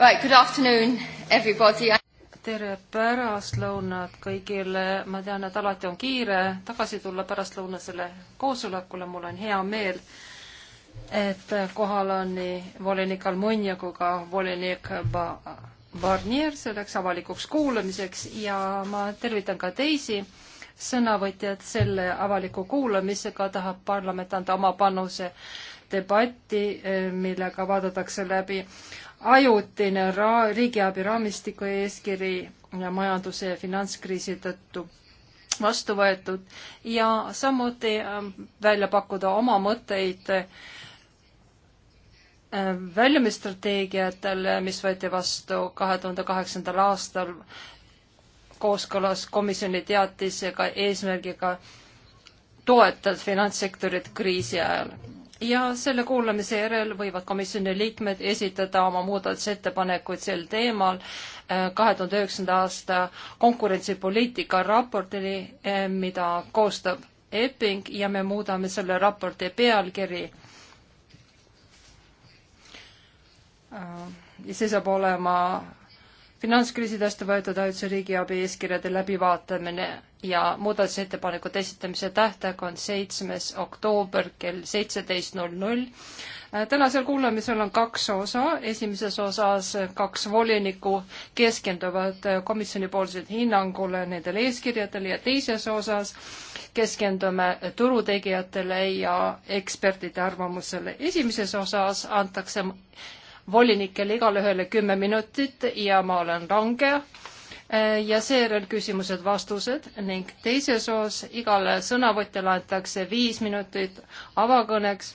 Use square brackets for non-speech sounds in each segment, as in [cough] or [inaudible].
Right, good afternoon everybody. tere pärastlõunat kõigile, ma tean, et alati on kiire tagasi tulla pärastlõunasele koosolekule, mul on hea meel, et kohal on nii volinik Almunia kui ka volinik ba Barnier selleks avalikuks kuulamiseks ja ma tervitan ka teisi sõnavõtjad selle avaliku kuulamisega, tahab parlament anda oma panuse debatti, eh, millega vaadatakse läbi ajutine ra-, riigiabi raamistiku eeskiri ja majanduse ja finantskriisi tõttu vastu võetud ja samuti eh, välja pakkuda oma mõtteid eh, väljumisstrateegiatele, mis võeti vastu kahe tuhande kaheksandal aastal kooskõlas komisjoni teatisega eesmärgiga toetada finantssektorit kriisi ajal ja selle kuulamise järel võivad komisjoni liikmed esitada oma muudatusettepanekuid sel teemal äh, kahe tuhande üheksanda aasta konkurentsipoliitika raportini, äh, mida koostab Epping ja me muudame selle raporti pealkiri. Äh, ja see saab olema finantskriisidest võetud ajutise riigiabi eeskirjade läbivaatamine ja muudatusettepanekute esitamise tähtaeg on seitsmes oktoober kell seitseteist null null. Äh, tänasel kuulamisel on kaks osa, esimeses osas kaks volinikku keskenduvad äh, komisjonipoolsed hinnangule nendele eeskirjadele ja teises osas keskendume turutegijatele ja ekspertide arvamusele. esimeses osas antakse volinikele igale ühele kümme minutit ja ma olen range Äh, ja seejärel küsimused-vastused ning teises osas igale sõnavõtjale antakse viis minutit avakõneks,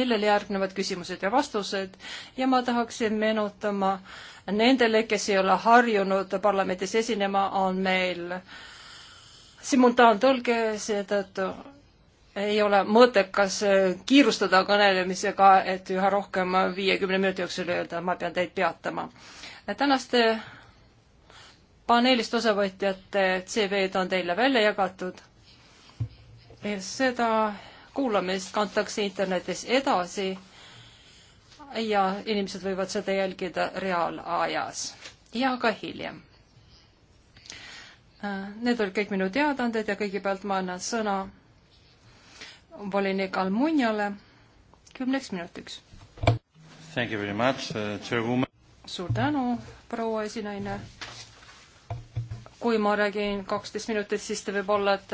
millele järgnevad küsimused ja vastused ja ma tahaksin meenutama nendele, kes ei ole harjunud parlamendis esinema, on meil simultaantõlge, seetõttu ei ole mõttekas äh, kiirustada kõnelemisega, et üha rohkem viiekümne minuti jooksul öelda, ma pean teid peatama. tänaste paneelist osavõtjate CV-d on teile välja jagatud. seda kuulamist kantakse internetis edasi ja inimesed võivad seda jälgida reaalajas ja ka hiljem. Äh, need olid kõik minu teadaanded ja kõigepealt ma annan sõna volinik Almuniale kümneks minutiks. Thank you very much uh,, chairwoman. suur tänu, proua esinaine kui ma räägin kaksteist minutit, siis te võib-olla, et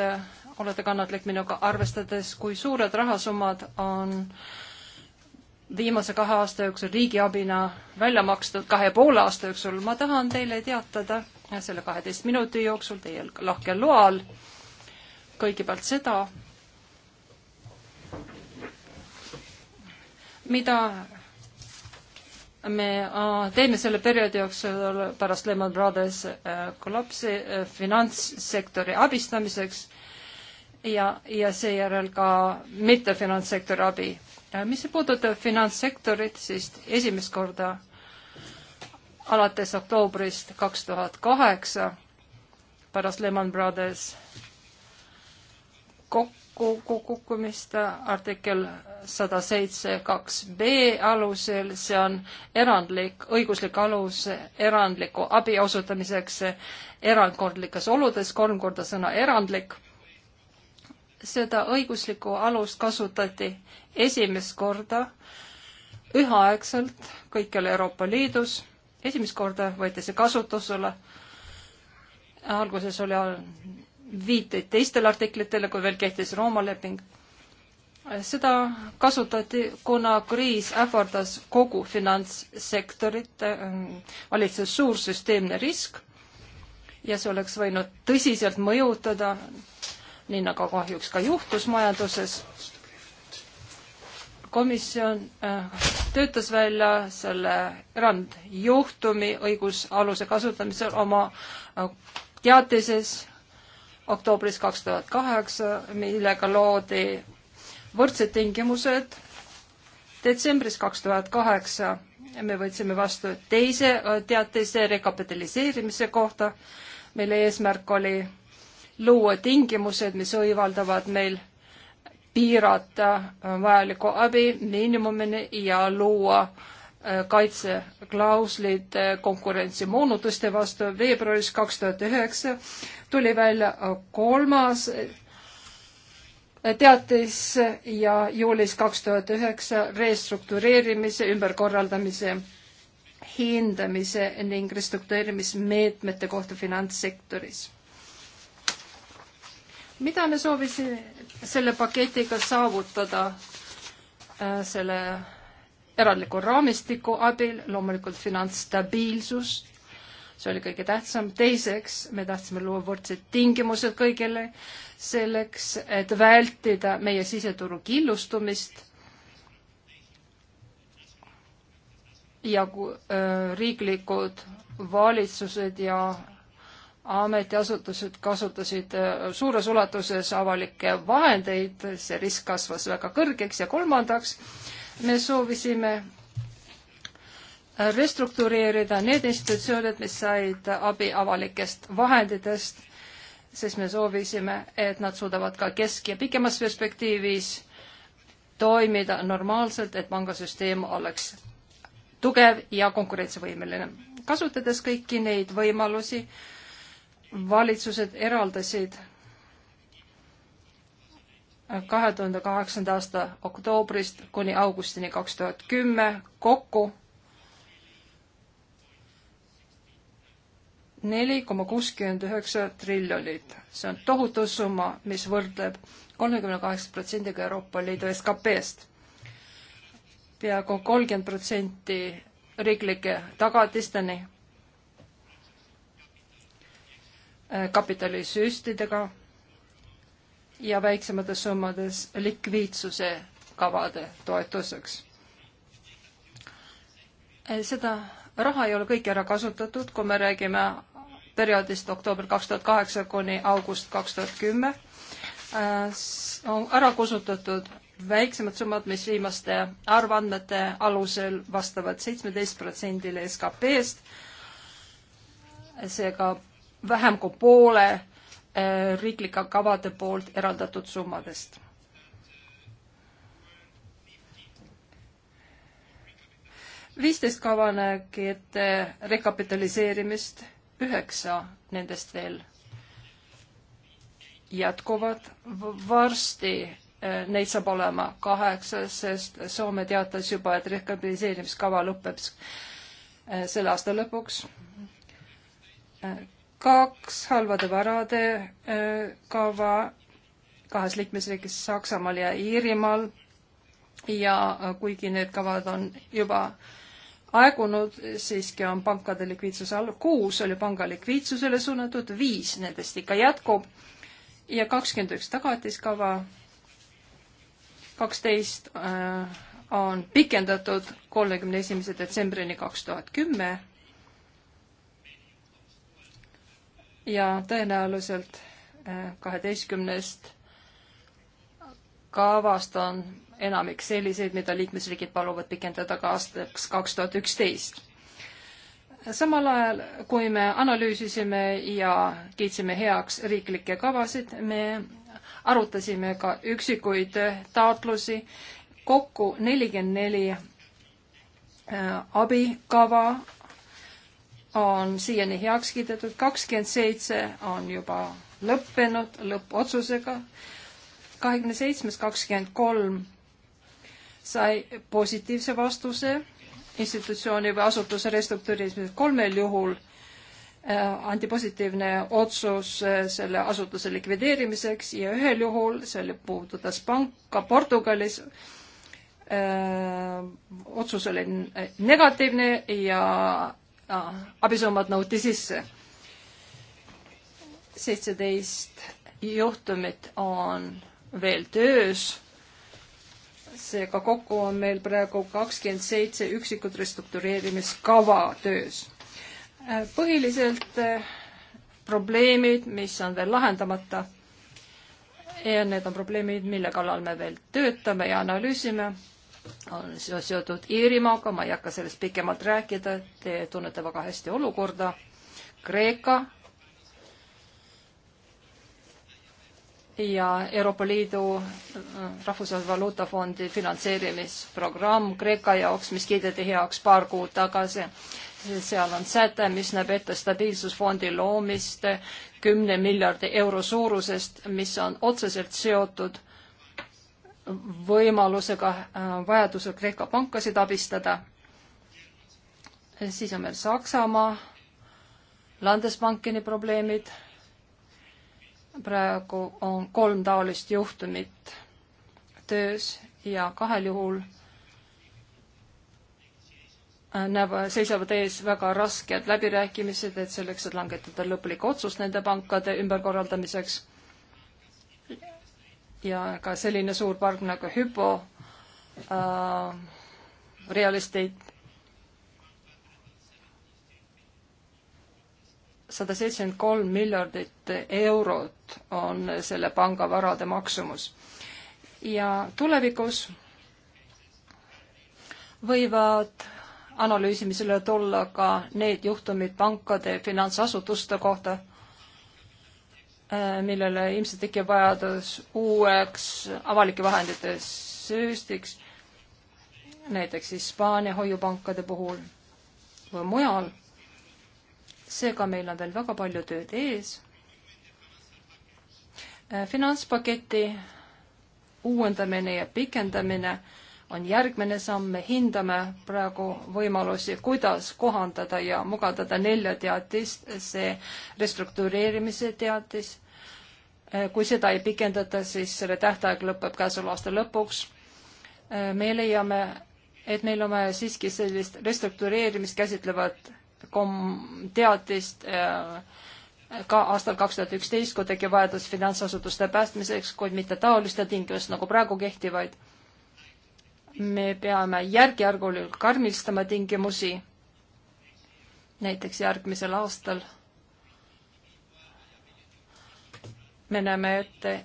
olete kannatlik minuga, arvestades, kui suured rahasummad on viimase kahe aasta jooksul riigiabina välja makstud, kahe ja poole aasta jooksul, ma tahan teile teatada selle kaheteist minuti jooksul teie lahkel loal kõigepealt seda, mida me teeme selle perioodi jooksul pärast Lehman Brothers äh, kollapsi äh, finantssektori abistamiseks ja, ja seejärel ka mittefinantssektori abi. Äh, mis puudutab finantssektorit, siis esimest korda alates oktoobrist kaks tuhat kaheksa pärast Lehman Brothers kokku kokku kukkumist artikkel sada seitse kaks B alusel, see on erandlik, õiguslik alus erandliku abi osutamiseks erandkordlikes oludes, kolm korda sõna erandlik. seda õiguslikku alust kasutati esimest korda üheaegselt kõikjal Euroopa Liidus, esimest korda võeti see kasutusele, alguses oli viiteid teistele artiklitele, kui veel kehtis Rooma leping. seda kasutati, kuna kriis ähvardas kogu finantssektorit, ähm, valitses suur süsteemne risk ja see oleks võinud tõsiselt mõjutada, nii nagu kahjuks ka juhtus majanduses. komisjon äh, töötas välja selle erandjuhtumi õigusaluse kasutamisel oma äh, teatises oktoobris kaks tuhat kaheksa, millega loodi võrdsed tingimused. detsembris kaks tuhat kaheksa me võtsime vastu teise äh, teatise rekapitaliseerimise kohta, mille eesmärk oli luua tingimused, mis võimaldavad meil piirata äh, vajalikku abi miinimumini ja luua äh, kaitseklauslid konkurentsimoonutuste vastu. veebruaris kaks tuhat üheksa tuli välja kolmas teatis ja juulis kaks tuhat üheksa restruktureerimise, ümberkorraldamise, hindamise ning restruktureerimismeetmete kohta finantssektoris. mida me soovisime selle paketiga saavutada, äh, selle erandliku raamistiku abil, loomulikult finantsstabiilsus, see oli kõige tähtsam. teiseks, me tahtsime luua võrdsed tingimused kõigile selleks, et vältida meie siseturu killustumist ja riiklikud valitsused ja ametiasutused kasutasid suures ulatuses avalikke vahendeid, see risk kasvas väga kõrgeks ja kolmandaks me soovisime äh, restruktureerida need institutsioonid, mis said abi avalikest vahenditest, sest me soovisime, et nad suudavad ka kesk- ja pikemas perspektiivis toimida normaalselt, et pangasüsteem oleks tugev ja konkurentsivõimeline. kasutades kõiki neid võimalusi, valitsused eraldasid kahe tuhande kaheksanda aasta oktoobrist kuni augustini kaks tuhat kümme kokku neli koma kuuskümmend üheksa triljonit. see on tohutu summa, mis võrdleb kolmekümne kaheksa protsendiga Euroopa Liidu SKP-st. peaaegu kolmkümmend protsenti riiklike tagatisteni, eh, kapitalisüstidega ja väiksemates summades likviidsuse kavade toetuseks. seda raha ei ole kõik ära kasutatud, kui me räägime perioodist oktoober kaks tuhat kaheksa kuni august kaks tuhat kümme, on ära kasutatud väiksemad summad, mis viimaste arvandmete alusel vastavad seitsmeteist protsendile SKP-st, seega vähem kui poole Äh, riiklike kavade poolt eraldatud summadest. viisteist kava näeb ette rekapitaliseerimist, üheksa nendest veel jätkuvad. varsti äh, neid saab olema kaheksa, sest Soome teatas juba, et rekapitaliseerimiskava lõpeb äh, selle aasta lõpuks kaks halvade varade kava kahes liikmesriigis Saksamaal ja Iirimaal ja kuigi need kavad on juba aegunud, siiski on pankade likviidsus all, kuus oli panga likviidsusele suunatud, viis nendest ikka jätkub ja kakskümmend üks tagatiskava, kaksteist on pikendatud kolmekümne esimese detsembrini kaks tuhat kümme ja tõenäoliselt äh, kaheteistkümnest kavast on enamik selliseid, mida liikmesriigid paluvad pikendada ka aastaks kaks tuhat üksteist. samal ajal, kui me analüüsisime ja kiitsime heaks riiklikke kavasid, me arutasime ka üksikuid taotlusi, kokku nelikümmend neli äh, abikava on siiani heaks kiidetud, kakskümmend seitse on juba lõppenud lõppotsusega, kahekümne seitsmes, kakskümmend kolm sai positiivse vastuse institutsiooni või asutuse restruktureerimisel kolmel juhul äh, anti positiivne otsus äh, selle asutuse likvideerimiseks ja ühel juhul, see oli, puudutas panka Portugalis äh,, otsus oli äh, negatiivne ja abisummad nõuti sisse. seitseteist juhtumit on veel töös. seega kokku on meil praegu kakskümmend seitse üksikut restruktureerimiskava töös. põhiliselt eh, probleemid, mis on veel lahendamata. ja need on probleemid, mille kallal me veel töötame ja analüüsime on seotud Iirimaaga, ma ei hakka sellest pikemalt rääkida, te tunnete väga hästi olukorda. Kreeka ja Euroopa Liidu äh, Rahvusvahelise Valuutafondi finantseerimisprogramm Kreeka jaoks, mis kiideti heaks paar kuud tagasi. seal on säte, mis näeb ette stabiilsusfondi loomist kümne miljardi euro suurusest, mis on otseselt seotud võimalusega äh, vajadusel Kreeka pankasid abistada. siis on meil Saksamaa, Landesbankini probleemid. praegu on kolm taolist juhtumit töös ja kahel juhul äh, näeb, seisavad ees väga rasked läbirääkimised, et selleks, et langetada lõplik otsus nende pankade ümberkorraldamiseks ja ka selline suur park nagu Hüpo äh, Real Estate sada seitsekümmend kolm miljardit eurot on selle panga varade maksumus. ja tulevikus võivad analüüsimisele tulla ka need juhtumid pankade finantsasutuste kohta Äh, millele ilmselt tekib vajadus uueks avalike vahendite süstiks, näiteks Hispaania hoiupankade puhul või mujal. seega meil on veel väga palju tööd ees. Äh, finantspaketi uuendamine ja pikendamine on järgmine samm, me hindame praegu võimalusi, kuidas kohandada ja mugandada nelja teatist, see restruktureerimise teatis, Äh, kui seda ei pikendata, siis selle tähtaeg lõpeb käesoleva aasta lõpuks. Äh, me leiame, et meil on vaja siiski sellist restruktureerimist käsitlevat kom-, teatist äh, ka aastal kaks tuhat üksteist, kui tegi vajadus finantsasutuste päästmiseks, kuid mitte taolistel tingimustel nagu praegu kehtivaid. me peame järk-järgult karmistama tingimusi, näiteks järgmisel aastal me näeme ette äh,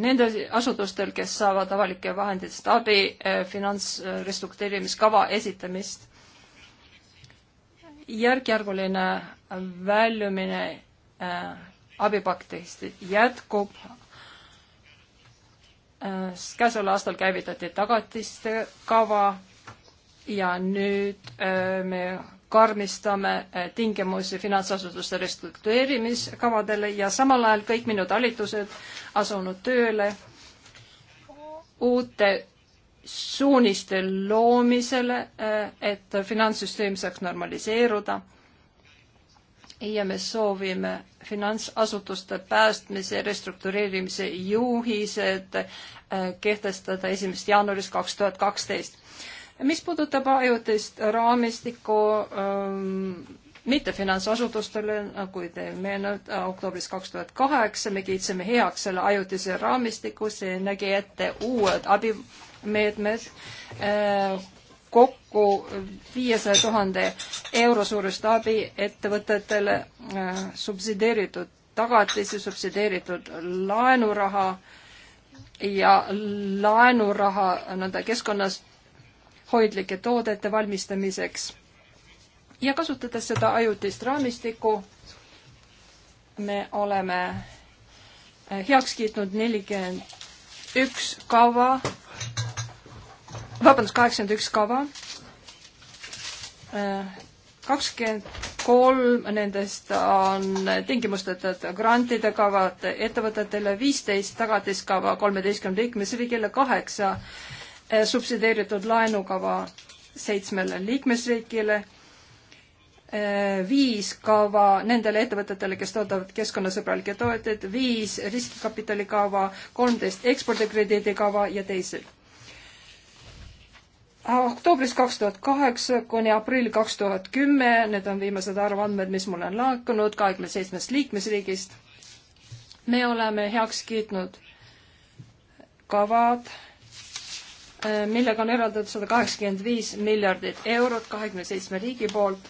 nende asutustel, kes saavad avalike vahenditest abi äh, finantsrestruktureerimiskava esitamist. järk-järguline väljumine äh, abipaktist jätkub. käesoleval aastal käivitati tagatiste kava ja nüüd me karmistame eh, tingimusi finantsasutuste restruktureerimiskavadele ja samal ajal kõik minu talitused asunud tööle uute suuniste loomisele, eh, et finantssüsteem saaks normaliseeruda. ja me soovime finantsasutuste päästmise ja restruktureerimise juhised eh, kehtestada esimesest jaanuarist kaks tuhat kaksteist mis puudutab ajutist raamistikku ähm, mittefinantsasutustele, nagu te meenute, äh, oktoobris kaks tuhat kaheksa me kiitsime heaks selle ajutise raamistiku, see nägi ette uued abimeetmed äh, kokku viiesaja tuhande euro suurust abi ettevõtetele äh, subsideeritud tagatisi, subsideeritud laenuraha ja laenuraha nõnda keskkonnas hoidlike toodete valmistamiseks. ja kasutades seda ajutist raamistikku, me oleme eh, heaks kiitnud nelikümmend üks kava, vabandust, kaheksakümmend üks kava, eh, kakskümmend kolm nendest on tingimusteta grantide kavad ettevõtetele, viisteist tagatiskava kolmeteistkümne liikmesriigile, kaheksa äh, Eh, subsideeritud laenukava seitsmele liikmesriigile, eh, viis kava nendele ettevõtetele, kes toodavad keskkonnasõbralikke tooteid, viis riskikapitalikava, kolmteist ekspordikrediidikava ja teised. oktoobris kaks tuhat kaheksa kuni aprill kaks tuhat kümme, need on viimased arvandmed, mis mulle on laekunud kahekümne seitsmest liikmesriigist, me oleme heaks kiitnud kavad Äh, millega on eraldatud sada kaheksakümmend viis miljardit eurot kahekümne seitsme riigi poolt.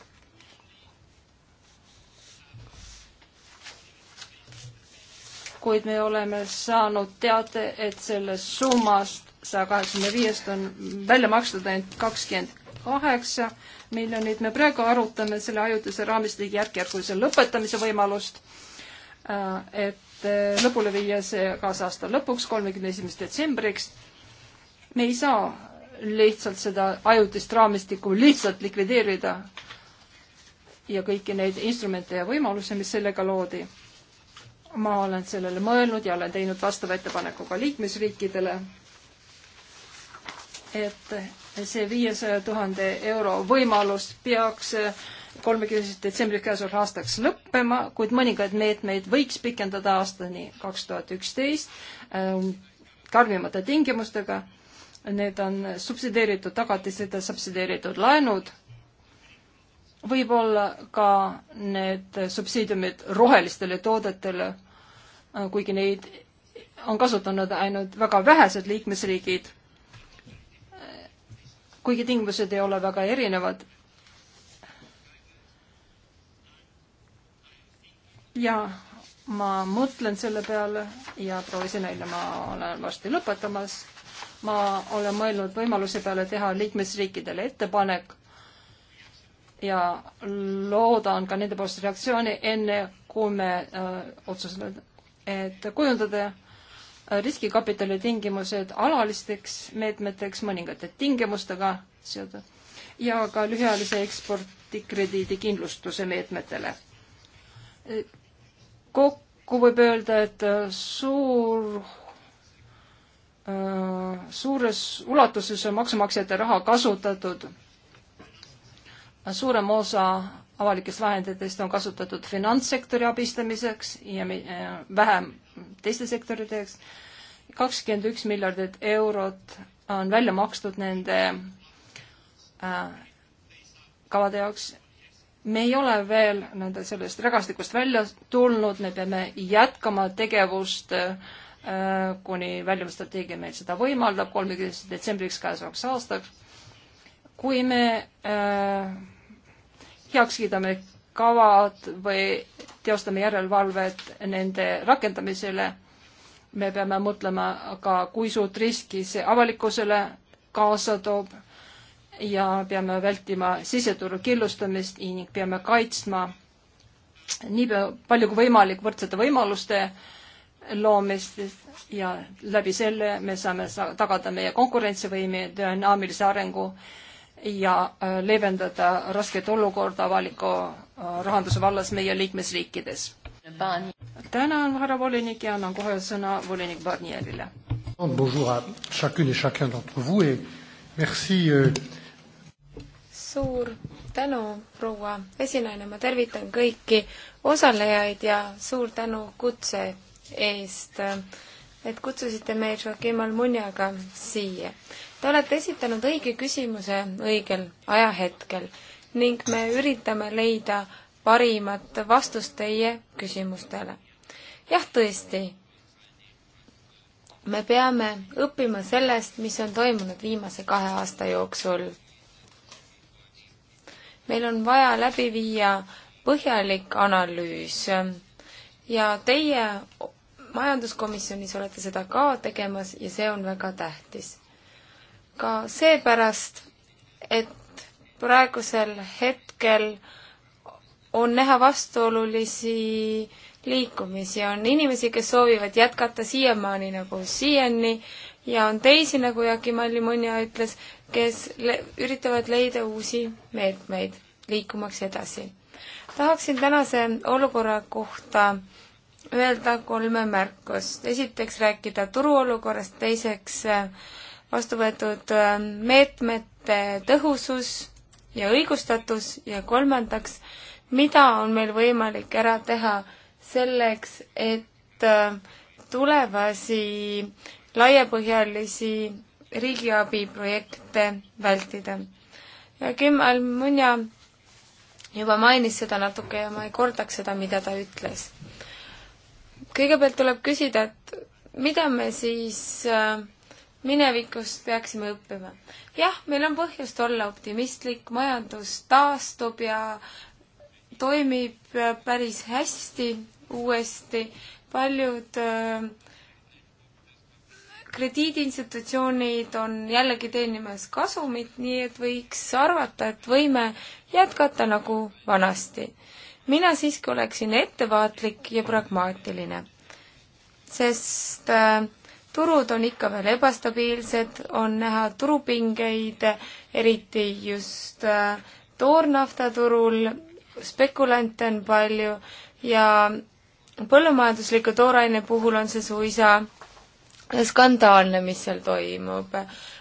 kuid me oleme saanud teate, et sellest summast saja kaheksakümne viiest on välja makstud ainult kakskümmend kaheksa miljonit. me praegu arutame selle ajutise raamistiku järk-järgulise lõpetamise võimalust, äh, et äh, lõpule viia see kaasa aasta lõpuks, kolmekümne esimeseks detsembriks me ei saa lihtsalt seda ajutist raamistikku lihtsalt likvideerida ja kõiki neid instrumente ja võimalusi, mis sellega loodi. ma olen sellele mõelnud ja olen teinud vastava ettepaneku ka liikmesriikidele, et see viiesaja tuhande euro võimalus peaks kolmekümnendast detsembrist käesoleval aastaks lõppema, kuid mõningaid meetmeid võiks pikendada aastani kaks tuhat üksteist ähm, karmimate tingimustega Need on subsideeritud tagatised ja subsideeritud laenud. võib-olla ka need subsiidiumid rohelistele toodetele, äh, kuigi neid on kasutanud ainult väga vähesed liikmesriigid. Äh, kuigi tingimused ei ole väga erinevad. ja ma mõtlen selle peale ja proovisin välja, ma olen varsti lõpetamas ma olen mõelnud võimaluse peale teha liikmesriikidele ettepanek ja loodan ka nendepoolset reaktsiooni, enne kui me äh, otsustame, et kujundada äh, riskikapitali tingimused alalisteks meetmeteks mõningate tingimustega seotud ja ka lühiajalise ekspordikrediidi kindlustuse meetmetele. Äh, kokku võib öelda, et äh, suur Äh, suures ulatuses on maksumaksjate raha kasutatud. suurem osa avalikest vahenditest on kasutatud finantssektori abistamiseks ja äh, vähem teiste sektoriteks. kakskümmend üks miljardit eurot on välja makstud nende äh, kavade jaoks. me ei ole veel nende sellest rägastikust välja tulnud, me peame jätkama tegevust äh, Äh, kuni väljumisstrateegia meil seda võimaldab, kolmekümnendaks detsembriks käesolevaks aastaks. kui me äh, heaks kiidame kavad või teostame järelevalvet nende rakendamisele, me peame mõtlema ka, kui suurt riski see avalikkusele kaasa toob ja peame vältima siseturu killustamist ning peame kaitsma nii palju kui võimalik võrdsete võimaluste äh, loomistest ja läbi selle me saame tagada meie konkurentsivõime, dünaamilise arengu ja äh, leevendada rasket olukorda avaliku äh, rahanduse vallas meie liikmesriikides. tänan, härra volinik ja annan kohe sõna volinik Barnierile. Euh, suur tänu, proua esinaine, ma tervitan kõiki osalejaid ja suur tänu kutse eest, et kutsusite meid Joaquim Almuniaga siia. Te olete esitanud õige küsimuse õigel ajahetkel ning me üritame leida parimat vastust teie küsimustele. jah, tõesti, me peame õppima sellest, mis on toimunud viimase kahe aasta jooksul. meil on vaja läbi viia põhjalik analüüs ja teie majanduskomisjonis olete seda ka tegemas ja see on väga tähtis. ka seepärast, et praegusel hetkel on näha vastuolulisi liikumisi, on inimesi, kes soovivad jätkata siiamaani nagu siiani ja on teisi, nagu Jaki Mallimonja ütles, kes le üritavad leida uusi meetmeid liikumaks edasi. tahaksin tänase olukorra kohta öelda kolme märkust. esiteks rääkida turuolukorrast, teiseks äh, vastu võetud äh, meetmete tõhusus ja õigustatus ja kolmandaks, mida on meil võimalik ära teha selleks, et äh, tulevasi laiapõhjalisi riigiabiprojekte vältida. ja Kim Almunia juba mainis seda natuke ja ma ei kordaks seda, mida ta ütles kõigepealt tuleb küsida, et mida me siis äh, minevikust peaksime õppima. jah, meil on põhjust olla optimistlik, majandus taastub ja toimib äh, päris hästi uuesti, paljud äh, krediidiinstitutsioonid on jällegi teenimas kasumit, nii et võiks arvata, et võime jätkata nagu vanasti mina siiski oleksin ettevaatlik ja pragmaatiline, sest äh, turud on ikka veel ebastabiilsed, on näha turupingeid, eriti just äh, toornaftaturul, spekulante on palju ja põllumajandusliku tooraine puhul on see suisa skandaalne, mis seal toimub.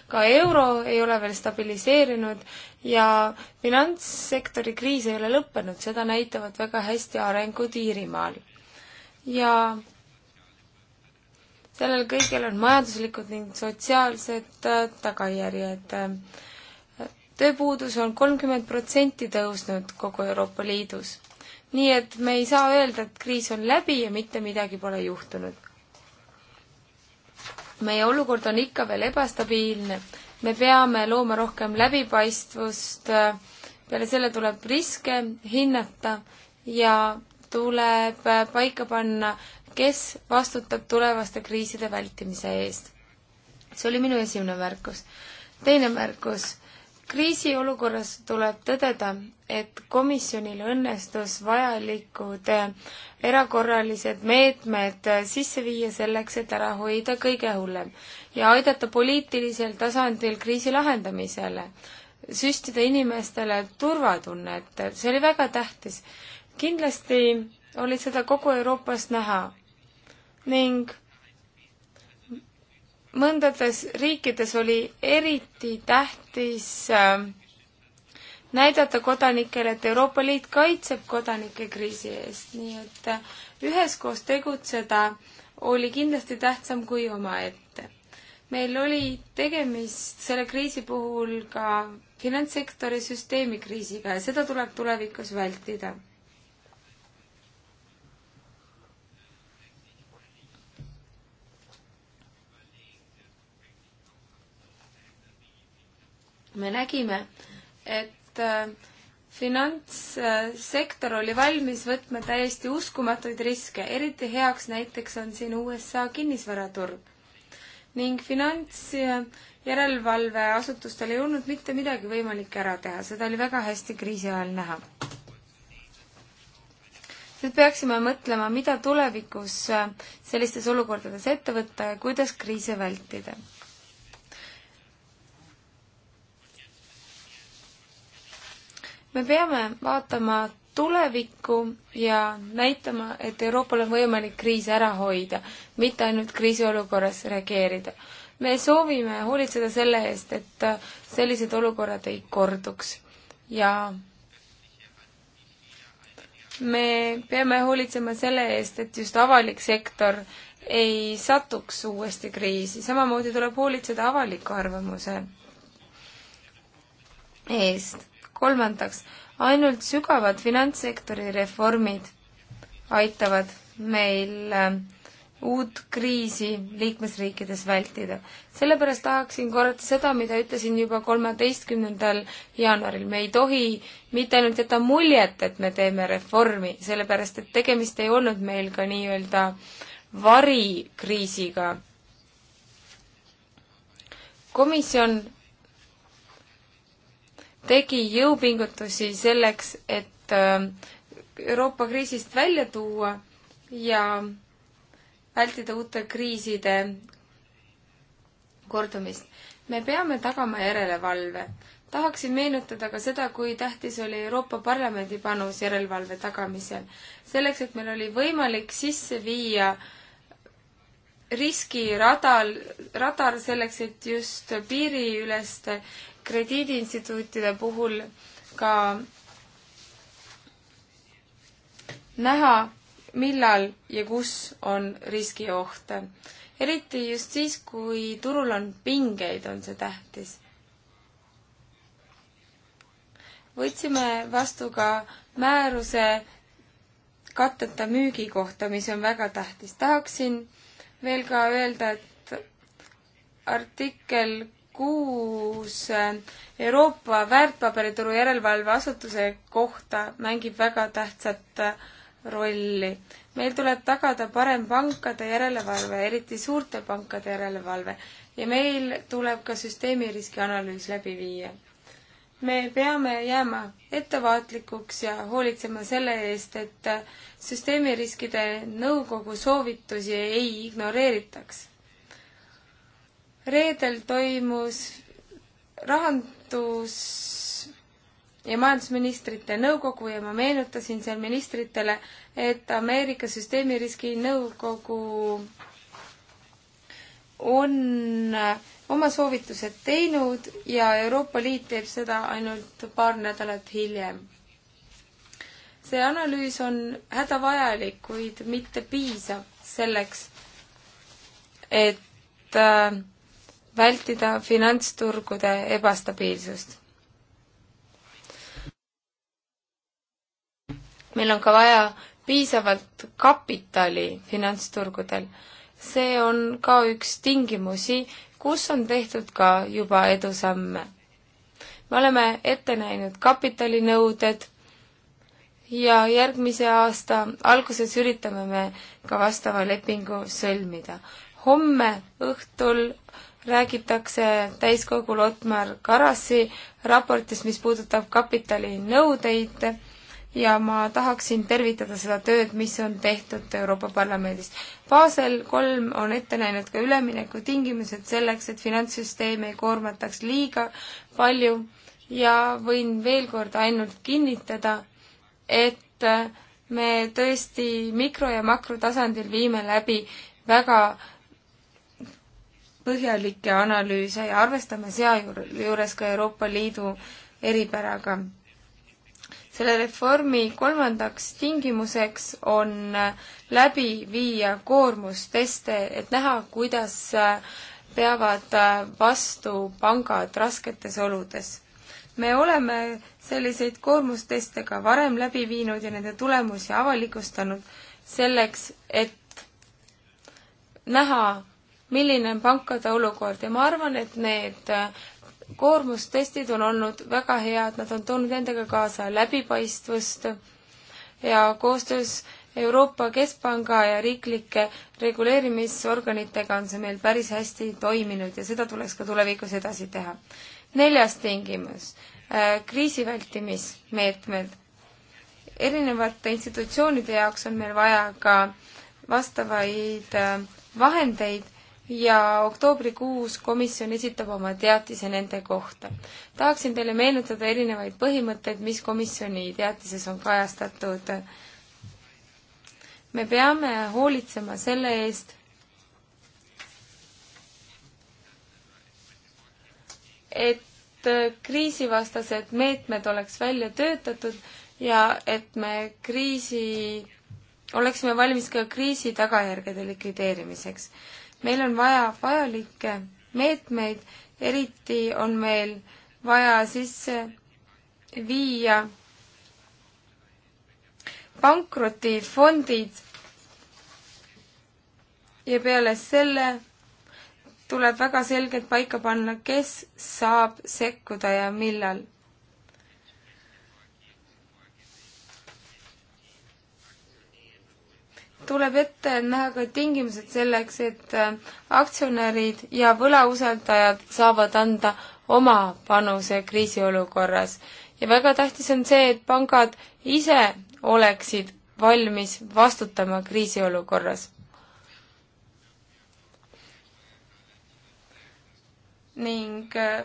ka euro ei ole veel stabiliseerinud ja finantssektori kriis ei ole lõppenud, seda näitavad väga hästi arengud Iirimaal. ja sellel kõigel on majanduslikud ning sotsiaalsed äh, tagajärjed. tööpuudus on kolmkümmend protsenti tõusnud kogu Euroopa Liidus. nii et me ei saa öelda, et kriis on läbi ja mitte midagi pole juhtunud. meie olukord on ikka veel ebastabiilne me peame looma rohkem läbipaistvust, peale selle tuleb riske hinnata ja tuleb paika panna, kes vastutab tulevaste kriiside vältimise eest. see oli minu esimene märkus. teine märkus kriisiolukorras tuleb tõdeda, et komisjonil õnnestus vajalikud äh, erakorralised meetmed äh, sisse viia selleks, et ära hoida kõige hullem ja aidata poliitilisel tasandil kriisi lahendamisele, süstida inimestele turvatunnet, see oli väga tähtis. kindlasti oli seda kogu Euroopas näha ning mõndades riikides oli eriti tähtis ähm, näidata kodanikele, et Euroopa Liit kaitseb kodanikke kriisi eest, nii et äh, üheskoos tegutseda oli kindlasti tähtsam kui omaette. meil oli tegemist selle kriisi puhul ka finantssektori süsteemikriisiga ja seda tuleb tulevikus vältida. me nägime, et äh, finantssektor oli valmis võtma täiesti uskumatuid riske, eriti heaks näiteks on siin USA kinnisvaraturg. ning finantsjärelevalveasutustel ei olnud mitte midagi võimalik ära teha, seda oli väga hästi kriisi ajal näha. nüüd peaksime mõtlema, mida tulevikus äh, sellistes olukordades ette võtta ja kuidas kriise vältida me peame vaatama tulevikku ja näitama, et Euroopal on võimalik kriise ära hoida, mitte ainult kriisiolukorras reageerida. me soovime hoolitseda selle eest, et sellised olukorrad ei korduks ja me peame hoolitsema selle eest, et just avalik sektor ei satuks uuesti kriisi, samamoodi tuleb hoolitseda avaliku arvamuse eest kolmandaks, ainult sügavad finantssektori reformid aitavad meil äh, uut kriisi liikmesriikides vältida. sellepärast tahaksin korrata seda, mida ütlesin juba kolmeteistkümnendal jaanuaril, me ei tohi mitte ainult jätta muljet, et me teeme reformi, sellepärast et tegemist ei olnud meil ka nii-öelda varikriisiga. komisjon tegi jõupingutusi selleks, et äh, Euroopa kriisist välja tuua ja vältida uute kriiside kordumist. me peame tagama järelevalve. tahaksin meenutada ka seda, kui tähtis oli Euroopa Parlamendi panus järelevalve tagamisel. selleks, et meil oli võimalik sisse viia riskiradal, radar selleks, et just piiriüleste krediidiinstituutide puhul ka näha, millal ja kus on riskiohte. eriti just siis, kui turul on pingeid, on see tähtis. võtsime vastu ka määruse katteta müügi kohta, mis on väga tähtis. tahaksin veel ka öelda, et artikkel kuus eh, Euroopa väärtpaberituru järelevalveasutuse kohta mängib väga tähtsat eh, rolli. meil tuleb tagada parem pankade järelevalve, eriti suurte pankade järelevalve ja meil tuleb ka süsteemi riskianalüüs läbi viia. me peame jääma ettevaatlikuks ja hoolitsema selle eest, et eh, süsteemi riskide nõukogu soovitusi ei ignoreeritaks reedel toimus rahandus- ja majandusministrite nõukogu ja ma meenutasin seal ministritele, et Ameerika Süsteemiriski Nõukogu on oma soovitused teinud ja Euroopa Liit teeb seda ainult paar nädalat hiljem. see analüüs on hädavajalik, kuid mitte piisav selleks, et äh, vältida finantsturgude ebastabiilsust. meil on ka vaja piisavalt kapitali finantsturgudel. see on ka üks tingimusi, kus on tehtud ka juba edusamme. me oleme ette näinud kapitalinõuded ja järgmise aasta alguses üritame me ka vastava lepingu sõlmida. homme õhtul räägitakse täiskogul Otmar Karasi raportis, mis puudutab kapitalinõudeid ja ma tahaksin tervitada seda tööd, mis on tehtud Euroopa Parlamendis. Basel kolm on ette näinud ka üleminekutingimused selleks, et finantssüsteemi ei koormataks liiga palju ja võin veel kord ainult kinnitada, et me tõesti mikro- ja makrotasandil viime läbi väga põhjalikke analüüse ja arvestame sealjuures ka Euroopa Liidu eripäraga. selle reformi kolmandaks tingimuseks on läbi viia koormusteste, et näha, kuidas peavad vastu pangad rasketes oludes. me oleme selliseid koormusteste ka varem läbi viinud ja nende tulemusi avalikustanud selleks, et näha, milline on pankade olukord ja ma arvan, et need äh, koormustestid on olnud väga head, nad on toonud endaga kaasa läbipaistvust ja koostöös Euroopa Keskpanga ja riiklike reguleerimisorganitega on see meil päris hästi toiminud ja seda tuleks ka tulevikus edasi teha. neljas tingimus, äh, kriisi vältimismeetmed. erinevate institutsioonide jaoks on meil vaja ka vastavaid äh, vahendeid ja oktoobrikuus komisjon esitab oma teatise nende kohta. tahaksin teile meenutada erinevaid põhimõtteid, mis komisjoni teatises on kajastatud. me peame hoolitsema selle eest, et kriisivastased meetmed oleks välja töötatud ja et me kriisi, oleksime valmis ka kriisi tagajärgede likvideerimiseks meil on vaja vajalikke meetmeid, eriti on meil vaja sisse viia pankrotifondid ja peale selle tuleb väga selgelt paika panna, kes saab sekkuda ja millal tuleb ette näha ka tingimused selleks, et äh, aktsionärid ja võlausaldajad saavad anda oma panuse kriisiolukorras. ja väga tähtis on see, et pangad ise oleksid valmis vastutama kriisiolukorras. ning äh,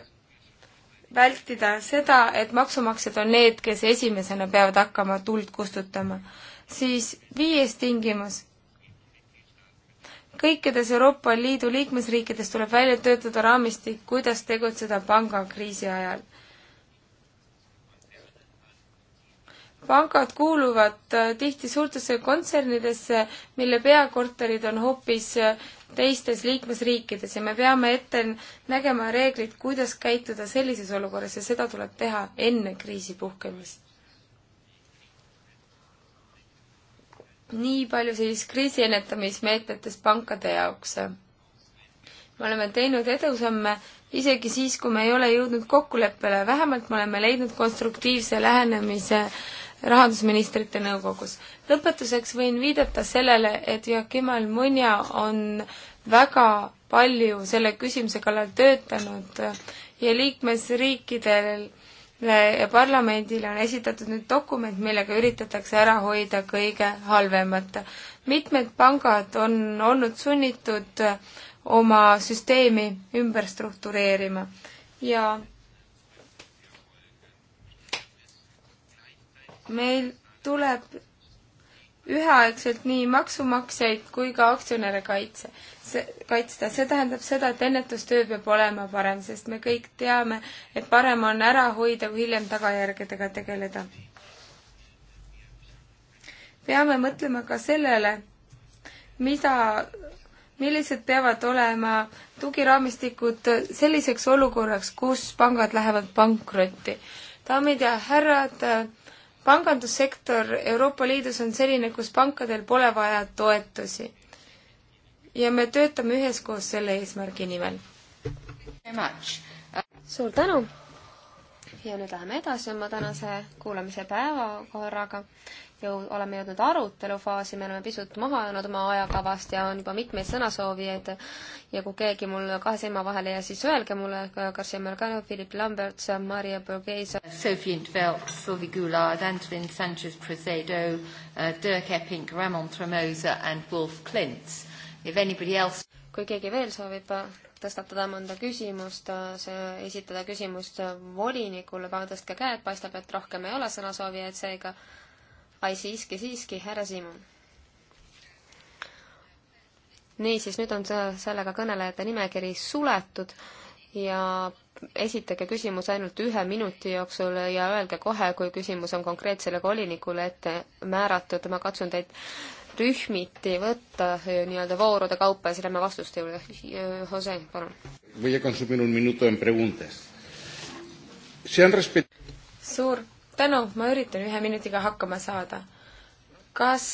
vältida seda, et maksumaksjad on need, kes esimesena peavad hakkama tuld kustutama siis viies tingimus. kõikides Euroopa Liidu liikmesriikides tuleb välja töötada raamistik, kuidas tegutseda pangakriisi ajal. pangad kuuluvad äh, tihti suurtesse kontsernidesse, mille peakorterid on hoopis äh, teistes liikmesriikides ja me peame ette nägema reeglid, kuidas käituda sellises olukorras ja seda tuleb teha enne kriisi puhkemist nii palju siis kriisi ennetamismeetmetest pankade jaoks. me oleme teinud edusamme isegi siis, kui me ei ole jõudnud kokkuleppele, vähemalt me oleme leidnud konstruktiivse lähenemise rahandusministrite nõukogus. lõpetuseks võin viidata sellele, et Joachim Almunia on väga palju selle küsimuse kallal töötanud ja liikmesriikidel ja parlamendile on esitatud nüüd dokument, millega üritatakse ära hoida kõige halvemat. mitmed pangad on olnud sunnitud oma süsteemi ümber struktureerima ja meil tuleb üheaegselt nii maksumaksjaid kui ka aktsionäre kaitse see, kaitsta, see tähendab seda, et ennetustöö peab olema parem, sest me kõik teame, et parem on ära hoida kui hiljem tagajärgedega tegeleda. peame mõtlema ka sellele, mida, millised peavad olema tugiraamistikud selliseks olukorraks, kus pangad lähevad pankrotti. daamid ja härrad, pangandussektor Euroopa Liidus on selline, kus pankadel pole vaja toetusi ja me töötame üheskoos selle eesmärgi nimel. suur tänu! ja nüüd läheme edasi oma tänase kuulamise päevakorraga. ju oleme jõudnud arutelufaasi, me oleme pisut maha jäänud oma ajakavast ja on juba mitmeid sõnasoovijaid. ja kui keegi mul kahe silma vahele jääb, siis öelge mulle, Garcia Margano, Philip Lambert, Maria Borghese. Sophie Intvelt, Sylvie Goulard, Antonin Sanchez Presedo, uh, Dirk Epping, Ramon Tremosa and Wolf Klints. Else... kui keegi veel soovib tõstatada mõnda küsimust, esitada küsimust volinikule, tõstke käed, paistab, et rohkem ei ole sõnasoovijaid, seega ai siiski, siiski, härra Siimon. niisiis, nüüd on see, sellega kõnelejate nimekiri suletud ja esitage küsimus ainult ühe minuti jooksul ja öelge kohe, kui küsimus on konkreetsele volinikule ette määratud, ma katsun teid rühmiti võtta eh, nii-öelda voorude kaupa ja siis lähme vastuste juurde. Eh, Jose, palun. suur tänu, ma üritan ühe minutiga hakkama saada. kas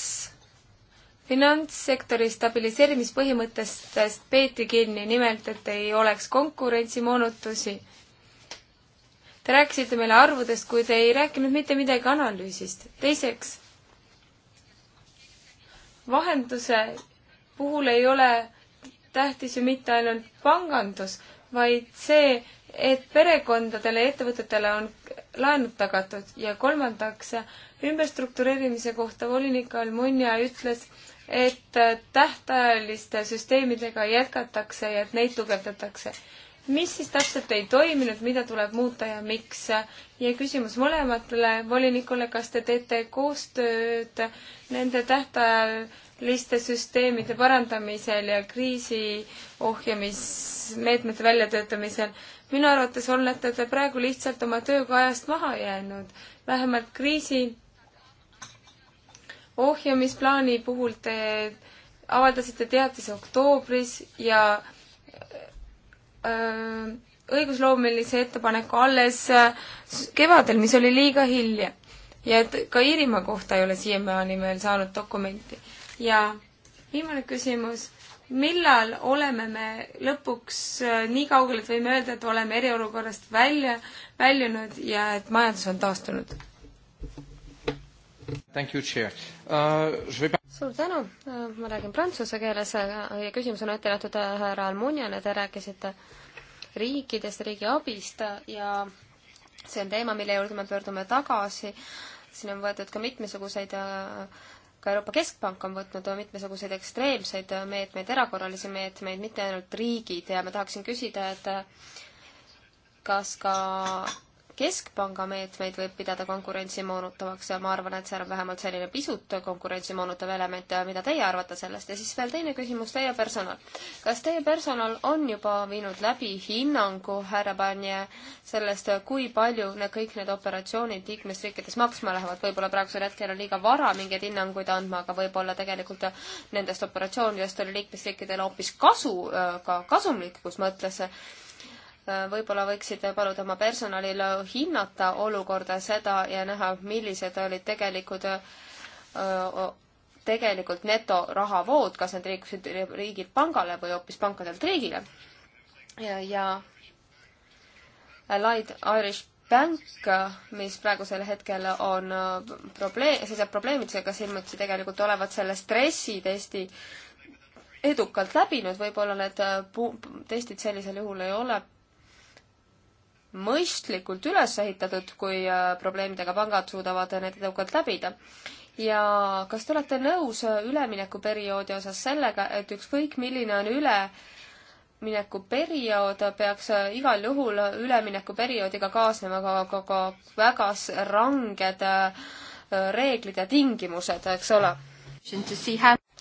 finantssektori stabiliseerimispõhimõttest peeti kinni, nimelt et ei oleks konkurentsimoonutusi Te rääkisite meile arvudest, kuid ei rääkinud mitte midagi analüüsist. teiseks, vahenduse puhul ei ole tähtis ju mitte ainult pangandus, vaid see, et perekondadele ja ettevõtetele on laenud tagatud ja kolmandaks, ümberstruktureerimise kohta volinik Almunia ütles, et tähtajaliste süsteemidega jätkatakse ja et neid tugevdatakse mis siis täpselt ei toiminud, mida tuleb muuta ja miks? ja küsimus mõlematele volinikule, kas te teete koostööd nende tähtajaliste süsteemide parandamisel ja kriisi ohjamismeetmete väljatöötamisel? minu arvates olete te praegu lihtsalt oma tööga ajast maha jäänud, vähemalt kriisi ohjamisplaani puhul te avaldasite teatise oktoobris ja Äh, õigusloomelise ettepaneku alles äh, kevadel, mis oli liiga hilja. ja et ka Iirimaa kohta ei ole siiamaani veel saanud dokumenti. ja viimane küsimus, millal oleme me lõpuks äh, nii kaugel, et võime öelda, et oleme eriolukorrast välja, väljunud ja et majandus on taastunud? Thank you, Chair uh, suur tänu, ma räägin prantsuse keeles ja küsimus on ette nähtud äh, härra Almuniale, te rääkisite riikidest, riigi abist ja see on teema, mille juurde me pöördume tagasi. siin on võetud ka mitmesuguseid äh, ka Euroopa Keskpank on võtnud mitmesuguseid ekstreemseid äh, meetmeid, erakorralisi meetmeid, mitte ainult riigid ja ma tahaksin küsida, et kas ka keskpanga meetmeid võib pidada konkurentsi moonutavaks ja ma arvan, et seal on vähemalt selline pisut konkurentsi moonutav element, mida teie arvate sellest ja siis veel teine küsimus, teie personal. kas teie personal on juba viinud läbi hinnangu, härra Panje, sellest, kui palju ne, kõik need operatsioonid liikmesriikides maksma lähevad, võib-olla praegusel hetkel on liiga vara mingeid hinnanguid andma, aga võib-olla tegelikult nendest operatsioonidest oli liikmesriikidel hoopis kasu, äh, ka kasumlikkus mõttes võib-olla võiksid paluda oma personalil hinnata olukorda seda ja näha, millised olid tegelikud, tegelikult netorahavood, kas need liikusid riigilt pangale või hoopis pankadelt riigile. ja, ja Light Irish Bank, mis praegusel hetkel on probleem, seisab probleemidega silmitsi, tegelikult olevat selle stressitesti edukalt läbinud, võib-olla need testid sellisel juhul ei ole mõistlikult üles ehitatud, kui äh, probleemidega pangad suudavad need edukalt läbida. ja kas te olete nõus äh, üleminekuperioodi osas sellega, et ükskõik, milline on üle üleminekuperiood peaks äh, igal juhul üleminekuperioodiga kaasnema ka, ka, ka väga ranged reeglid ja tingimused, eks ole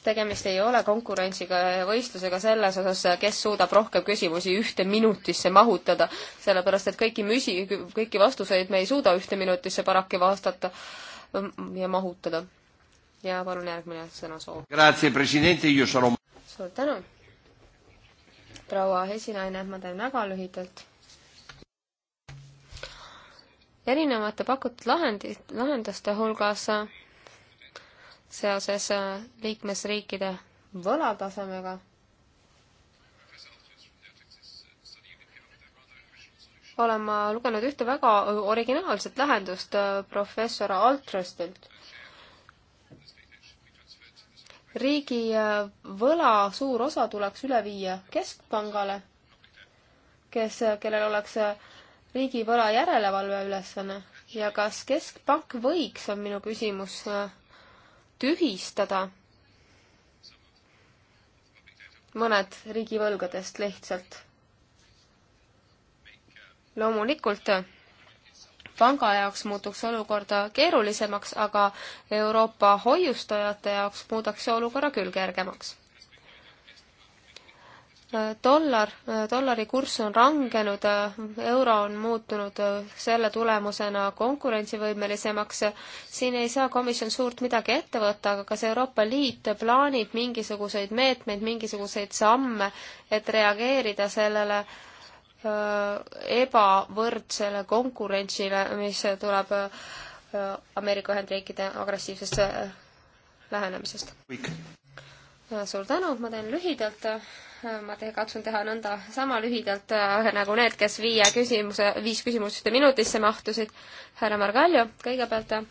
tegemist ei ole konkurentsiga ja võistlusega selles osas, kes suudab rohkem küsimusi ühte minutisse mahutada, sellepärast et kõiki müsi, kõiki vastuseid me ei suuda ühte minutisse paraku vastata ja mahutada. ja palun järgmine sõnasoov. suur tänu, proua esinaine, ma teen väga lühidalt erinevate pakutud lahendi, lahenduste hulgas seoses äh, liikmesriikide võlatasemega. olen ma lugenud ühte väga originaalset lahendust äh, professor Altrestilt. riigi äh, võla suur osa tuleks üle viia keskpangale, kes, kellel oleks riigivõla järelevalve ülesanne ja kas keskpank võiks, on minu küsimus tühistada mõned riigivõlgadest lihtsalt. loomulikult panga jaoks muutuks olukorda keerulisemaks, aga Euroopa hoiustajate jaoks muudaks see olukorra küll kergemaks dollar, dollari kurss on rangenud, euro on muutunud selle tulemusena konkurentsivõimelisemaks. siin ei saa komisjon suurt midagi ette võtta, aga kas Euroopa Liit plaanib mingisuguseid meetmeid, mingisuguseid samme, et reageerida sellele äh, ebavõrdsele konkurentsile, mis tuleb äh, Ameerika Ühendriikide agressiivsest äh, lähenemisest? suur tänu, ma teen lühidalt ma te katsun teha nõnda sama lühidalt äh, nagu need, kes viie küsimuse, viis küsimust ühte minutisse mahtusid. härra Margaljo, kõigepealt. Äh,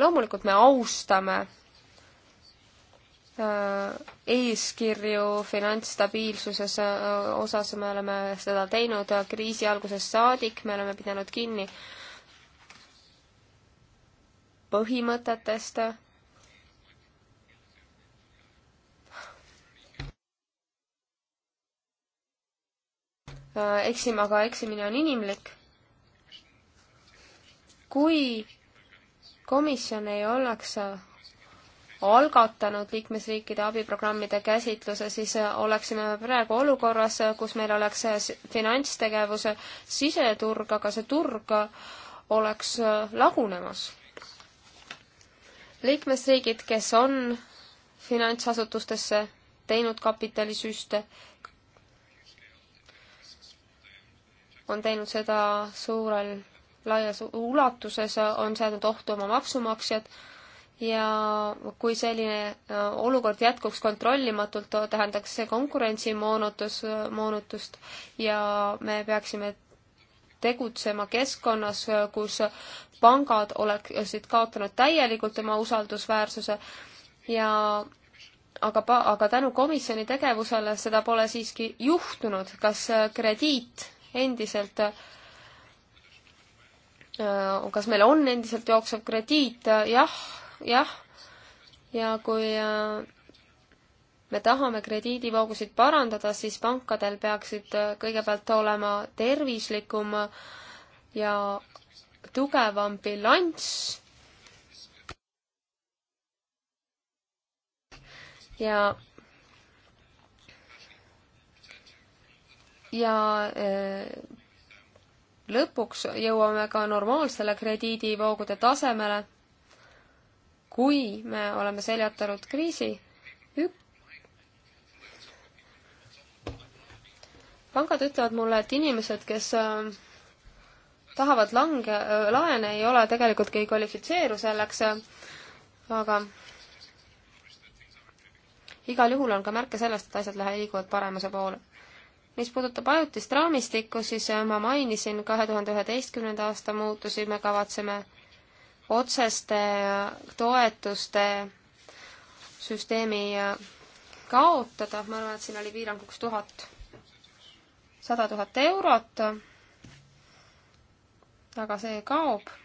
loomulikult me austame äh, eeskirju finantsstabiilsuses osas, me oleme seda teinud kriisi algusest saadik, me oleme pidanud kinni põhimõtetest Äh, eksima, aga eksimine on inimlik. kui komisjon ei oleks algatanud liikmesriikide abiprogrammide käsitluse, siis äh, oleksime praegu olukorras, äh, kus meil oleks finantstegevuse siseturg, aga see turg oleks lagunemas. liikmesriigid, kes on finantsasutustesse teinud kapitalisüste, on teinud seda suurel, laias ulatuses, on seadnud ohtu oma maksumaksjad ja kui selline äh, olukord jätkuks kontrollimatult, tähendaks see konkurentsimoonutus, moonutust ja me peaksime tegutsema keskkonnas, kus pangad oleksid kaotanud täielikult oma usaldusväärsuse ja aga, aga tänu komisjoni tegevusele seda pole siiski juhtunud. kas äh, krediit endiselt äh, kas meil on endiselt jooksev krediit, jah, jah. ja kui äh, me tahame krediidivoogusid parandada, siis pankadel peaksid äh, kõigepealt olema tervislikum ja tugevam bilanss. ja ja eh, lõpuks jõuame ka normaalsele krediidivoogude tasemele, kui me oleme seljatanud kriisi. pangad ütlevad mulle, et inimesed, kes eh, tahavad lange, laene ei ole tegelikult, ei kvalifitseeru selleks, eh, aga igal juhul on ka märke sellest, et asjad lähevad, liiguvad paremuse poole mis puudutab ajutist raamistikku, siis äh, ma mainisin kahe tuhande üheteistkümnenda aasta muutusi, me kavatseme otseste äh, toetuste süsteemi äh, kaotada, ma arvan, et siin oli piiranguks tuhat, sada tuhat eurot, aga see kaob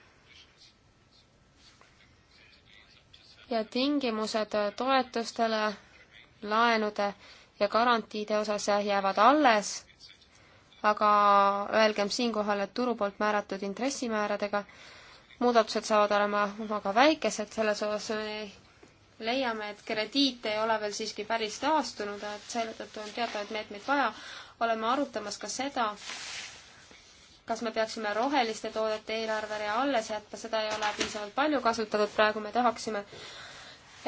ja tingimused toetustele, laenude ja garantiide osas jäävad alles, aga öelgem siinkohal, et turu poolt määratud intressimääradega muudatused saavad olema väga väikesed, selles osas me leiame, et krediit ei ole veel siiski päris taastunud, et selle tõttu on teatavaid meetmeid vaja. oleme arutamas ka seda, kas me peaksime roheliste toodete eelarvele alles jätma, seda ei ole piisavalt palju kasutatud, praegu me tahaksime,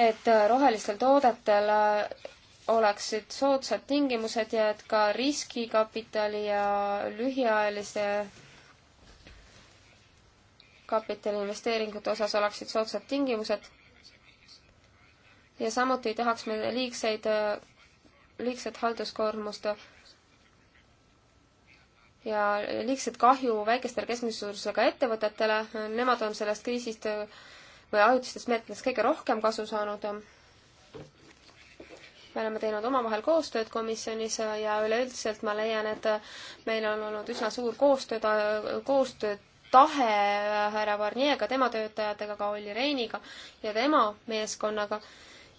et rohelistel toodetel oleksid soodsad tingimused ja et ka riskikapitali ja lühiajalise kapitaliinvesteeringute osas oleksid soodsad tingimused. ja samuti ei tahaks me liigseid, liigset halduskoormust ja liigset kahju väikestele keskmise suurusega ettevõtetele, nemad on sellest kriisist või ajutistest meetmetest kõige rohkem kasu saanud me oleme teinud omavahel koostööd komisjonis ja üleüldiselt ma leian, et meil on olnud üsna suur koostöö, koostöö tahe härra Varniega, tema töötajatega, ka Olli Reiniga ja tema meeskonnaga.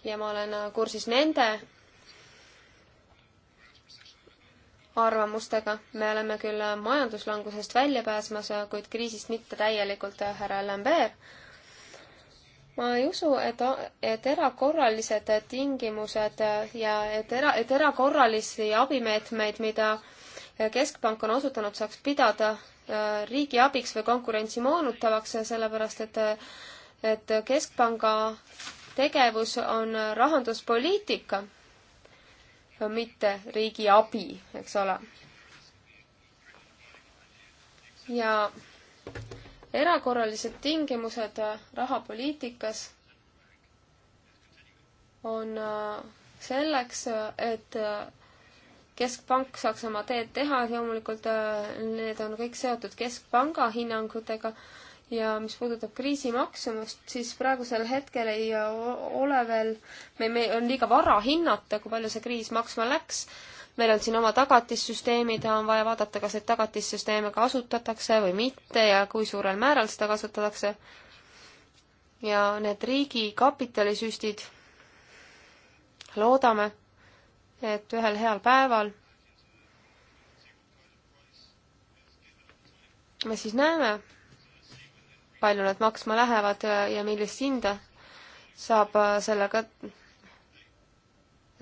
ja ma olen kursis nende arvamustega. me oleme küll majanduslangusest välja pääsmas, kuid kriisist mitte täielikult, härra Lambert ma ei usu, et, et erakorralised tingimused ja et era, et erakorralisi abimeetmeid, mida Keskpank on osutanud, saaks pidada äh, riigi abiks või konkurentsi moonutavaks, sellepärast et, et Keskpanga tegevus on rahanduspoliitika, mitte riigi abi, eks ole. ja erakorralised tingimused äh, rahapoliitikas on äh, selleks, äh, et keskpank saaks oma teed teha, loomulikult need on kõik seotud keskpanga hinnangutega ja mis puudutab kriisi maksumust, siis praegusel hetkel ei ole veel, me, me, on liiga vara hinnata, kui palju see kriis maksma läks meil on siin oma tagatissüsteemid, on vaja vaadata, kas neid tagatissüsteeme kasutatakse või mitte ja kui suurel määral seda kasutatakse. ja need riigi kapitalisüstid, loodame, et ühel heal päeval me siis näeme, palju nad maksma lähevad ja millist hinda saab äh, sellega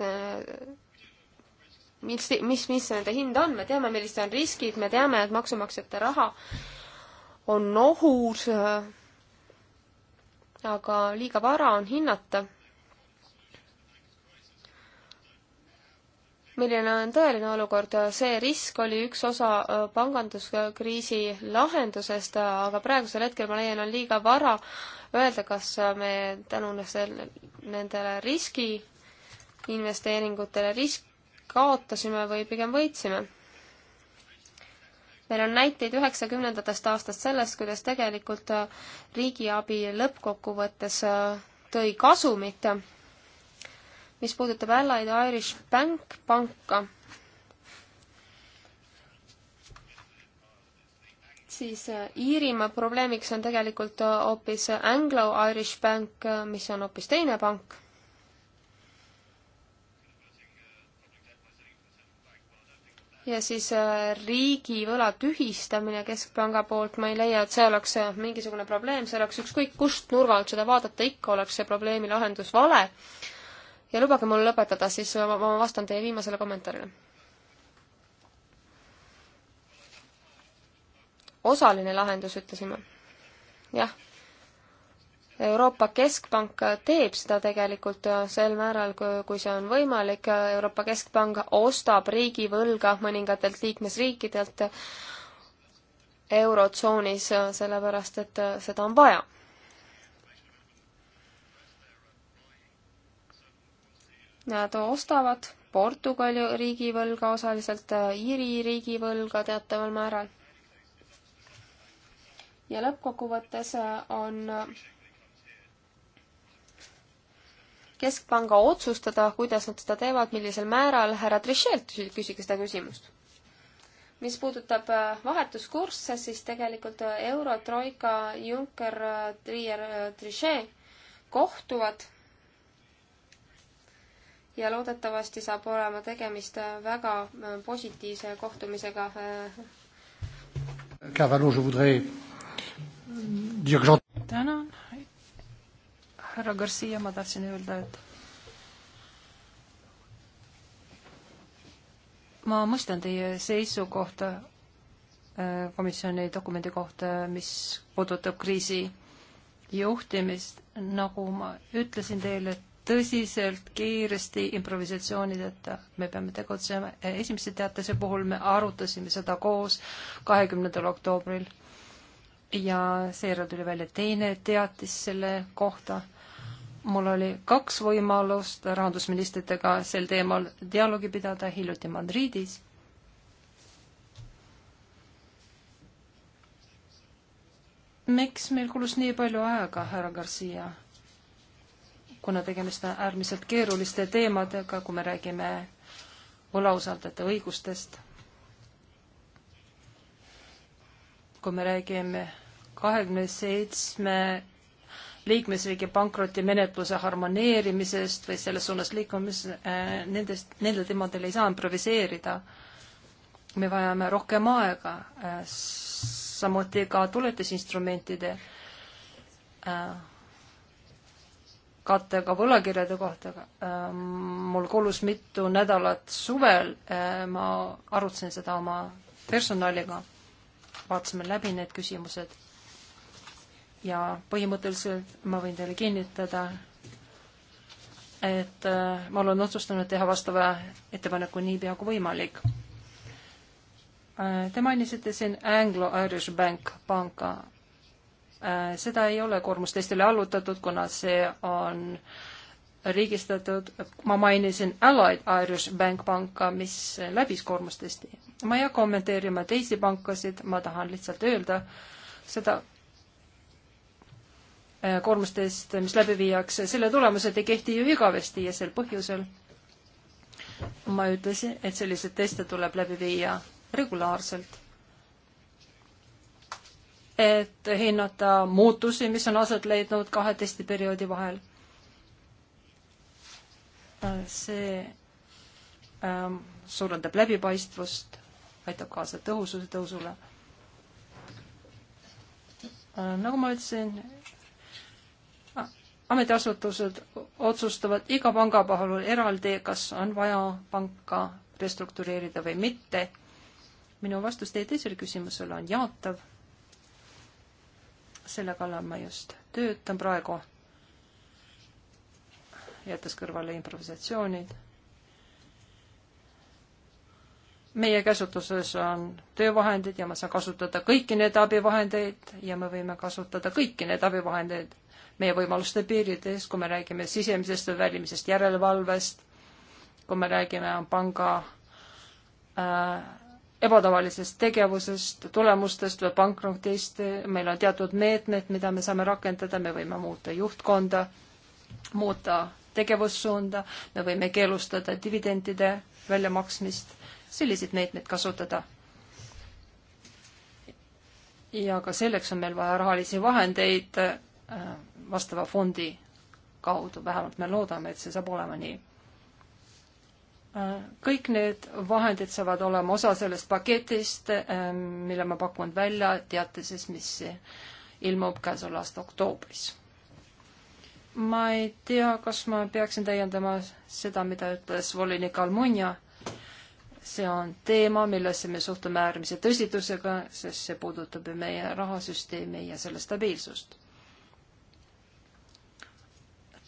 äh, mis, mis, mis nende hind on, me teame, millised on riskid, me teame, et maksumaksjate raha on ohus, aga liiga vara on hinnata, milline on tõeline olukord, see risk oli üks osa äh, panganduskriisi lahendusest, aga praegusel hetkel ma leian, on liiga vara öelda, kas me tänu nendele riski investeeringutele risk, kaotasime või pigem võitsime. meil on näiteid üheksakümnendatest aastast sellest, kuidas tegelikult äh, riigiabi lõppkokkuvõttes äh, tõi kasumit. mis puudutab Allied Irish Bank panka, siis äh, Iirimaa probleemiks on tegelikult hoopis Anglo-Irish Bank, mis on hoopis teine pank ja siis äh, riigivõla tühistamine Keskpanga poolt, ma ei leia, et see oleks äh, mingisugune probleem, see oleks ükskõik kust nurga alt seda vaadata, ikka oleks see probleemi lahendus vale. ja lubage mul lõpetada, siis ma vastan teie viimasele kommentaarile. osaline lahendus, ütlesin ma. jah Euroopa Keskpank teeb seda tegelikult äh, sel määral, kui see on võimalik, Euroopa Keskpank ostab riigivõlga mõningatelt liikmesriikidelt Eurotsoonis, äh, sellepärast et äh, seda on vaja. Nad ostavad Portugali riigivõlga osaliselt, Iiri riigivõlga teataval määral. ja lõppkokkuvõttes on keskpanga otsustada, kuidas nad seda teevad, millisel määral, härra Trichelt küsige seda küsimust. mis puudutab äh, vahetuskursse, siis tegelikult äh, Eurotroika, Juncker, äh, Trier, Trichet kohtuvad ja loodetavasti saab olema tegemist väga positiivse kohtumisega. tänan härra Garcia, ma tahtsin öelda, et ma mõistan teie seisukohta äh, komisjoni dokumendi kohta, mis puudutab kriisi juhtimist, nagu ma ütlesin teile, tõsiselt, kiiresti, improvisatsioonideta me peame tegutsema. esimese teatise puhul me arutasime seda koos kahekümnendal oktoobril ja seejärel tuli välja teine teatis selle kohta mul oli kaks võimalust rahandusministritega sel teemal dialoogi pidada hiljuti Madridis. miks meil kulus nii palju aega, härra Garcia? kuna tegemist on äärmiselt keeruliste teemadega, kui me räägime võlausaldajate õigustest, kui me räägime kahekümne seitsme liikmesriigi pankrotimenetluse harmoneerimisest või selles suunas liikumis- äh,, nendest, nendel teemadel ei saa improviseerida. me vajame rohkem aega äh,, samuti ka tuletusinstrumentide äh, kattega võlakirjade kohta. Äh, mul kulus mitu nädalat suvel, äh, ma arutasin seda oma personaliga, vaatasime läbi need küsimused ja põhimõtteliselt ma võin teile kinnitada, et äh, ma olen otsustanud teha vastava ettepaneku niipea kui võimalik. Äh, te mainisite siin Anglo-Irish Bank panka. Äh, seda ei ole koormustestile allutatud, kuna see on riigistatud. ma mainisin Allied Irish Bank panka, mis läbis koormustesti. ma ei hakka kommenteerima teisi pankasid, ma tahan lihtsalt öelda seda, Äh, koormustest, mis läbi viiakse, selle tulemused ei kehti ju igavesti ja sel põhjusel ma ütlesin, et selliseid teste tuleb läbi viia regulaarselt. et hinnata muutusi, mis on aset leidnud kahe testiperioodi vahel. Äh, see ähm, suurendab läbipaistvust, aitab kaasa tõhususe tõusule äh,. nagu ma ütlesin, ametiasutused otsustavad iga panga puhul eraldi, kas on vaja panka restruktureerida või mitte. minu vastus teie teisele küsimusele on jaatav. selle kallal ma just töötan praegu, jättes kõrvale improvisatsioonid. meie käsutuses on töövahendid ja ma saan kasutada kõiki neid abivahendeid ja me võime kasutada kõiki neid abivahendeid meie võimaluste piirides, kui me räägime sisemisest või välimisest järelevalvest, kui me räägime panga äh, ebatavalisest tegevusest, tulemustest või pankrotist, meil on teatud meetmed, mida me saame rakendada, me võime muuta juhtkonda, muuta tegevussuunda, me võime keelustada dividendide väljamaksmist, selliseid meetmeid kasutada. ja ka selleks on meil vaja rahalisi vahendeid äh, vastava fondi kaudu, vähemalt me loodame, et see saab olema nii. kõik need vahendid saavad olema osa sellest paketist, ehm, mille ma pakun välja teatises, mis ilmub käesoleva aasta oktoobris. ma ei tea, kas ma peaksin täiendama seda, mida ütles volinik Almunia see on teema, millesse me suhtume äärmise tõsidusega, sest see puudutab ju meie rahasüsteemi ja selle stabiilsust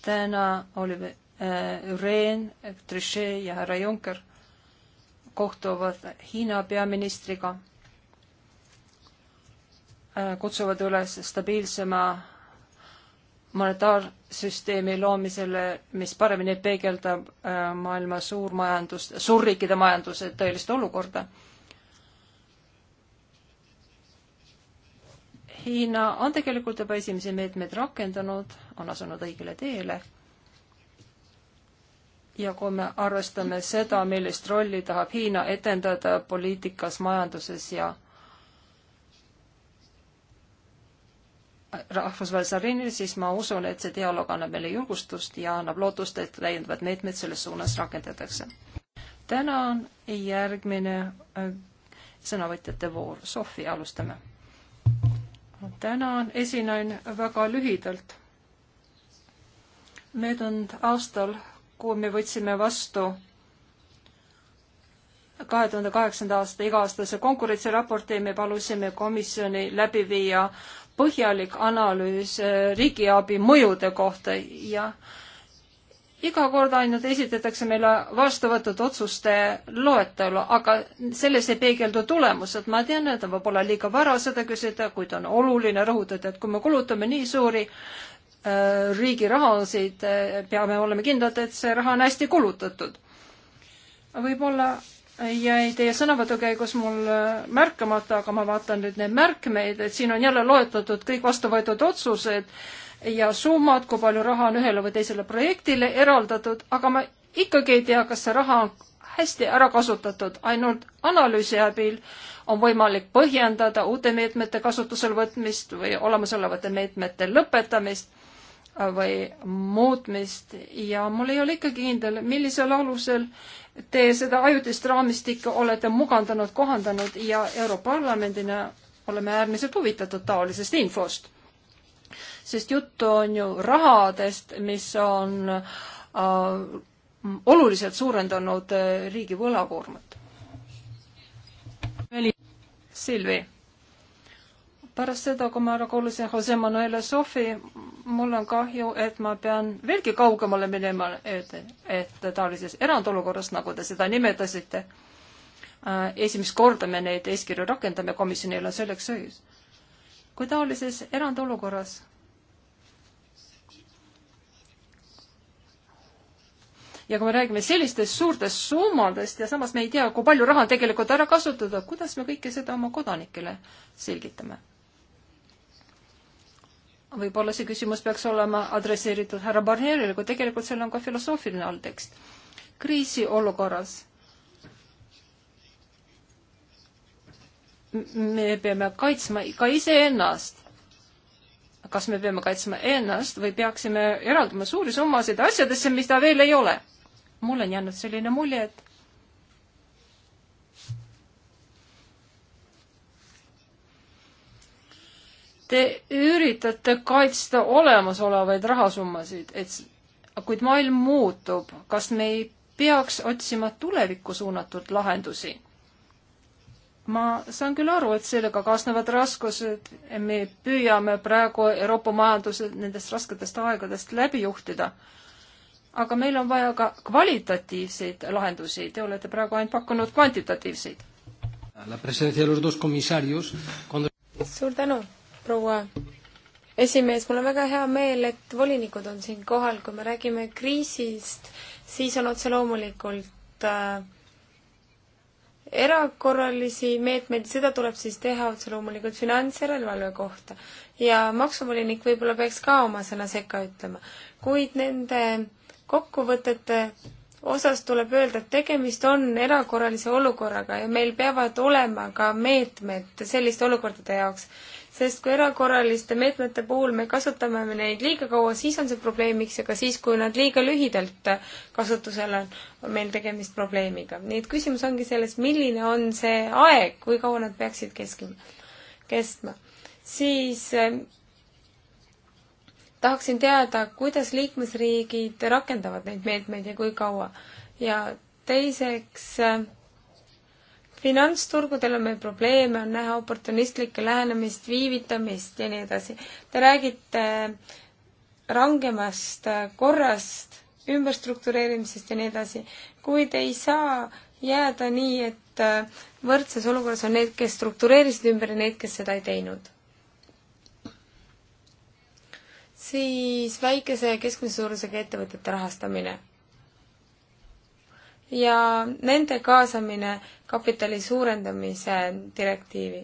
täna oli eh, Rehn, Trichet ja härra Juncker kohtuvad Hiina peaministriga, eh, kutsuvad üles stabiilsema monetaarsüsteemi loomisele, mis paremini peegeldab eh, maailma suurmajandust, suurriikide majanduse tõelist olukorda Hiina on tegelikult juba esimesi meetmeid rakendanud, on asunud õigele teele. ja kui me arvestame seda, millist rolli tahab Hiina etendada poliitikas, majanduses ja rahvusvahelisel areenil, siis ma usun, et see dialoog annab meile julgustust ja annab lootust, et täiendavad meetmed selles suunas rakendatakse. täna on järgmine äh, sõnavõtjate voor. Sofi, alustame tänan, esinen väga lühidalt. möödunud aastal, kui me võtsime vastu kahe tuhande kaheksanda aasta iga-aastase konkurentsiraporti, me palusime komisjoni läbi viia põhjalik analüüs eh, riigiabi mõjude kohta ja äh, iga kord ainult esitatakse meile vastuvõtud otsuste loetelu, aga selles ei peegeldu tulemused. ma tean, et on võib-olla liiga vara seda küsida, kuid on oluline rõhutada, et kui me kulutame nii suuri äh, riigi rahasid äh,, peame olema kindlad, et see raha on hästi kulutatud. võib-olla jäi teie sõnavõtu käigus mul äh, märkamata, aga ma vaatan nüüd neid märkmeid, et siin on jälle loetletud kõik vastu võetud otsused äh,, ja summad, kui palju raha on ühele või teisele projektile eraldatud, aga ma ikkagi ei tea, kas see raha on hästi ära kasutatud, ainult analüüsi abil on võimalik põhjendada uute meetmete kasutusele võtmist või olemasolevate meetmete lõpetamist või muutmist ja mul ei ole ikkagi kindel, millisel alusel te seda ajutist raamistikku olete mugandanud, kohandanud ja Europarlamendina oleme äärmiselt huvitatud taolisest infost sest juttu on ju rahadest, mis on äh, oluliselt suurendanud äh, riigi võlakoormat. Silvi, pärast seda, kui ma ära kuulasin Jose Manuela Sofi, mul on kahju, et ma pean veelgi kaugemale minema, et, et taolises erandolukorras, nagu te seda nimetasite äh,, esimest korda me neid eeskirju rakendame, komisjonil on selleks õigus. kui taolises erandolukorras ja kui me räägime sellistest suurtest summadest ja samas me ei tea, kui palju raha on tegelikult ära kasutada, kuidas me kõike seda oma kodanikele selgitame? võib-olla see küsimus peaks olema adresseeritud härra Barnierile, kui tegelikult seal on ka filosoofiline alltekst. kriisiolukorras me peame kaitsma ka iseennast. kas me peame kaitsma ennast või peaksime eraldama suuri summasid asjadesse, mida veel ei ole? mul on jäänud selline mulje, et Te üritate kaitsta olemasolevaid rahasummasid, et kuid maailm muutub, kas me ei peaks otsima tulevikku suunatud lahendusi? ma saan küll aru, et sellega kaasnevad raskused, me püüame praegu Euroopa majanduse nendest rasketest aegadest läbi juhtida aga meil on vaja ka kvalitatiivseid lahendusi, te olete praegu ainult pakkunud kvantitatiivseid. suur tänu, proua esimees, mul on väga hea meel, et volinikud on siin kohal, kui me räägime kriisist, siis on otse loomulikult äh, erakorralisi meetmeid, seda tuleb siis teha otse loomulikult finantsjärelevalve kohta. ja maksuvolinik võib-olla peaks ka oma sõna sekka ütlema. kuid nende kokkuvõtete osas tuleb öelda, et tegemist on erakorralise olukorraga ja meil peavad olema ka meetmed selliste olukordade jaoks. sest kui erakorraliste meetmete puhul me kasutame neid liiga kaua, siis on see probleemiks ja ka siis, kui nad liiga lühidalt kasutusel on, on meil tegemist probleemiga. nii et küsimus ongi selles, milline on see aeg, kui kaua nad peaksid keskima, kestma. siis tahaksin teada, kuidas liikmesriigid rakendavad neid meetmeid ja kui kaua. ja teiseks, finantsturgudel on meil probleeme, on näha oportunistlikku lähenemist, viivitamist ja nii edasi. Te räägite rangemast korrast, ümberstruktureerimisest ja nii edasi, kuid ei saa jääda nii, et võrdses olukorras on need, kes struktureerisid ümber ja need, kes seda ei teinud siis väikese ja keskmise suurusega ettevõtete rahastamine ja nende kaasamine kapitali suurendamise direktiivi.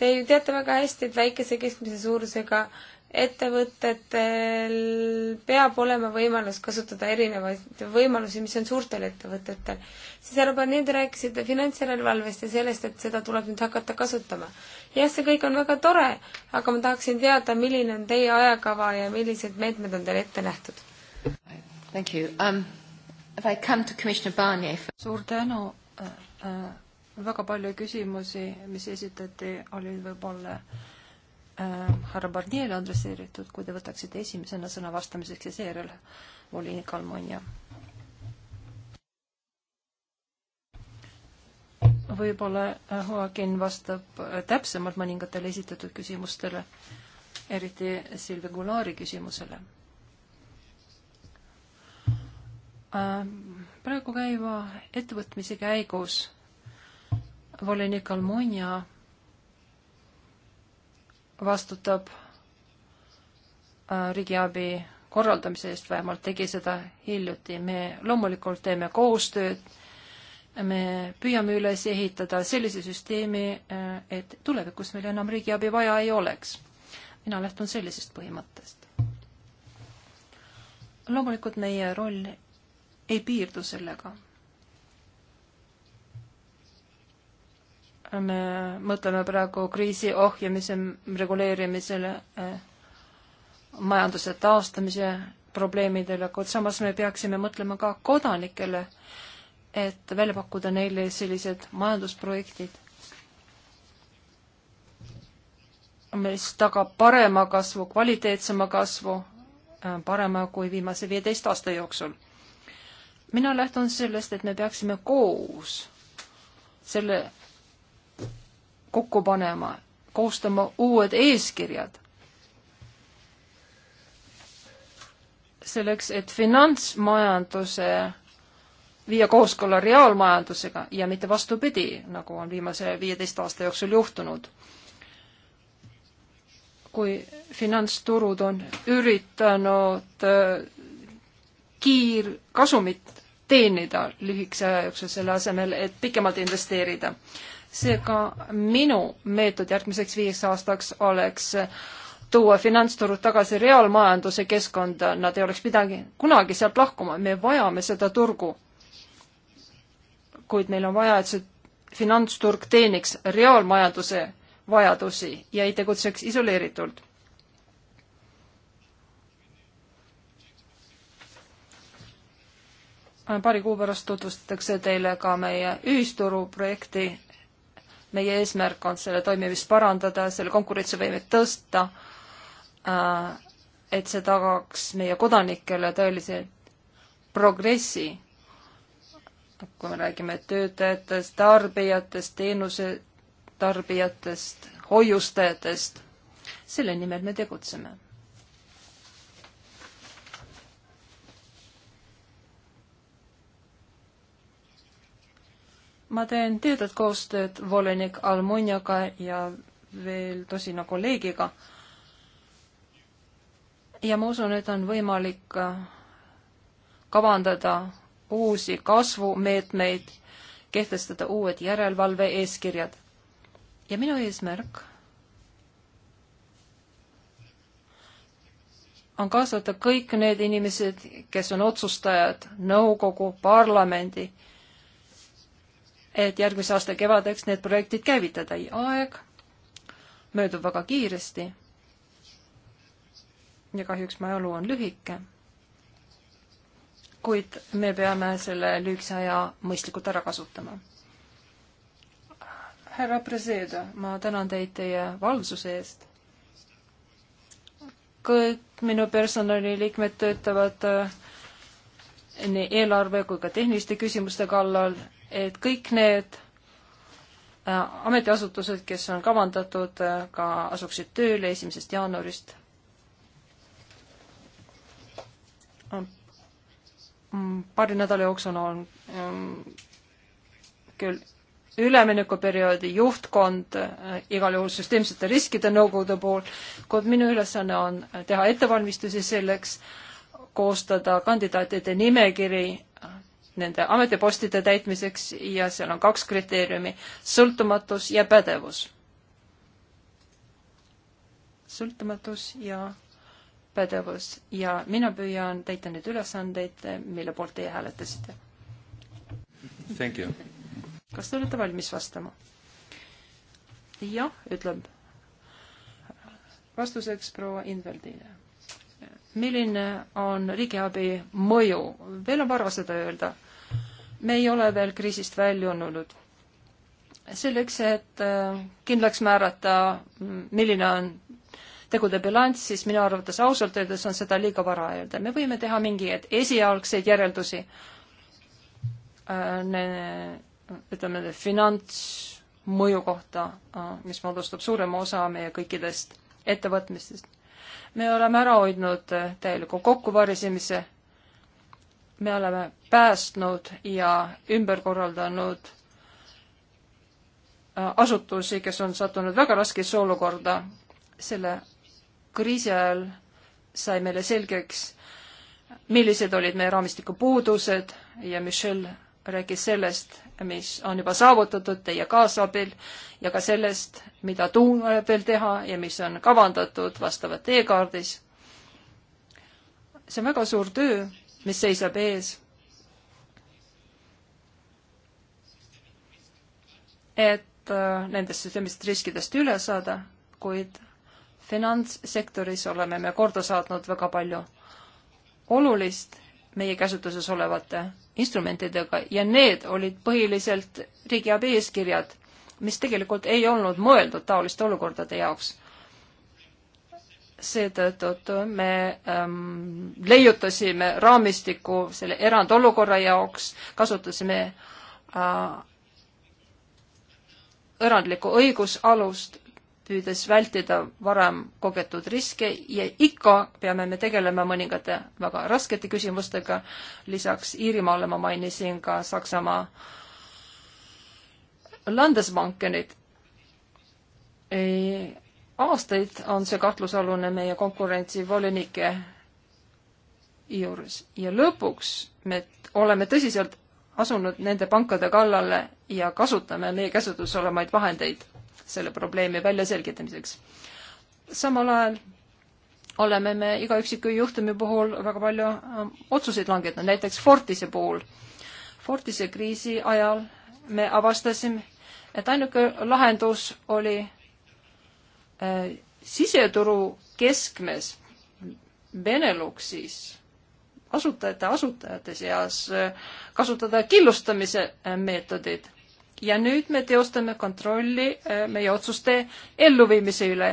Te ju teate väga hästi, et väikese keskmise suurusega ettevõtetel peab olema võimalus kasutada erinevaid võimalusi, mis on suurtel ettevõtetel. siis härra Barnier, te rääkisite finantsjärelevalvest ja sellest, et seda tuleb nüüd hakata kasutama jah, see kõik on väga tore, aga ma tahaksin teada, milline on teie ajakava ja millised meetmed on teil ette nähtud? Thank you um,. If I come to Commissioner Barnier. suur tänu äh,. Äh, väga palju küsimusi, mis esitati, olid võib-olla äh, härra Barnierile adresseeritud, kui te võtaksite esimesena sõna vastamiseks ja seejärel volinik Almonia võib-olla äh, Joaquin vastab äh, täpsemalt mõningatele esitatud küsimustele, eriti Silvia Gulaari küsimusele. Ähm, praegu käiva ettevõtmise käigus volinik Almonia vastutab äh, riigiabi korraldamise eest, vähemalt tegi seda hiljuti. me loomulikult teeme koostööd me püüame üles ehitada sellise süsteemi, et tulevikus meil enam riigiabi vaja ei oleks. mina lähtun sellisest põhimõttest. loomulikult meie roll ei piirdu sellega. me mõtleme praegu kriisi ohjamise reguleerimisele, majanduse taastamise probleemidele, kuid samas me peaksime mõtlema ka kodanikele äh, et välja pakkuda neile sellised majandusprojektid, mis tagab parema kasvu, kvaliteetsema kasvu, äh, parema kui viimase viieteist aasta jooksul. mina lähtun sellest, et me peaksime koos selle kokku panema, koostama uued eeskirjad, selleks, et finantsmajanduse viia kooskõlla reaalmajandusega ja mitte vastupidi, nagu on viimase viieteist aasta jooksul juhtunud. kui finantsturud on üritanud äh, kiirkasumit teenida lühikese aja jooksul, selle asemel, et pikemalt investeerida. seega minu meetod järgmiseks viieks aastaks oleks äh, tuua finantsturud tagasi reaalmajanduse keskkonda, nad ei oleks pidanud kunagi sealt lahkuma, me vajame seda turgu kuid meil on vaja, et see finantsturg teeniks reaalmajanduse vajadusi ja ei tegutseks isoleeritult. paari kuu pärast tutvustatakse teile ka meie ühisturuprojekti. meie eesmärk on selle toimimist parandada, selle konkurentsivõimet tõsta, äh, et see tagaks meie kodanikele tõelise progressi kui me räägime töötajatest, tarbijatest, teenuse tarbijatest, hoiustajatest. selle nimel me tegutseme. ma teen tihedat koostööd volinik Almuniaga ja veel tosina kolleegiga. ja ma usun, et on võimalik kavandada uusi kasvumeetmeid, kehtestada uued järelevalve eeskirjad. ja minu eesmärk on kaasata kõik need inimesed, kes on otsustajad, nõukogu, parlamendi, et järgmise aasta kevadeks need projektid käivitada. aeg möödub väga kiiresti. ja kahjuks mu ajalugu on lühike kuid me peame selle lühikese aja mõistlikult ära kasutama. härra Preseda, ma tänan teid teie valvsuse eest. kõik minu personaliliikmed töötavad äh, nii eelarve kui ka tehniliste küsimuste kallal, et kõik need äh, ametiasutused, kes on kavandatud, äh, ka asuksid tööle esimesest jaanuarist paari nädala jooksul on ähm, küll üleminekuperioodi juhtkond äh, igal juhul süsteemsete riskide nõukogude poolt, kuid minu ülesanne on teha ettevalmistusi selleks, koostada kandidaatide nimekiri äh, nende ametipostide täitmiseks ja seal on kaks kriteeriumi, sõltumatus ja pädevus. sõltumatus ja pädevus ja mina püüan täita neid ülesandeid, mille poolt teie hääletasite. kas te olete valmis vastama? jah, ütleb vastuseks proua Inveldile. milline on riigiabi mõju? veel on vara seda öelda. me ei ole veel kriisist väljunud. selleks, et äh, kindlaks määrata, mm, milline on tegude bilanss, siis minu arvates ausalt öeldes on seda liiga vara öelda. me võime teha mingeid esialgseid järeldusi äh,, ütleme, finantsmõju kohta, äh, mis moodustab suurema osa meie kõikidest ettevõtmistest. me oleme ära hoidnud äh, täieliku kokkuvarisemise, me oleme päästnud ja ümber korraldanud äh, asutusi, kes on sattunud väga raskesse olukorda selle kriisi ajal sai meile selgeks, millised olid meie raamistiku puudused ja Michel rääkis sellest, mis on juba saavutatud teie kaasabil ja ka sellest, mida tuleb veel teha ja mis on kavandatud vastavalt teekaardis. see on väga suur töö, mis seisab ees. et äh, nendest süsteemist riskidest üle saada, kuid finantssektoris oleme me korda saatnud väga palju olulist meie käsutuses olevate instrumentidega ja need olid põhiliselt riigiabi eeskirjad, mis tegelikult ei olnud mõeldud taoliste olukordade jaoks. seetõttu me ähm, leiutasime raamistiku selle erandolukorra jaoks, kasutasime äh, erandlikku õigusalust püüdes vältida varem kogetud riske ja ikka peame me tegelema mõningate väga raskete küsimustega. lisaks Iirimaale ma mainisin ka Saksamaa Landesbankenit. aastaid on see kahtlusalune meie konkurentsivolinike juures ja lõpuks me oleme tõsiselt asunud nende pankade kallale ja kasutame meie käsutuses olemaid vahendeid selle probleemi väljaselgitamiseks. samal ajal oleme me iga üksiku juhtumi puhul väga palju ähm, otsuseid langetanud, näiteks Fortise puhul. Fortise kriisi ajal me avastasime, et ainuke lahendus oli äh, siseturu keskmes Beneluxis asutajate asutajate seas äh, kasutada killustamise äh, meetodit ja nüüd me teostame kontrolli äh, meie otsuste elluviimise üle.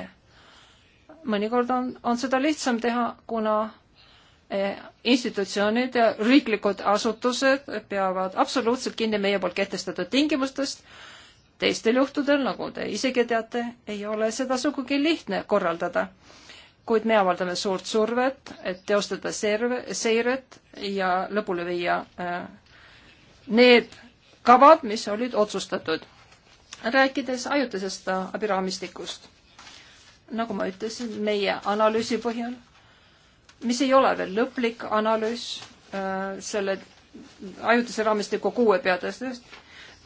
mõnikord on, on seda lihtsam teha, kuna äh, institutsioonid ja riiklikud asutused peavad absoluutselt kinni meie poolt kehtestatud tingimustest. teistel juhtudel, nagu te isegi teate, ei ole seda sugugi lihtne korraldada. kuid me avaldame suurt survet, et teostada serve, seiret ja lõpule viia äh, need kavad, mis olid otsustatud. rääkides ajutisest abiraamistikust, nagu ma ütlesin, meie analüüsi põhjal, mis ei ole veel lõplik analüüs äh, selle ajutise raamistiku kuue peatõstest,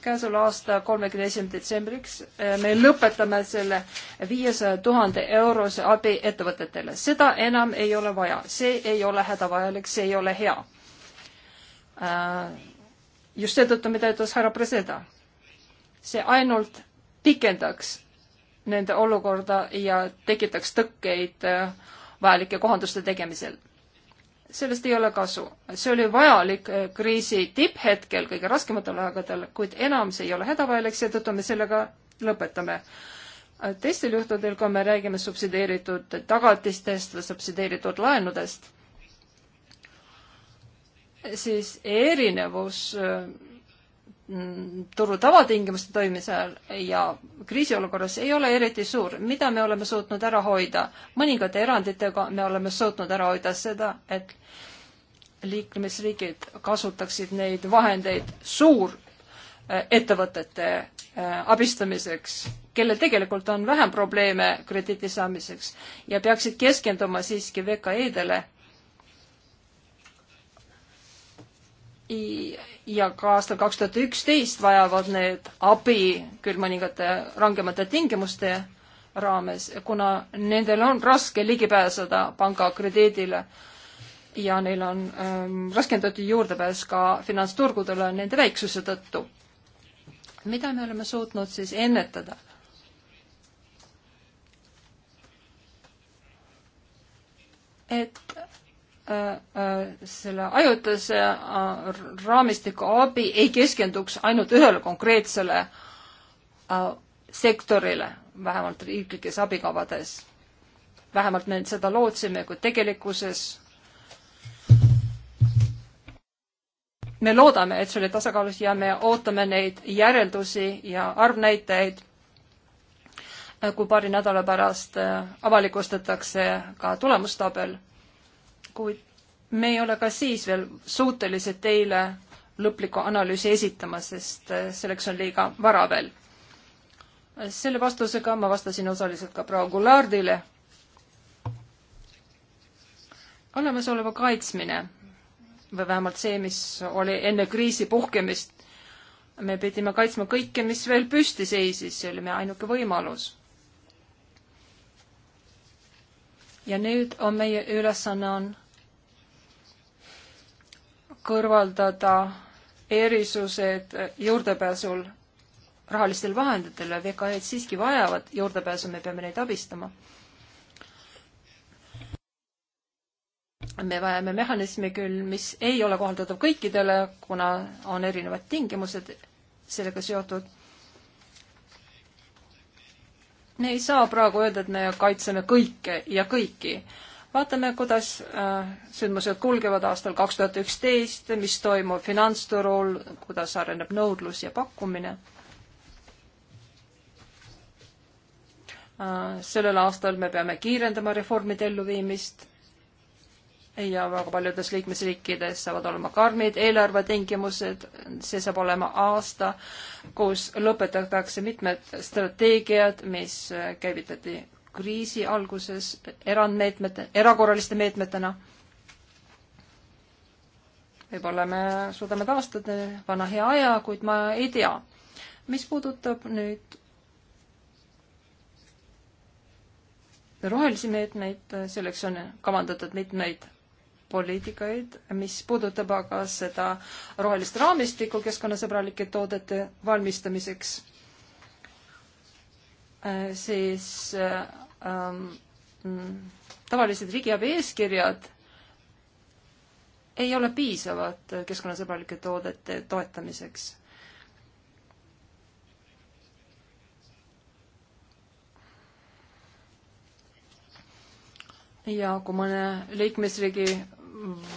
käesoleva aasta kolmekümne esimene detsembriks äh, me lõpetame selle viiesaja tuhande eurose abi ettevõtetele. seda enam ei ole vaja, see ei ole hädavajalik, see ei ole hea äh, just seetõttu, mida ütles härra Preseda. see ainult pikendaks nende olukorda ja tekitaks tõkkeid äh, vajalike kohanduste tegemisel. sellest ei ole kasu. see oli vajalik äh, kriisi tipphetkel, kõige raskematel aegadel, kuid enam see ei ole hädavajalik, seetõttu me sellega lõpetame. Äh, teistel juhtudel, kui me räägime subsideeritud tagatistest või subsideeritud laenudest siis erinevus äh, mm, turu tavatingimuste toimimise ajal ja kriisiolukorras ei ole eriti suur. mida me oleme suutnud ära hoida? mõningate eranditega me oleme suutnud ära hoida seda, et liikmesriigid kasutaksid neid vahendeid suurettevõtete äh, abistamiseks, kellel tegelikult on vähem probleeme krediidi saamiseks ja peaksid keskenduma siiski VKE-dele ja ka aastal kaks tuhat üksteist vajavad need abi küll mõningate rangemate tingimuste raames, kuna nendel on raske ligi pääseda pangakrediidile ja neil on ähm, raskendatud juurdepääs ka finantsturgudele nende väiksuse tõttu. mida me oleme suutnud siis ennetada? et Äh, äh, selle ajutise äh, raamistiku abi ei keskenduks ainult ühele konkreetsele sektorile, vähemalt riiklikes abikavades. vähemalt me seda lootsime, kui tegelikkuses me loodame, et see oli tasakaalus ja me ootame neid järeldusi ja arvnäitajaid, kui paari nädala pärast avalikustatakse ka tulemustabel kuid me ei ole ka siis veel suutelised teile lõplikku analüüsi esitama, sest äh, selleks on liiga vara veel. selle vastusega ma vastasin osaliselt ka proua Gullardile. olemasoleva kaitsmine või vähemalt see, mis oli enne kriisi puhkemist, me pidime kaitsma kõike, mis veel püsti seisis, see oli meie ainuke võimalus ja nüüd on meie ülesanne on kõrvaldada erisused juurdepääsul rahalistele vahenditele, VKE-d siiski vajavad juurdepääsu, me peame neid abistama. me vajame mehhanismi küll, mis ei ole kohaldatav kõikidele, kuna on erinevad tingimused sellega seotud. me ei saa praegu öelda, et me kaitseme kõike ja kõiki vaatame, kuidas äh, sündmused kulgevad aastal kaks tuhat üksteist, mis toimub finantsturul, kuidas areneb nõudlus ja pakkumine. Äh, sellel aastal me peame kiirendama reformide elluviimist ja väga paljudes liikmesriikides saavad olema karmid eelarvetingimused, see saab olema aasta, kus lõpetatakse mitmed strateegiad, mis käivitati kriisi alguses erandmeetmete, erakorraliste meetmetena. võib-olla me suudame taastada vana hea aja, kuid ma ei tea. mis puudutab nüüd rohelisi meetmeid, selleks on kavandatud mitmeid poliitikaid, mis puudutab aga seda rohelist raamistikku keskkonnasõbralike toodete valmistamiseks, äh, siis äh, ähm, tavalised riigiabi eeskirjad ei ole piisavad keskkonnasõbralike toodete toetamiseks ja kui mõne liikmesriigi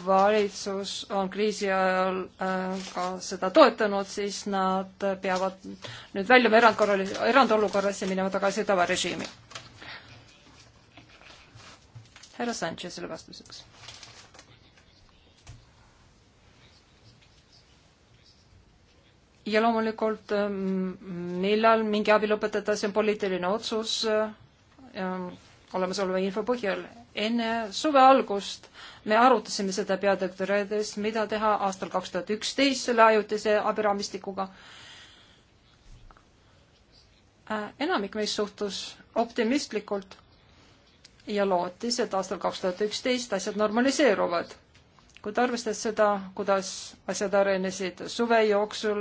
valitsus on kriisi ajal äh, ka seda toetanud, siis nad peavad nüüd väljuma erandkorral-, erandolukorras ja minema tagasi tavarežiimi härra Sanchezile vastuseks. ja loomulikult, ähm, millal mingi abi lõpetada, see on poliitiline otsus äh, olemasoleva info põhjal. enne suve algust me arutasime seda peadirektorides, mida teha aastal kaks tuhat üksteist selle ajutise abiraamistikuga. Äh, enamik meist suhtus optimistlikult ja lootis, et aastal kaks tuhat üksteist asjad normaliseeruvad. kuid arvestades seda, kuidas asjad arenesid suve jooksul,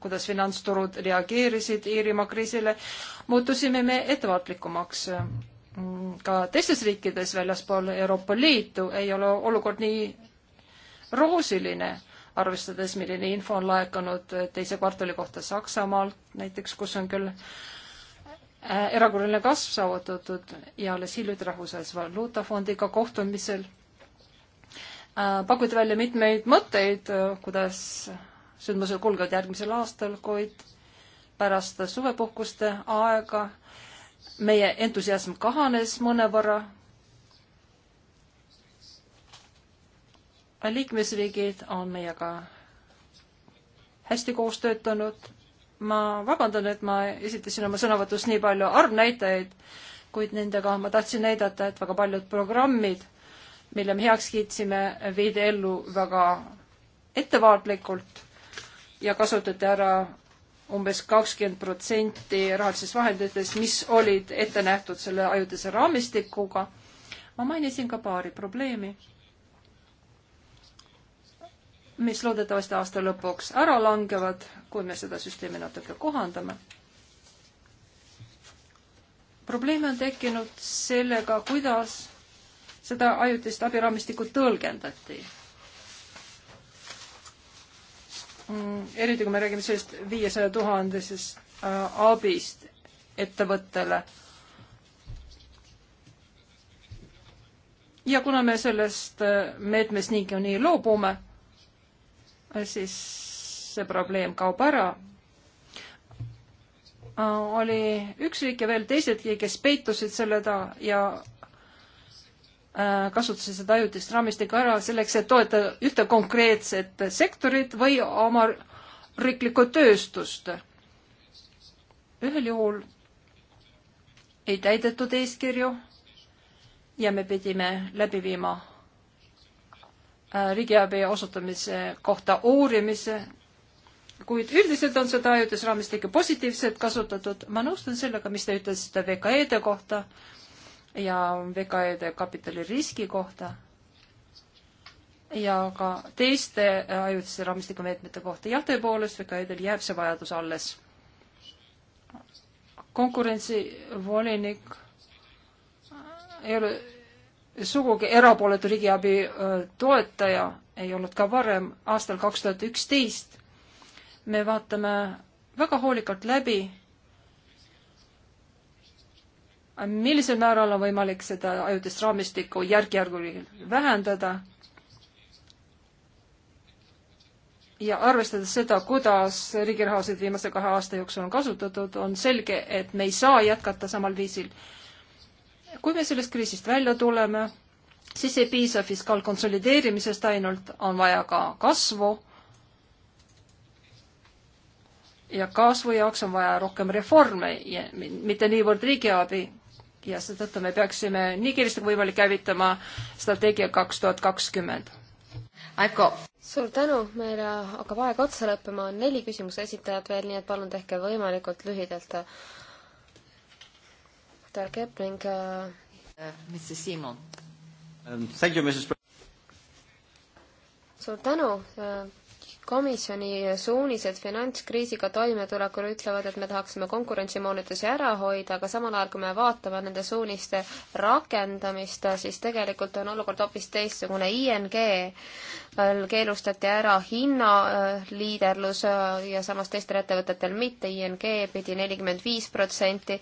kuidas finantsturud reageerisid Iirimaa kriisile, muutusime me ettevaatlikumaks. ka teistes riikides väljaspool Euroopa Liitu ei ole olukord nii roosiline arvestades, milline info on laekunud teise kvartali kohta Saksamaalt näiteks, kus on küll Äh, erakorraline kasv saavutatud ja alles hiljuti Rahvusvahelise Valuutafondiga kohtumisel äh, pakuti välja mitmeid mõtteid, äh, kuidas sündmused kulgevad järgmisel aastal, kuid pärast suvepuhkuste aega meie entusiasm kahanes mõnevõrra. liikmesriigid on meiega hästi koos töötanud ma vabandan, et ma esitasin oma sõnavõtus nii palju arvnäitajaid, kuid nendega ma tahtsin näidata, et väga paljud programmid, mille me heaks kiitsime, viidi ellu väga ettevaatlikult ja kasutati ära umbes kakskümmend protsenti rahalisest vahenditest, mis olid ette nähtud selle ajutise raamistikuga. ma mainisin ka paari probleemi mis loodetavasti aasta lõpuks ära langevad, kui me seda süsteemi natuke kohandame. probleeme on tekkinud sellega, kuidas seda ajutist abiraamistikku tõlgendati. Mm, eriti kui me räägime sellest viiesaja tuhandesest äh, abist ettevõttele. ja kuna me sellest äh, meetmest niigi nii loobume Äh, siis see probleem kaob ära. Äh, oli üks riik ja veel teisedki, kes peitusid selle taha ja äh, kasutasid seda ajutist raamistikku ära selleks, et toetada ühte konkreetset sektorit või oma riiklikku tööstust. ühel juhul ei täidetud eeskirju ja me pidime läbi viima Äh, riigiabi osutamise kohta uurimise, kuid üldiselt on seda ajutisraamistikku positiivselt kasutatud. ma nõustun sellega, mis te ütlesite VKE-de kohta ja VKE-de kapitaliriski kohta ja ka teiste ajutise raamistiku meetmete kohta. jah, tõepoolest, VKE-del jääb see vajadus alles. konkurentsivolinik ei ole sugugi erapooletu riigiabi toetaja ei olnud ka varem, aastal kaks tuhat üksteist. me vaatame väga hoolikalt läbi, millisel määral on võimalik seda ajutist raamistikku järk-järguliselt vähendada ja arvestades seda, kuidas riigi rahasid viimase kahe aasta jooksul on kasutatud, on selge, et me ei saa jätkata samal viisil kui me sellest kriisist välja tuleme, siis ei piisa fiskaalkonsolideerimisest ainult, on vaja ka kasvu. ja kasvu jaoks on vaja rohkem reforme ja mitte niivõrd riigiabi. ja seetõttu me peaksime nii kiiresti kui võimalik hävitama strateegia kaks tuhat kakskümmend. Aiko. suur tänu, meil hakkab aeg otsa lõppema, on neli küsimuse esitajat veel, nii et palun tehke võimalikult lühidalt Mr Kepling äh, uh.... Mr Simon um,. Thank you, Mrs. suur tänu uh komisjoni suunised finantskriisiga toimetulekul ütlevad, et me tahaksime konkurentsimoonutusi ära hoida, aga samal ajal, kui me vaatame nende suuniste rakendamist, siis tegelikult on olukord hoopis teistsugune. ING keelustati ära hinnaliiderlus äh, ja samas teistel ettevõtetel mitte, ING pidi nelikümmend viis protsenti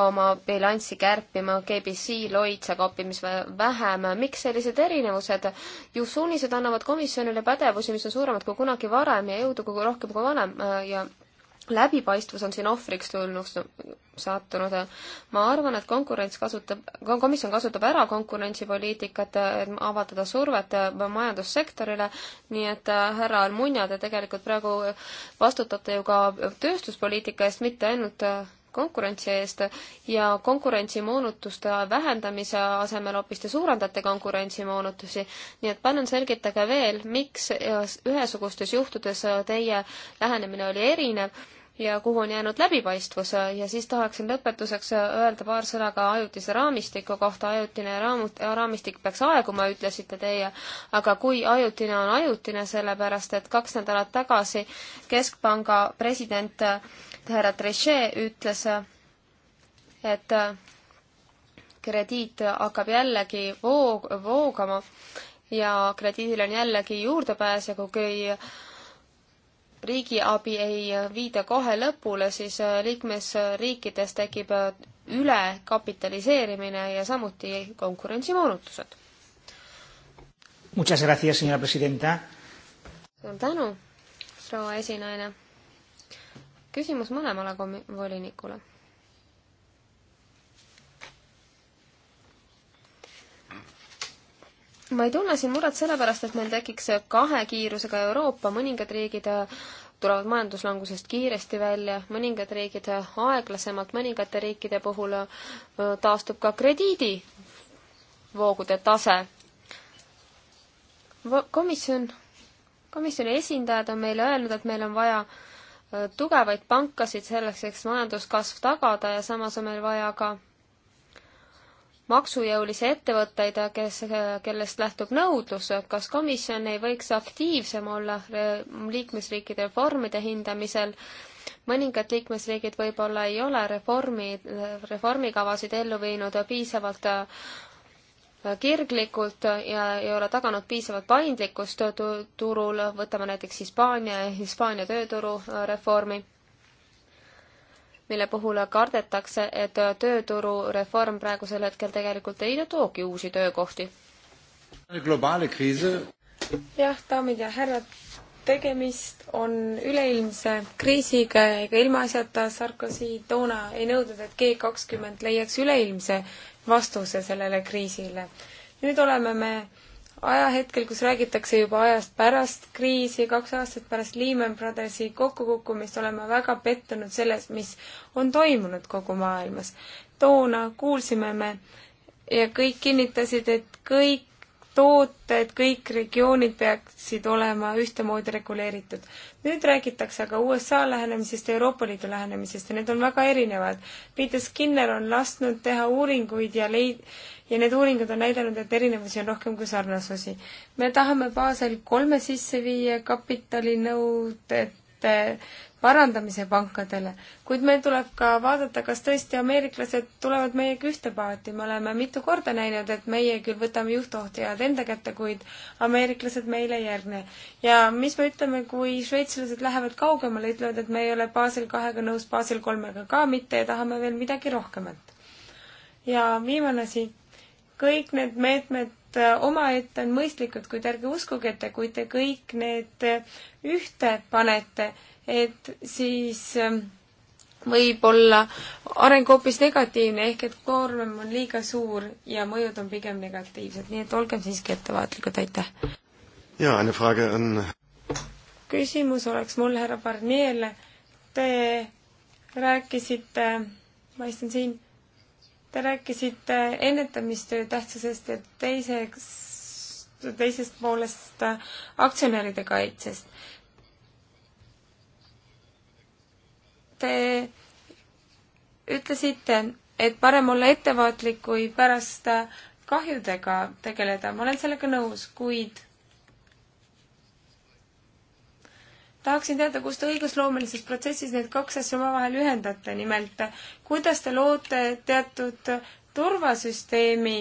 oma bilanssi kärpima, GBC, Lloyd saab hoopis vähem. miks sellised erinevused? ju suunised annavad komisjonile pädevusi, mis on suuremad kui kunagi varem ja jõudu kogu rohkem kui varem ja läbipaistvus on siin ohvriks tulnuks sattunud. ma arvan, et konkurents kasutab, komisjon kasutab ära konkurentsipoliitikat, et avaldada survet majandussektorile, nii et härra Almunia, te tegelikult praegu vastutate ju ka tööstuspoliitika eest, mitte ainult konkurentsi eest ja konkurentsimoonutuste vähendamise asemel hoopis te suurendate konkurentsimoonutusi. nii et palun selgitage veel, miks ühesugustes juhtudes teie lähenemine oli erinev ja kuhu on jäänud läbipaistvus ja siis tahaksin lõpetuseks öelda paar sõna ka ajutise raamistiku kohta. ajutine raamut, raamistik peaks aeguma, ütlesite teie, aga kui ajutine on ajutine, sellepärast et kaks nädalat tagasi Keskpanga president härra Trichet ütles, et krediit hakkab jällegi voog, voogama ja krediidil on jällegi juurdepääs ja kui riigiabi ei viida kohe lõpule, siis liikmesriikides tekib ülekapitaliseerimine ja samuti konkurentsimoonutused. Muchas gracias, señora presidenta. suur tänu, proua esinaine küsimus mõlemale volinikule. ma ei tunne siin muret sellepärast, et meil tekiks kahe kiirusega Euroopa, mõningad riigid tulevad majanduslangusest kiiresti välja, mõningad riigid aeglasemalt, mõningate riikide puhul taastub ka krediidivoogude tase. komisjon, komisjoni esindajad on meile öelnud, et meil on vaja tugevaid pankasid selleks, et majanduskasv tagada ja samas on meil vaja ka maksujõulisi ettevõtteid, kes, kellest lähtub nõudlus, kas komisjon ei võiks aktiivsem olla liikmesriikide reformide hindamisel? mõningad liikmesriigid võib-olla ei ole reformi, reformikavasid ellu viinud piisavalt Äh, kirglikult ja ei ole taganud piisavat paindlikkust turul, võtame näiteks Hispaania ja Hispaania tööturu äh, reformi, mille puhul kardetakse, et äh, tööturureform praegusel hetkel tegelikult ei toogi uusi töökohti. jah, daamid ja härrad, tegemist on üleilmse kriisiga ega ilmaasjata Sarkozy toona ei nõudnud, et G kakskümmend leiaks üleilmse vastuse sellele kriisile. nüüd oleme me ajahetkel, kus räägitakse juba ajast pärast kriisi, kaks aastat pärast Lehman Brothersi kokkukukkumist, oleme väga pettunud selles, mis on toimunud kogu maailmas. toona kuulsime me ja kõik kinnitasid, et kõik tooted, kõik regioonid peaksid olema ühtemoodi reguleeritud. nüüd räägitakse aga USA lähenemisest ja Euroopa Liidu lähenemisest ja need on väga erinevad. Peter Skinner on lasknud teha uuringuid ja leid-, ja need uuringud on näidanud, et erinevusi on rohkem kui sarnasusi. me tahame Basel kolme sisse viia kapitalinõuded parandamise pankadele, kuid meil tuleb ka vaadata, kas tõesti ameeriklased tulevad meiega ühte paati, me oleme mitu korda näinud, et meie küll võtame juhtohtajad enda kätte, kuid ameeriklased meile ei järgne. ja mis me ütleme, kui šveitslased lähevad kaugemale, ütlevad, et me ei ole baasil kahega nõus, baasil kolmega ka mitte ja tahame veel midagi rohkemat. ja viimane asi, kõik need meetmed äh, omaette on mõistlikud, kuid ärge uskuge, et kui te kõik need äh, ühte panete, et siis ähm, võib olla areng hoopis negatiivne, ehk et koormem on liiga suur ja mõjud on pigem negatiivsed, nii et olgem siiski ettevaatlikud, aitäh! jaa, eine Frage on küsimus oleks mul härra Barnier'le, te rääkisite, ma istun siin, te rääkisite ennetamistöö tähtsusest ja teiseks, teisest poolest aktsionäride kaitsest. Te ütlesite, et parem olla ettevaatlik, kui pärast kahjudega tegeleda. ma olen sellega nõus, kuid tahaksin teada, kus te õigusloomelises protsessis need kaks asja omavahel ühendate, nimelt kuidas te loote teatud turvasüsteemi,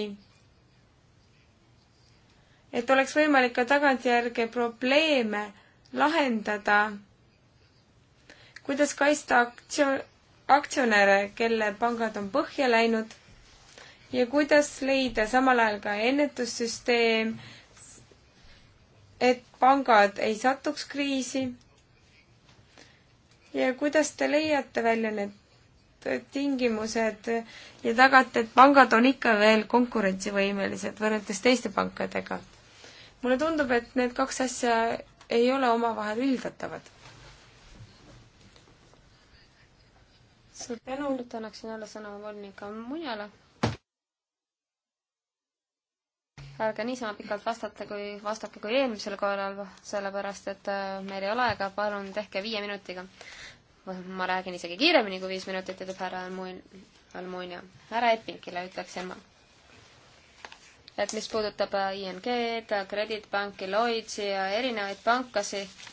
et oleks võimalik ka tagantjärge probleeme lahendada kuidas kaitsta aktsio-, aktsionäre, kelle pangad on põhja läinud ja kuidas leida samal ajal ka ennetussüsteem, et pangad ei satuks kriisi. ja kuidas te leiate välja need tingimused ja tagate, et pangad on ikka veel konkurentsivõimelised võrreldes teiste pankadega? mulle tundub, et need kaks asja ei ole omavahel ühildatavad suur tänu, nüüd annaksin jälle sõna volinik Mujale. ärge niisama pikalt vastate, kui, vastake kui eelmisel korral, sellepärast et äh, meil ei ole aega, palun tehke viie minutiga. ma räägin isegi kiiremini kui viis minutit, ütleb härra Almunia. härra Eppinkile ütleksin ma et mis puudutab äh, ING-d, Creditbanki, Lloydsi ja erinevaid pankasid,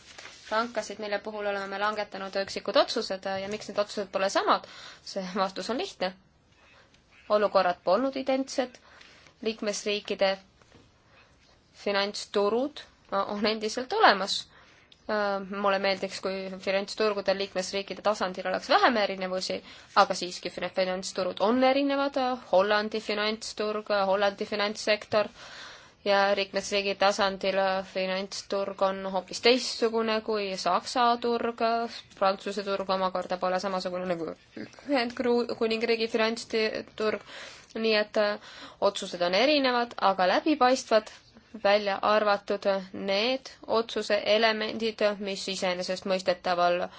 pankasid, mille puhul oleme me langetanud üksikud otsused äh, ja miks need otsused pole samad? see vastus on lihtne. olukorrad polnud identsed, liikmesriikide finantsturud äh, on endiselt olemas. Äh, mulle meeldiks, kui finantsturgudel liikmesriikide tasandil oleks vähem erinevusi, aga siiski finantsturud on erinevad, Hollandi finantsturg, Hollandi finantssektor ja liikmesriigi tasandil finantsturg on hoopis teistsugune kui Saksa turg, Prantsuse turg omakorda pole samasugune nagu Ühendkuningriigi finantsturg, nii et äh, otsused on erinevad, aga läbipaistvad, välja arvatud need otsuse elemendid, mis iseenesestmõistetaval äh,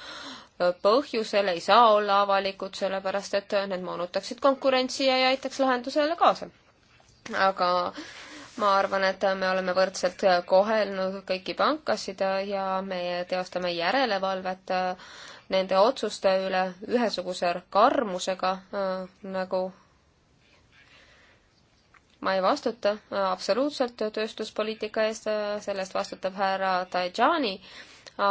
põhjusel ei saa olla avalikud, sellepärast et need moonutaksid konkurentsi ja ei aitaks lahendusele kaasa. aga äh, ma arvan, et me oleme võrdselt kohelnud kõiki pankasid ja me teostame järelevalvet äh, nende otsuste üle ühesuguse karmusega äh, nagu ma ei vastuta äh, absoluutselt tööstuspoliitika eest, sellest vastutab härra Tajani,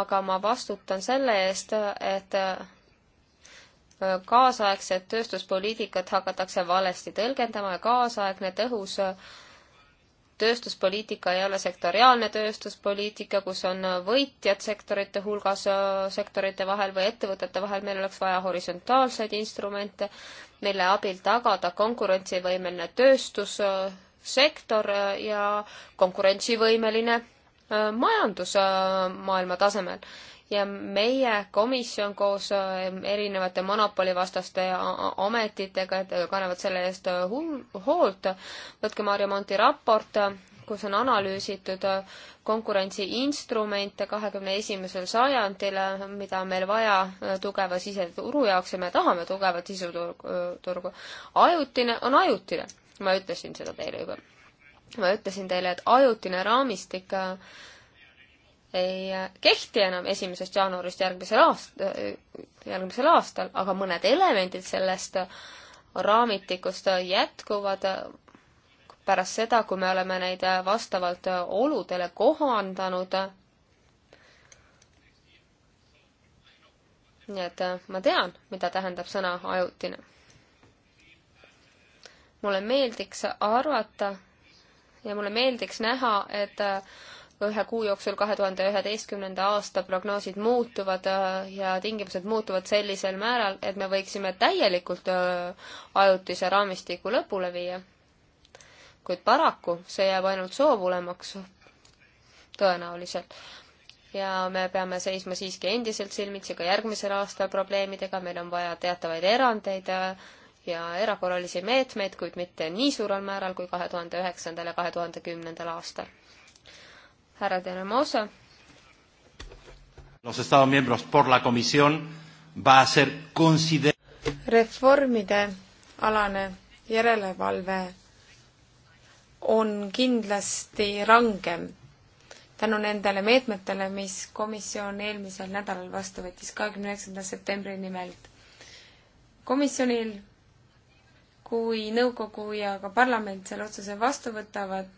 aga ma vastutan selle eest, et kaasaegset tööstuspoliitikat hakatakse valesti tõlgendama ja kaasaegne tõhus äh, tööstuspoliitika ei ole sektoriaalne tööstuspoliitika, kus on võitjad sektorite hulgas sektorite vahel või ettevõtete vahel, meil oleks vaja horisontaalseid instrumente, mille abil tagada konkurentsivõimeline tööstussektor ja konkurentsivõimeline äh, majandus äh, maailma tasemel ja meie komisjon koos äh, erinevate monopolivastaste ametitega kannavad selle eest äh, hoolt. võtke Maarja Monti raport, kus on analüüsitud äh, konkurentsiinstrumente kahekümne esimesel sajandil, mida on meil vaja tugeva siseturu jaoks ja me tahame tugevat siseturgu. ajutine on ajutine, ma ütlesin seda teile juba. ma ütlesin teile, et ajutine raamistik ei äh, kehti enam esimesest jaanuarist järgmisel aast-, äh, järgmisel aastal, aga mõned elemendid sellest äh, raamistikust jätkuvad pärast seda, kui me oleme neid vastavalt oludele kohandanud. nii et ma tean, mida tähendab sõna ajutine. mulle meeldiks arvata ja mulle meeldiks näha, et ühe kuu jooksul kahe tuhande üheteistkümnenda aasta prognoosid muutuvad äh, ja tingimused muutuvad sellisel määral, et me võiksime täielikult äh, ajutise raamistiku lõpule viia. kuid paraku see jääb ainult soovulemaks, tõenäoliselt. ja me peame seisma siiski endiselt silmitsi ka järgmisel aastal probleemidega, meil on vaja teatavaid erandeid äh, ja erakorralisi meetmeid, kuid mitte nii suurel määral kui kahe tuhande üheksandal ja kahe tuhande kümnendal aastal härra De Ramosa. Los Estados miembros por la comisión va a ser consider-. reformide alane järelevalve on kindlasti rangem tänu nendele meetmetele, mis komisjon eelmisel nädalal vastu võttis, kahekümne üheksanda septembri nimelt. komisjonil, kui nõukogu ja ka parlament selle otsuse vastu võtavad,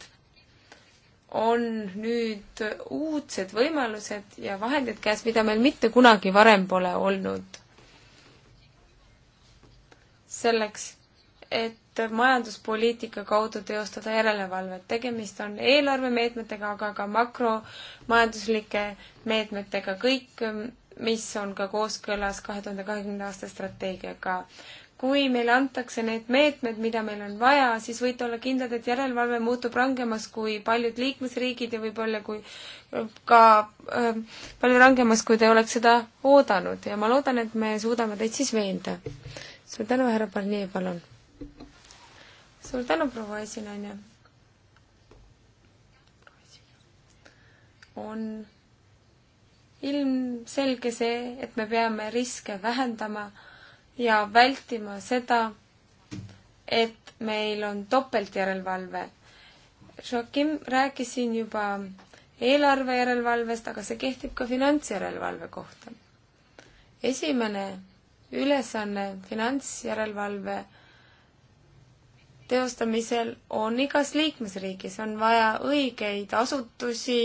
on nüüd uudsed võimalused ja vahendid käes, mida meil mitte kunagi varem pole olnud. selleks, et majanduspoliitika kaudu teostada järelevalvet. tegemist on eelarvemeetmetega, aga ka makromajanduslike meetmetega, kõik, mis on ka kooskõlas kahe tuhande kahekümnenda aasta strateegiaga kui meile antakse need meetmed, mida meil on vaja, siis võite olla kindlad, et järelevalve muutub rangemaks kui paljud liikmesriigid ja võib-olla kui ka äh, palju rangemaks, kui te oleks seda oodanud ja ma loodan, et me suudame teid siis veenda. suur tänu, härra Barnier, palun. suur tänu, proua esinaine. on ilmselge see, et me peame riske vähendama ja vältima seda, et meil on topeltjärelevalve. Joakim rääkis siin juba eelarve järelevalvest, aga see kehtib ka finantsjärelevalve kohta. esimene ülesanne finantsjärelevalve teostamisel on igas liikmesriigis, on vaja õigeid asutusi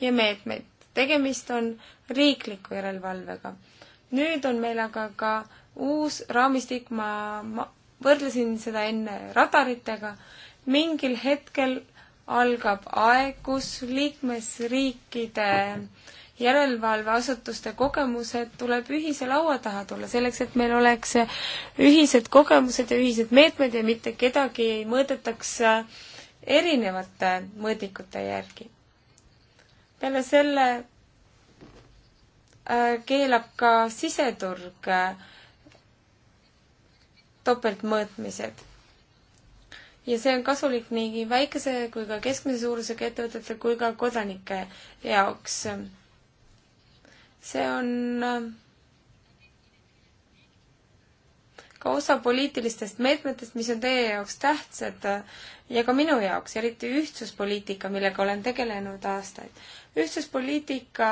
ja meetmeid. tegemist on riikliku järelevalvega. nüüd on meil aga ka uus raamistik, ma, ma võrdlesin seda enne radaritega, mingil hetkel algab aeg, kus liikmesriikide järelevalveasutuste kogemused tuleb ühise laua taha tulla, selleks et meil oleks ühised kogemused ja ühised meetmed ja mitte kedagi ei mõõdetaks erinevate mõõdikute järgi. peale selle äh, keelab ka siseturg äh, topeltmõõtmised. ja see on kasulik nii väikese kui ka keskmise suurusega ettevõtete kui ka kodanike jaoks. see on äh, ka osa poliitilistest meetmetest, mis on teie jaoks tähtsad ja ka minu jaoks, eriti ühtsuspoliitika, millega olen tegelenud aastaid. ühtsuspoliitika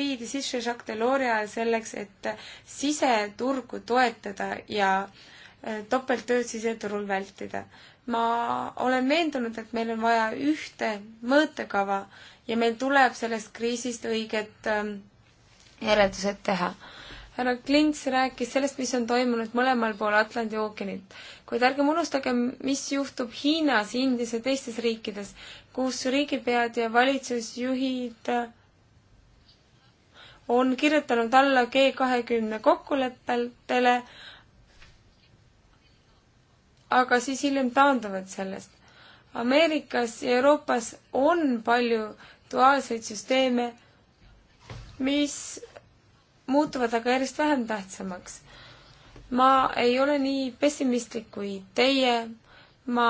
viidi sisse Jacques Delors'i ajal selleks, et siseturgu toetada ja äh, Äh, topelttööd siseturul vältida. ma olen veendunud, et meil on vaja ühte mõõtekava ja meil tuleb sellest kriisist õiged ähm, järeldused teha. härra Klints rääkis sellest, mis on toimunud mõlemal pool Atlandi ookeanit, kuid ärgem unustagem, mis juhtub Hiinas, Indias ja teistes riikides, kus riigipead ja valitsusjuhid äh, on kirjutanud alla G kahekümne kokkulepetele, aga siis hiljem taanduvad sellest. Ameerikas ja Euroopas on palju duaalseid süsteeme, mis muutuvad aga järjest vähem tähtsamaks. ma ei ole nii pessimistlik kui teie, ma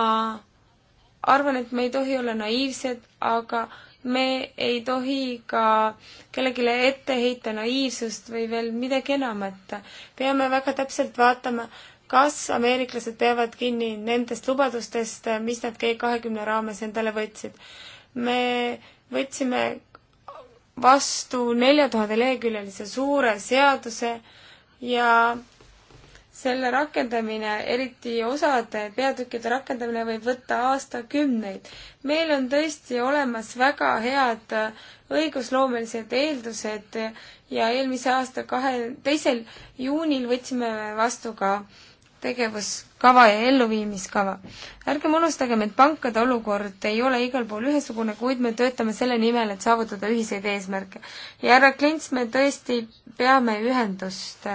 arvan, et me ei tohi olla naiivsed, aga me ei tohi ka kellelegi ette heita naiivsust või veel midagi enamat. peame väga täpselt vaatama, kas ameeriklased peavad kinni nendest lubadustest, mis nad G kahekümne raames endale võtsid. me võtsime vastu nelja tuhande leheküljelise suure seaduse ja selle rakendamine, eriti osade peatükkide rakendamine võib võtta aastakümneid. meil on tõesti olemas väga head õigusloomelised eeldused ja eelmise aasta kahe, teisel juunil võtsime vastu ka äh, tegevuskava ja elluviimiskava. ärgem unustagem, et pankade olukord ei ole igal pool ühesugune, kuid me töötame selle nimel, et saavutada ühiseid eesmärke. ja härra Klints, me tõesti peame ühendust.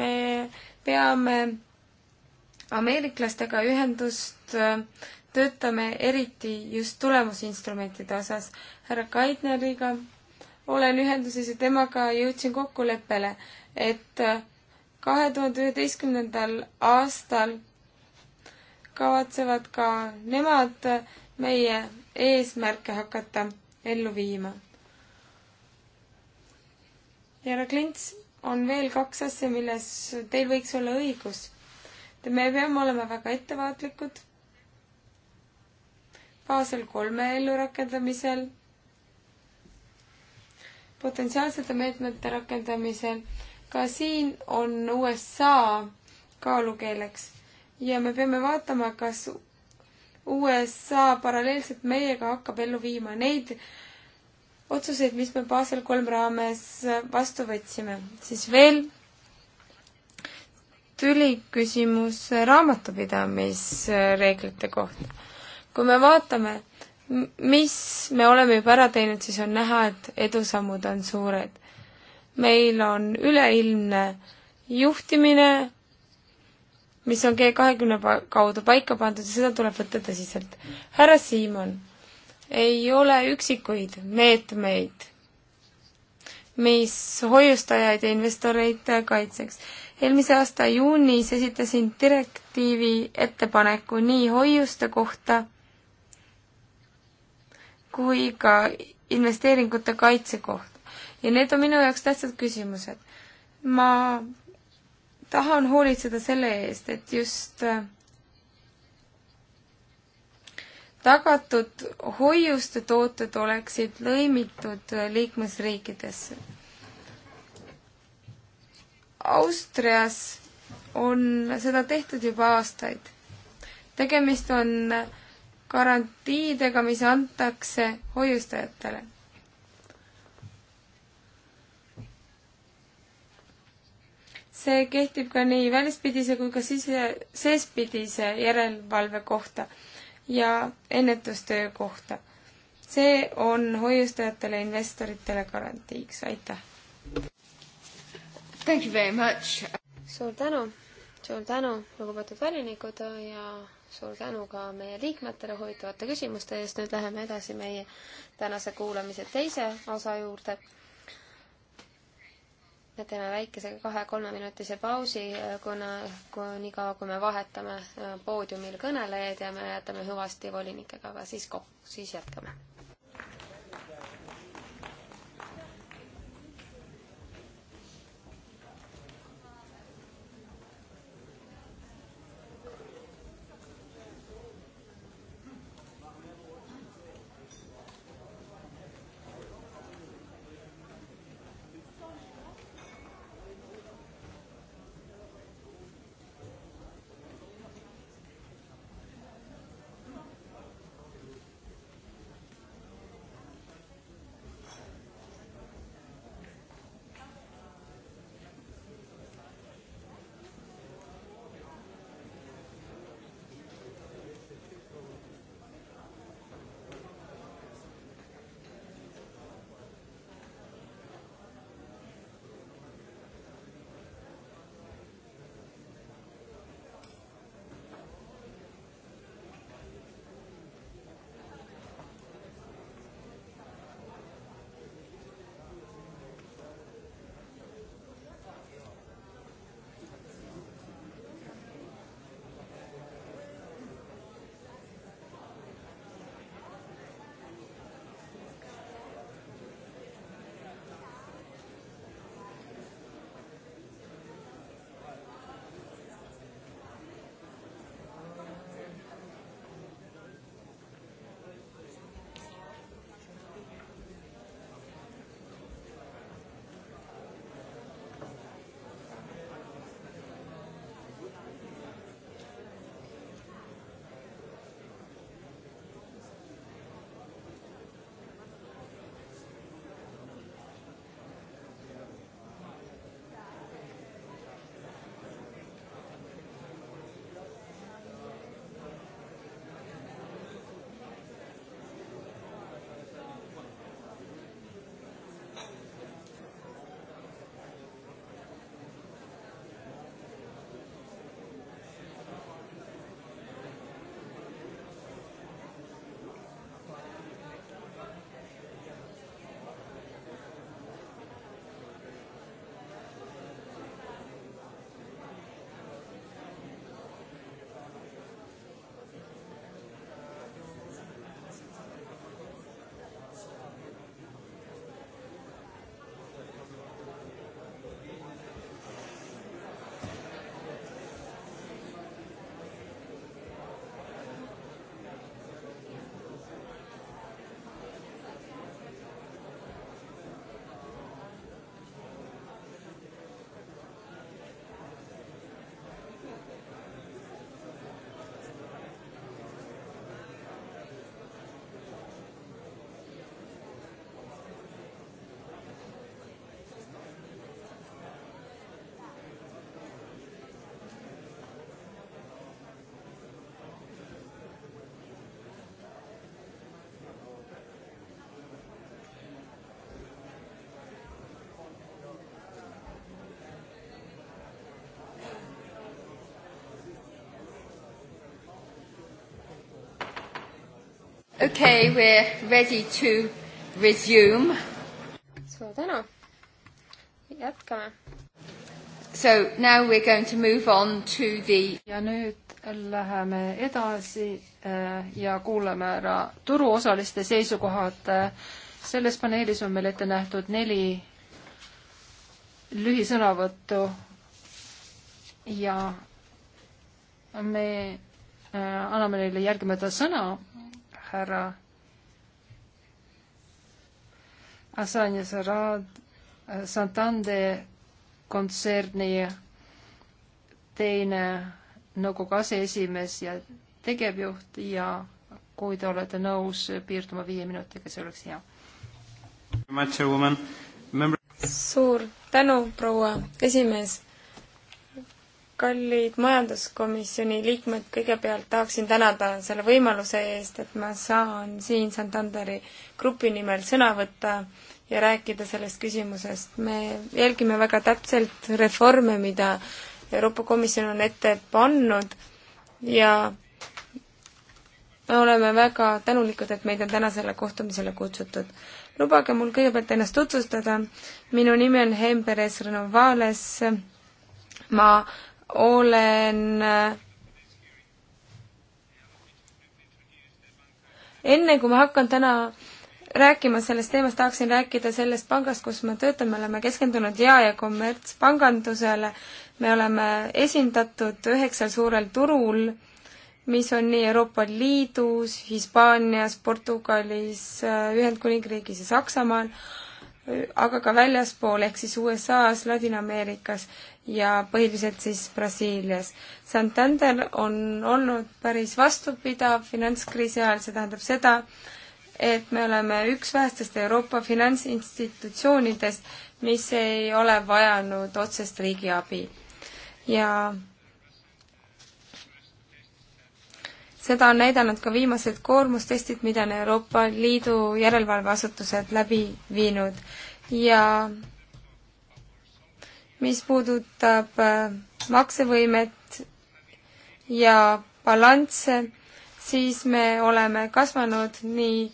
me peame ameeriklastega ühendust, töötame eriti just tulemusinstrumentide osas. härra Kaidneriga olen ühenduses ja temaga jõudsin kokkuleppele, et kahe tuhande üheteistkümnendal aastal kavatsevad ka nemad meie eesmärke hakata ellu viima. härra Klints, on veel kaks asja, milles teil võiks olla õigus. me peame olema väga ettevaatlikud baasel kolme ellurakendamisel, potentsiaalsete meetmete rakendamisel ka siin on USA kaalukeeleks ja me peame vaatama, kas USA paralleelselt meiega hakkab ellu viima neid otsuseid, mis me Basel kolm raames vastu võtsime. siis veel tuli küsimus raamatupidamisreeglite kohta. kui me vaatame, mis me oleme juba ära teinud, siis on näha, et edusammud on suured meil on üleilmne juhtimine, mis on G kahekümne kaudu paika pandud ja seda tuleb võtta tõsiselt. härra Siimon, ei ole üksikuid meetmeid, mis hoiustajaid ja investoreid kaitseks. eelmise aasta juunis esitasin direktiivi ettepaneku nii hoiuste kohta kui ka investeeringute kaitse kohta ja need on minu jaoks tähtsad küsimused. ma tahan hoolitseda selle eest, et just äh, tagatud hoiuste tooted oleksid lõimitud äh, liikmesriikidesse. Austrias on seda tehtud juba aastaid. tegemist on äh, garantiidega, mis antakse hoiustajatele see kehtib ka nii välispidise kui ka sise, seespidise järelevalve kohta ja ennetustöö kohta. see on hoiustajatele, investoritele garantiiks, aitäh! Thank you very much! suur tänu, suur tänu, lugupeetud valinikud ja suur tänu ka meie liikmetele huvitavate küsimuste eest, nüüd läheme edasi meie tänase kuulamise teise osa juurde me teeme väikese kahe-kolmeminutise pausi, äh, kuna, kui niikaua, kui me vahetame äh, poodiumil kõnelejaid ja me jätame hüvasti volinikega, aga siis kokku, siis jätkame Okay, we're ready to resume. suur tänu. jätkame. So now we're going to move on to the. ja nüüd läheme edasi äh, ja kuulame ära turuosaliste seisukohad. Äh, selles paneelis on meil ette nähtud neli lühisõnavõttu ja me äh, anname neile järgmata sõna härra Asanja Sarad äh, Santande kontserni teine nõukogu aseesimees ja tegevjuht ja kui te olete nõus piirduma viie minutiga, see oleks hea. suur tänu, proua esimees kallid majanduskomisjoni liikmed, kõigepealt tahaksin tänada selle võimaluse eest, et ma saan siin Santanderi grupi nimel sõna võtta ja rääkida sellest küsimusest. me jälgime väga täpselt reforme, mida Euroopa Komisjon on ette pannud ja me oleme väga tänulikud, et meid on tänasele kohtumisele kutsutud. lubage mul kõigepealt ennast tutvustada, minu nimi on Hemberes Renovales, ma olen enne kui ma hakkan täna rääkima sellest teemast, tahaksin rääkida sellest pangast, kus ma töötan, me oleme keskendunud jaa- ja kommertspangandusele, me oleme esindatud üheksal suurel turul, mis on nii Euroopa Liidus, Hispaanias, Portugalis, Ühendkuningriigis ja Saksamaal, aga ka väljaspool, ehk siis USA-s, Ladina-Ameerikas ja põhiliselt siis Brasiilias. Santander on olnud päris vastupidav finantskriisi ajal, see tähendab seda, et me oleme üks vähestest Euroopa finantsinstitutsioonidest, mis ei ole vajanud otsest riigiabi. ja seda on näidanud ka viimased koormustestid, mida on Euroopa Liidu järelevalveasutused läbi viinud ja mis puudutab äh, maksevõimet ja balansse, siis me oleme kasvanud nii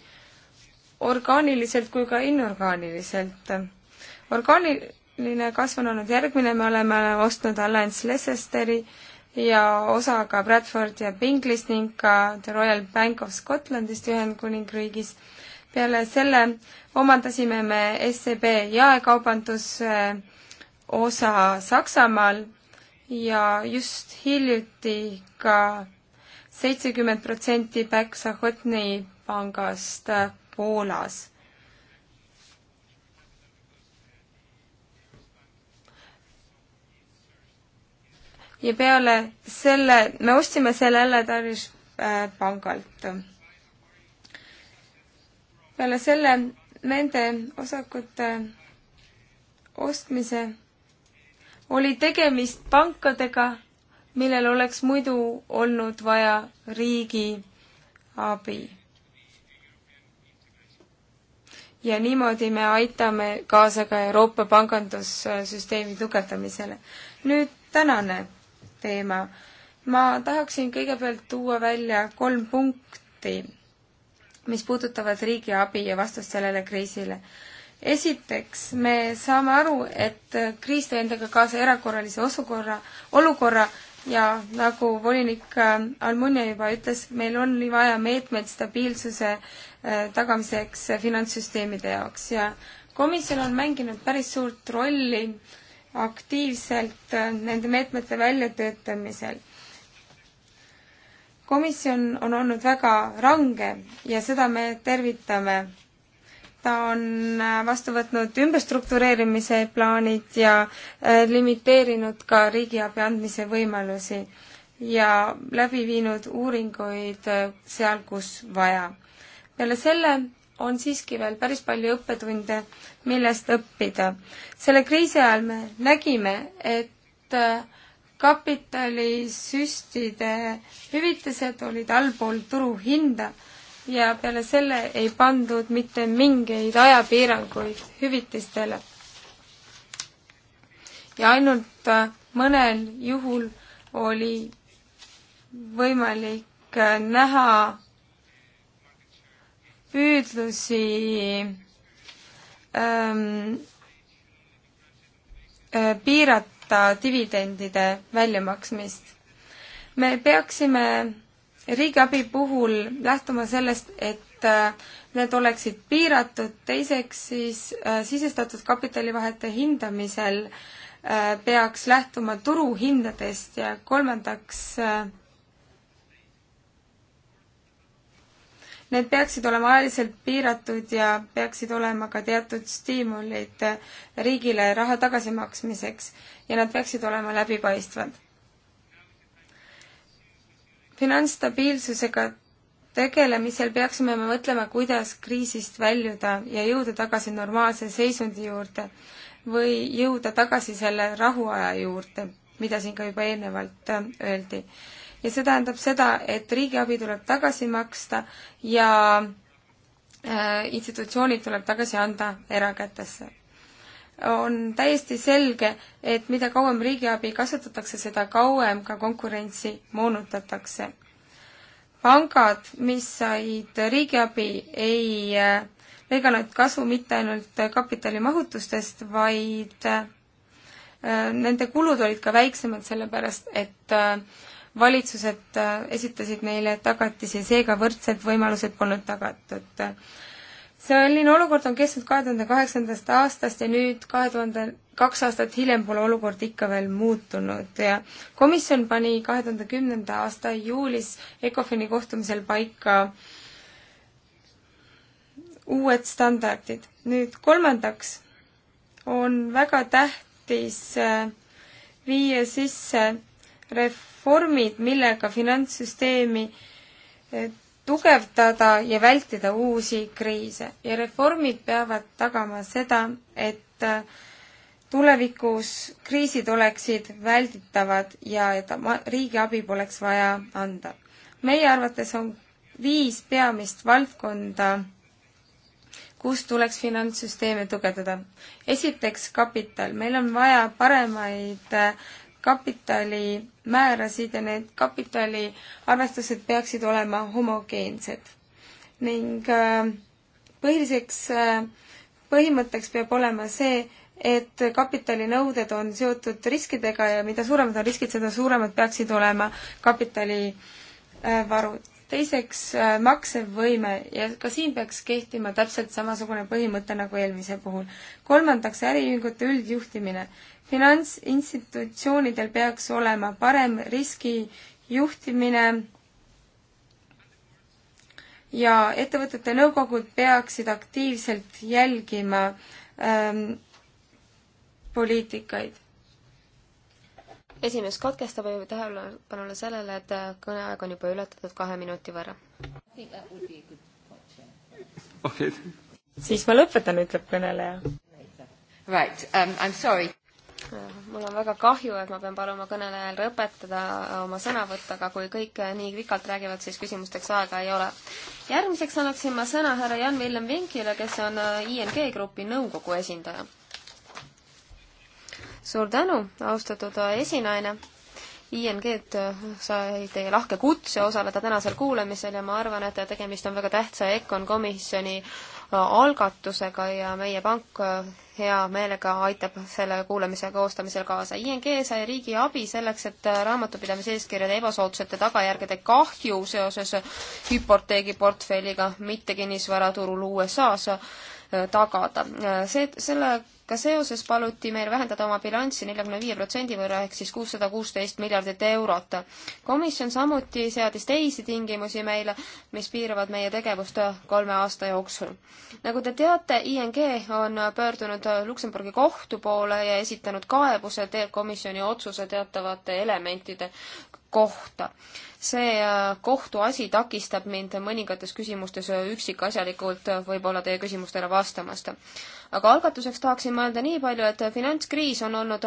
orgaaniliselt kui ka inorgaaniliselt. orgaaniline kasv on olnud järgmine, me oleme ostnud Alliance Leicesteri ja osa ka Bradford ja Pinglist ning ka The Royal Bank of Scotlandist Ühendkuningriigis. peale selle omandasime me SEB jaekaubanduse äh, osa Saksamaal ja just hiljuti ka seitsekümmend protsenti Päkk-Sahhotni pangast äh, Poolas. ja peale selle, me ostsime selle Elletaris äh, pangalt. peale selle nende osakute ostmise oli tegemist pankadega, millel oleks muidu olnud vaja riigi abi. ja niimoodi me aitame kaasa ka Euroopa pangandussüsteemi tugevdamisele. nüüd tänane teema. ma tahaksin kõigepealt tuua välja kolm punkti, mis puudutavad riigi abi ja vastust sellele kriisile esiteks, me saame aru, et kriis tõi endaga kaasa erakorralise osukorra, olukorra ja nagu volinik äh, Almunia juba ütles, meil on vaja meetmeid stabiilsuse äh, tagamiseks finantssüsteemide jaoks ja komisjon on mänginud päris suurt rolli aktiivselt äh, nende meetmete väljatöötamisel. komisjon on olnud väga range ja seda me tervitame ta on äh, vastu võtnud ümberstruktureerimise plaanid ja äh, limiteerinud ka riigiabi andmise võimalusi ja läbi viinud uuringuid äh, seal, kus vaja. peale selle on siiski veel päris palju õppetunde, millest õppida. selle kriisi ajal me nägime, et kapitalisüstide hüvitised olid allpool turuhinda ja peale selle ei pandud mitte mingeid ajapiiranguid hüvitistele. ja ainult äh, mõnel juhul oli võimalik äh, näha püüdlusi ähm, äh, piirata dividendide väljamaksmist. me peaksime riigiabi puhul lähtuma sellest, et äh, need oleksid piiratud, teiseks siis äh, sisestatud kapitalivahete hindamisel äh, peaks lähtuma turuhindadest ja kolmandaks need peaksid olema ajaliselt piiratud ja peaksid olema ka teatud stiimulid riigile raha tagasimaksmiseks ja nad peaksid olema läbipaistvad finantsstabiilsusega tegelemisel peaksime me mõtlema, kuidas kriisist väljuda ja jõuda tagasi normaalse seisundi juurde või jõuda tagasi selle rahuaja juurde, mida siin ka juba eelnevalt äh, öeldi. ja see tähendab seda, et riigiabi tuleb tagasi maksta ja äh, institutsioonid tuleb tagasi anda erakätesse on täiesti selge, et mida kauem riigiabi kasutatakse, seda kauem ka konkurentsi moonutatakse. pangad, mis said riigiabi, ei äh, lõiganud kasu mitte ainult kapitalimahutustest, vaid äh, nende kulud olid ka väiksemad, sellepärast et äh, valitsused esitasid neile tagatisi, seega võrdsed võimalused polnud tagatud selline olukord on kestnud kahe tuhande kaheksandast aastast ja nüüd kahe tuhande kaks aastat hiljem pole olukord ikka veel muutunud ja komisjon pani kahe tuhande kümnenda aasta juulis ECOFIN-i kohtumisel paika uued standardid. nüüd kolmandaks on väga tähtis äh, viia sisse reformid, millega finantssüsteemi äh, tugevdada ja vältida uusi kriise ja reformid peavad tagama seda, et äh, tulevikus kriisid oleksid välditavad ja et riigiabi poleks vaja anda. meie arvates on viis peamist valdkonda, kus tuleks finantssüsteeme tugevdada. esiteks kapital, meil on vaja paremaid äh, kapitali määrasid ja need kapitaliarvestused peaksid olema homogeensed ning äh, põhiliseks äh, põhimõtteks peab olema see, et kapitalinõuded on seotud riskidega ja mida suuremad on riskid, seda suuremad peaksid olema kapitalivarud. Äh, teiseks, maksevõime ja ka siin peaks kehtima täpselt samasugune põhimõte nagu eelmise puhul. kolmandaks, äriühingute üldjuhtimine finantsinstitutsioonidel peaks olema parem riskijuhtimine ja ettevõtete nõukogud peaksid aktiivselt jälgima ähm, poliitikaid. esimees katkestab ja juhib tähelepanu sellele, et äh, kõneaeg on juba ületatud kahe minuti võrra. Okay. siis ma lõpetan, ütleb kõneleja. Right um,, I m sorry mul on väga kahju, et ma pean paluma kõnelejal lõpetada oma sõnavõtt, aga kui kõik nii pikalt räägivad, siis küsimusteks aega ei ole. järgmiseks annaksin ma sõna härra Jan-Villem Vinkile, kes on äh, ING Grupi nõukogu esindaja. suur tänu, austatud äh, esinaine. ING-d äh, sai teie lahke kutse osaleda tänasel kuulamisel ja ma arvan, et tegemist on väga tähtsa EKON komisjoni algatusega ja meie pank hea meelega aitab selle kuulamise koostamisel kaasa. ING sai riigi abi selleks, et raamatupidamise eeskirjade ebasoodsate tagajärgede kahju seoses hüpoteegiportfelliga mittekinnisvaraturul USA-s tagada. see, selle ka seoses paluti meil vähendada oma bilanssi neljakümne viie protsendi võrra ehk siis kuussada kuusteist miljardit eurot. komisjon samuti seadis teisi tingimusi meile, mis piiravad meie tegevust kolme aasta jooksul. nagu te teate, ING on pöördunud Luksemburgi kohtu poole ja esitanud kaebuse komisjoni otsuse teatavate elementide kohta see äh, kohtuasi takistab mind mõningates küsimustes äh, üksikasjalikult äh, võib-olla teie küsimustele vastamast. aga algatuseks tahaksin mõelda nii palju, et finantskriis on olnud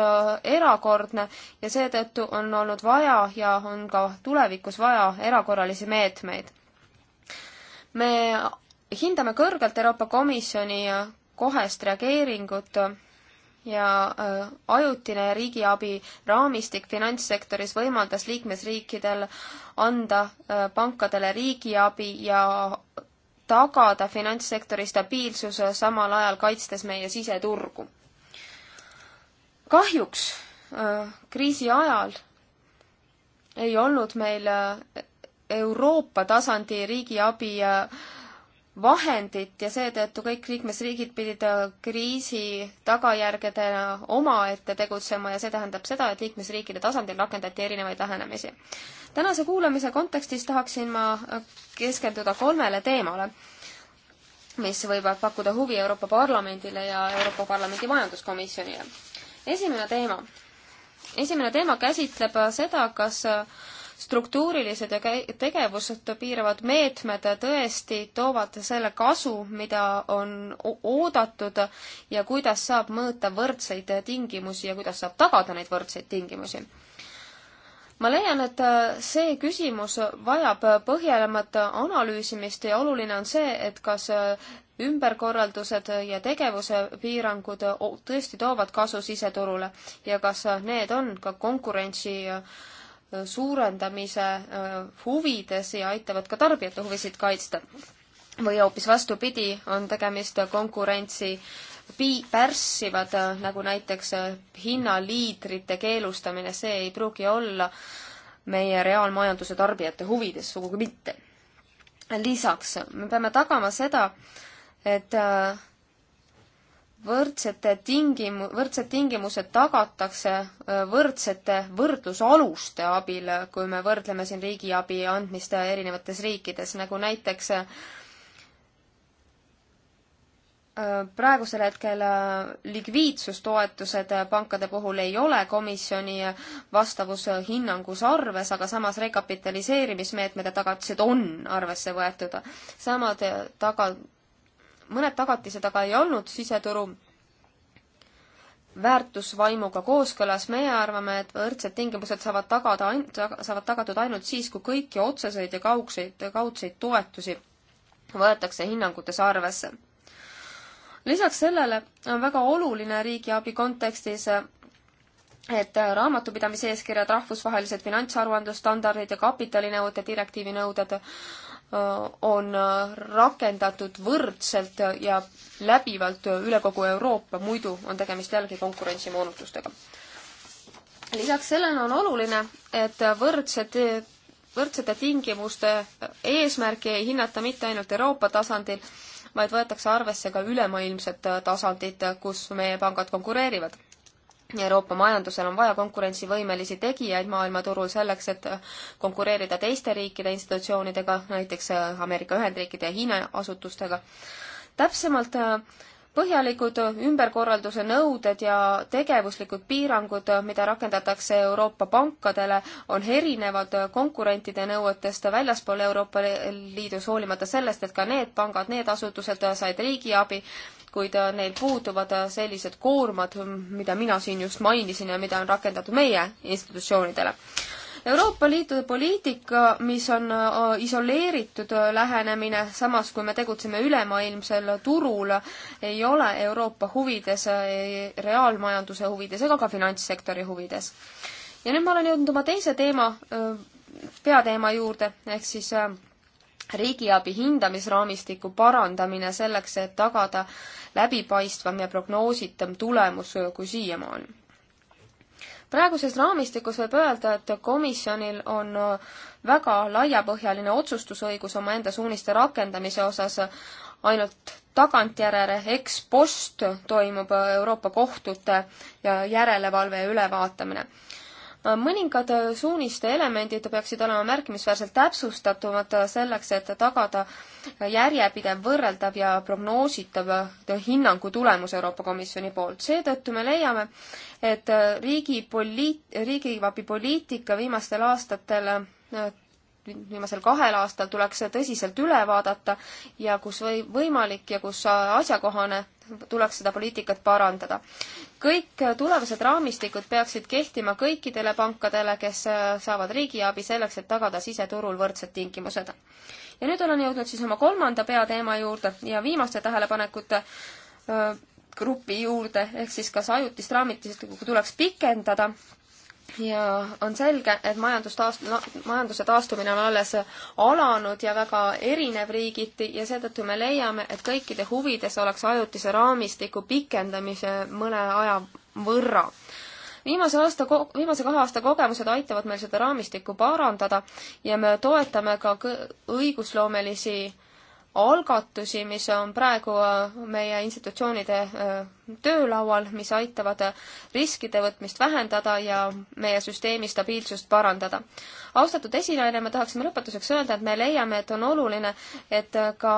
erakordne ja seetõttu on olnud vaja ja on ka tulevikus vaja erakorralisi meetmeid. me hindame kõrgelt Euroopa Komisjoni kohest reageeringut ja äh, ajutine riigiabi raamistik finantssektoris võimaldas liikmesriikidel anda äh, pankadele riigiabi ja tagada finantssektori stabiilsuse, samal ajal kaitstes meie siseturgu. kahjuks äh, kriisi ajal ei olnud meil Euroopa tasandi riigiabi vahendit ja seetõttu kõik liikmesriigid pidid äh, kriisi tagajärgedena omaette tegutsema ja see tähendab seda, et liikmesriikide tasandil rakendati erinevaid lähenemisi. tänase kuulamise kontekstis tahaksin ma äh, keskenduda kolmele teemale, mis võivad pakkuda huvi Euroopa Parlamendile ja Euroopa Parlamendi majanduskomisjonile. esimene teema. esimene teema käsitleb äh, seda, kas struktuurilised ja tegevused piiravad meetmed tõesti toovad selle kasu, mida on oodatud ja kuidas saab mõõta võrdseid tingimusi ja kuidas saab tagada neid võrdseid tingimusi ma leian, et see küsimus vajab põhjalikult analüüsimist ja oluline on see, et kas ümberkorraldused ja tegevuse piirangud tõesti toovad kasu siseturule ja kas need on ka konkurentsi suurendamise äh, huvides ja aitavad ka tarbijate huvisid kaitsta. või hoopis vastupidi, on tegemist konkurentsi pii-, pärssivad, äh, nagu näiteks äh, hinnaliidrite keelustamine, see ei pruugi olla meie reaalmajanduse tarbijate huvides sugugi mitte. lisaks me peame tagama seda, et äh, võrdsete tingimu-, võrdsed tingimused tagatakse äh, võrdsete võrdlusaluste abil, kui me võrdleme siin riigiabi andmist erinevates riikides, nagu näiteks äh, praegusel hetkel äh, likviidsustoetused pankade puhul ei ole komisjoni vastavushinnangus arves, aga samas rekapitaliseerimismeetmete tagatised on arvesse võetud. samad taga-, mõned tagatised aga ei olnud siseturu väärtusvaimuga kooskõlas, meie arvame, et võrdsed tingimused saavad tagada ain-, saavad tagatud ainult siis, kui kõiki otseseid ja kaugseid, kaudseid toetusi võetakse hinnangutes arvesse. lisaks sellele on väga oluline riigiabi kontekstis et raamatupidamise eeskirjad, rahvusvahelised finantsaruandlusstandardid ja kapitalinõuete direktiivi nõuded Äh, on äh, rakendatud võrdselt ja läbivalt üle kogu Euroopa, muidu on tegemist jällegi konkurentsimoonutustega. lisaks sellele on oluline, et võrdsed, võrdsete tingimuste eesmärki ei hinnata mitte ainult Euroopa tasandil, vaid võetakse arvesse ka ülemaailmset tasandit, kus meie pangad konkureerivad Euroopa majandusel on vaja konkurentsivõimelisi tegijaid maailmaturul selleks, et konkureerida teiste riikide institutsioonidega, näiteks Ameerika Ühendriikide ja Hiina asutustega. täpsemalt äh, põhjalikud ümberkorralduse nõuded ja tegevuslikud piirangud, mida rakendatakse Euroopa pankadele, on erinevad konkurentide nõuetest väljaspool Euroopa Liidus, hoolimata sellest, et ka need pangad, need asutused said riigiabi, kuid neil puuduvad sellised koormad, mida mina siin just mainisin ja mida on rakendatud meie institutsioonidele Euroopa Liidu poliitika, mis on äh, isoleeritud äh, lähenemine, samas kui me tegutseme ülemaailmsel turul, ei ole Euroopa huvides, äh, reaalmajanduse huvides ega ka finantssektori huvides. ja nüüd ma olen jõudnud oma teise teema, peateema juurde, ehk siis riigiabi hindamisraamistiku parandamine selleks, et tagada läbipaistvam ja prognoositav tulemus kui siiamaani praeguses raamistikus võib öelda, et komisjonil on äh, väga laiapõhjaline otsustusõigus omaenda suuniste rakendamise osas, ainult tagantjärele ex post toimub Euroopa kohtute järelevalve ja ülevaatamine mõningad äh, suuniste elemendid peaksid olema märkimisväärselt täpsustatumad äh, selleks, et tagada äh, järjepidev, võrreldav ja prognoositav hinnangu tulemus Euroopa Komisjoni poolt. seetõttu me leiame, et riigi poliit-, riigiabi poliitika viimastel aastatel viimasel kahel aastal tuleks see tõsiselt üle vaadata ja kus või, võimalik ja kus asjakohane, tuleks seda poliitikat parandada. kõik tulevased raamistikud peaksid kehtima kõikidele pankadele, kes äh, saavad riigiabi selleks, et tagada siseturul võrdsed tingimused. ja nüüd olen jõudnud siis oma kolmanda peateema juurde ja viimaste tähelepanekute äh, grupi juurde, ehk siis kas ajutist raamistikku tuleks pikendada ja on selge, et majandustaast-, majanduse taastumine on alles alanud ja väga erinev riigiti ja seetõttu me leiame, et kõikide huvides oleks ajutise raamistiku pikendamise mõne aja võrra. viimase aasta, viimase kahe aasta kogemused aitavad meil seda raamistikku parandada ja me toetame ka õigusloomelisi äh, algatusi, mis on praegu äh, meie institutsioonide äh, töölaual, mis aitavad äh, riskide võtmist vähendada ja meie süsteemi stabiilsust parandada. austatud esinaine, me tahaksime lõpetuseks öelda, et me leiame, et on oluline, et ka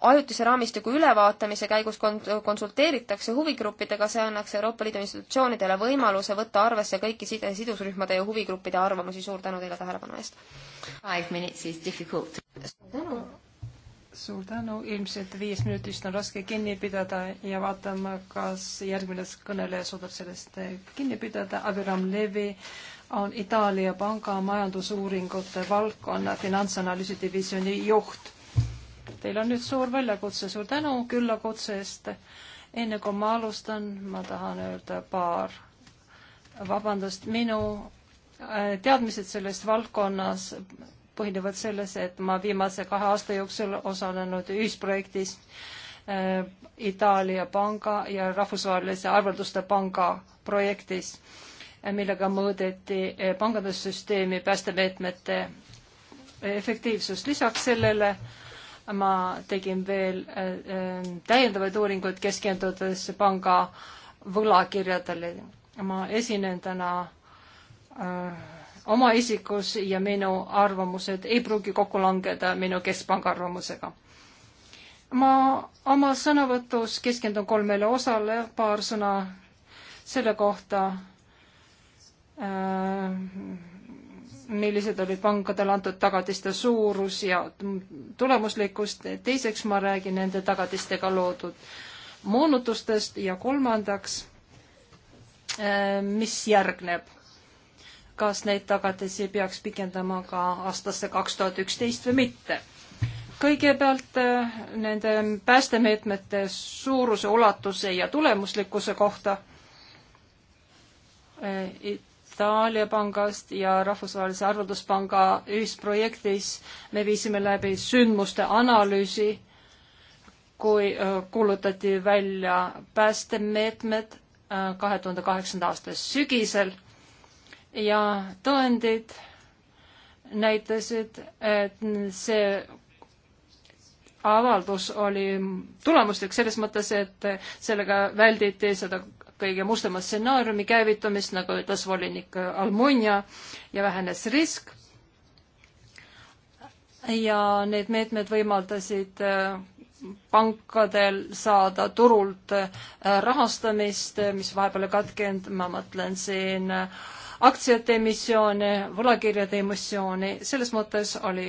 ajutise raamistiku ülevaatamise käigus konsulteeritakse huvigruppidega, see annaks Euroopa Liidu institutsioonidele võimaluse võtta arvesse kõiki sidusrühmade ja huvigruppide arvamusi. suur tänu teile tähelepanu eest! suur tänu! suur tänu, ilmselt viis minutist on raske kinni pidada ja vaatame, kas järgmine kõneleja suudab sellest kinni pidada. Abiram Levi on Itaalia Panga majandusuuringute valdkonna finantsanalüüsi divisjoni juht. Teil on nüüd suur väljakutse, suur tänu küllakutse eest. enne kui ma alustan, ma tahan öelda paar vabandust, minu äh, teadmised sellest valdkonnas põhinevad selles, et ma viimase kahe aasta jooksul osalenud ühisprojektis äh, Itaalia panga ja rahvusvahelise arvelduste panga projektis, äh, millega mõõdeti äh, pangandussüsteemi päästemeetmete efektiivsust. lisaks sellele ma tegin veel äh, äh, täiendavaid uuringuid, keskendudes panga võlakirjadele. ma esinen täna äh, oma isikus ja minu arvamused ei pruugi kokku langeda minu keskpanga arvamusega. ma oma sõnavõtus keskendun kolmele osale, paar sõna selle kohta äh, millised olid pankadele antud tagatiste suurus ja tulemuslikkus, teiseks ma räägin nende tagatistega loodud moonutustest ja kolmandaks, äh, mis järgneb kas neid tagatisi peaks pikendama ka aastasse kaks tuhat üksteist või mitte. kõigepealt äh, nende päästemeetmete suuruse, ulatuse ja tulemuslikkuse kohta äh, Itaalia pangast ja Rahvusvahelise Arvelduspanga ühisprojektis me viisime läbi sündmuste analüüsi, kui äh, kuulutati välja päästemeetmed kahe tuhande kaheksanda aasta sügisel ja tõendid näitasid, et see avaldus oli tulemuslik selles mõttes, et sellega välditi seda kõige mustema stsenaariumi käivitumist, nagu ütles volinik Almunia ja vähenes risk. ja need meetmed võimaldasid äh, pankadel saada turult äh, rahastamist, mis vahepeal katkenud, ma mõtlen siin äh, aktsiate emissioone, võlakirjade emissioone, selles mõttes oli,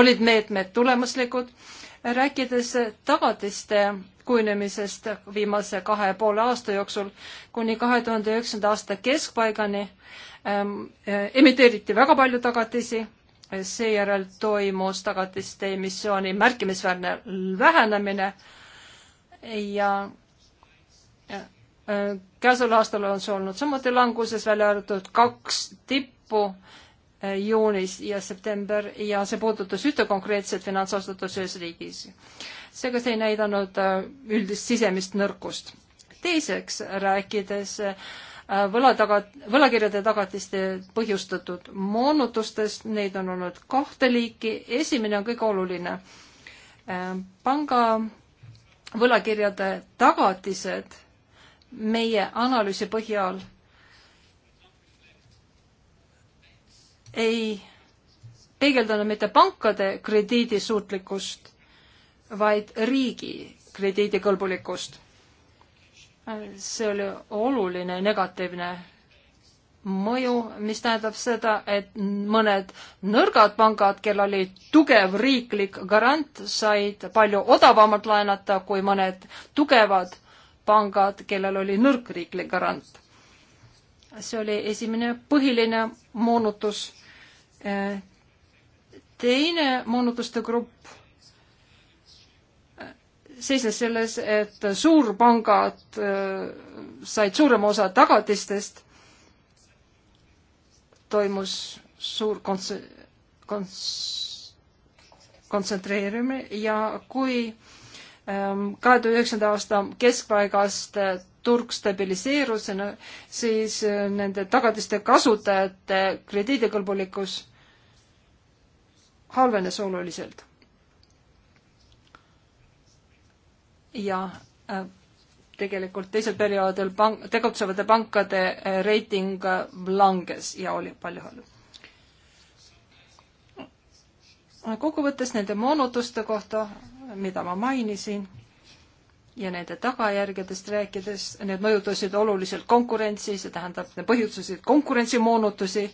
olid meetmed tulemuslikud. rääkides tagatiste kujunemisest viimase kahe poole aasta jooksul kuni kahe tuhande üheksanda aasta keskpaigani ähm, äh, emiteeriti väga palju tagatisi, seejärel toimus tagatiste emissiooni märkimisväärne vähenemine ja Äh, käesoleval aastal on see olnud samuti languses, välja arvatud kaks tippu äh, juunis ja september ja see puudutas ühte konkreetset finantsasutust ühes riigis. seega see ei näidanud äh, üldist sisemist nõrkust. teiseks, rääkides võla taga, võlakirjade tagatiste põhjustatud moonutustest, neid on olnud kahte liiki, esimene on kõige oluline. panga võlakirjade tagatised meie analüüsi põhjal ei peegeldanud mitte pankade krediidisuutlikkust, vaid riigi krediidikõlbulikkust. see oli oluline negatiivne mõju, mis tähendab seda, et mõned nõrgad pangad, kel oli tugev riiklik garant, said palju odavamalt laenata kui mõned tugevad pangad, kellel oli nõrk riiklik garant. see oli esimene põhiline moonutus. teine moonutuste grupp seisnes selles, et suurpangad eh, said suurema osa tagatistest, toimus suur konts-, konts-, kontsentreerimine ja kui äh, Ähm, kahe tuhande üheksanda aasta keskpaigast äh, turg stabiliseerus, siis äh, nende tagatiste kasutajate krediidikõlbulikkus halvenes oluliselt. ja äh, tegelikult teisel perioodil pank, tegutsevate pankade reiting langes ja oli palju halvem kokkuvõttes nende moonutuste kohta mida ma mainisin ja nende tagajärgedest rääkides, need mõjutasid oluliselt konkurentsi, see tähendab, põhjustasid konkurentsimoonutusi,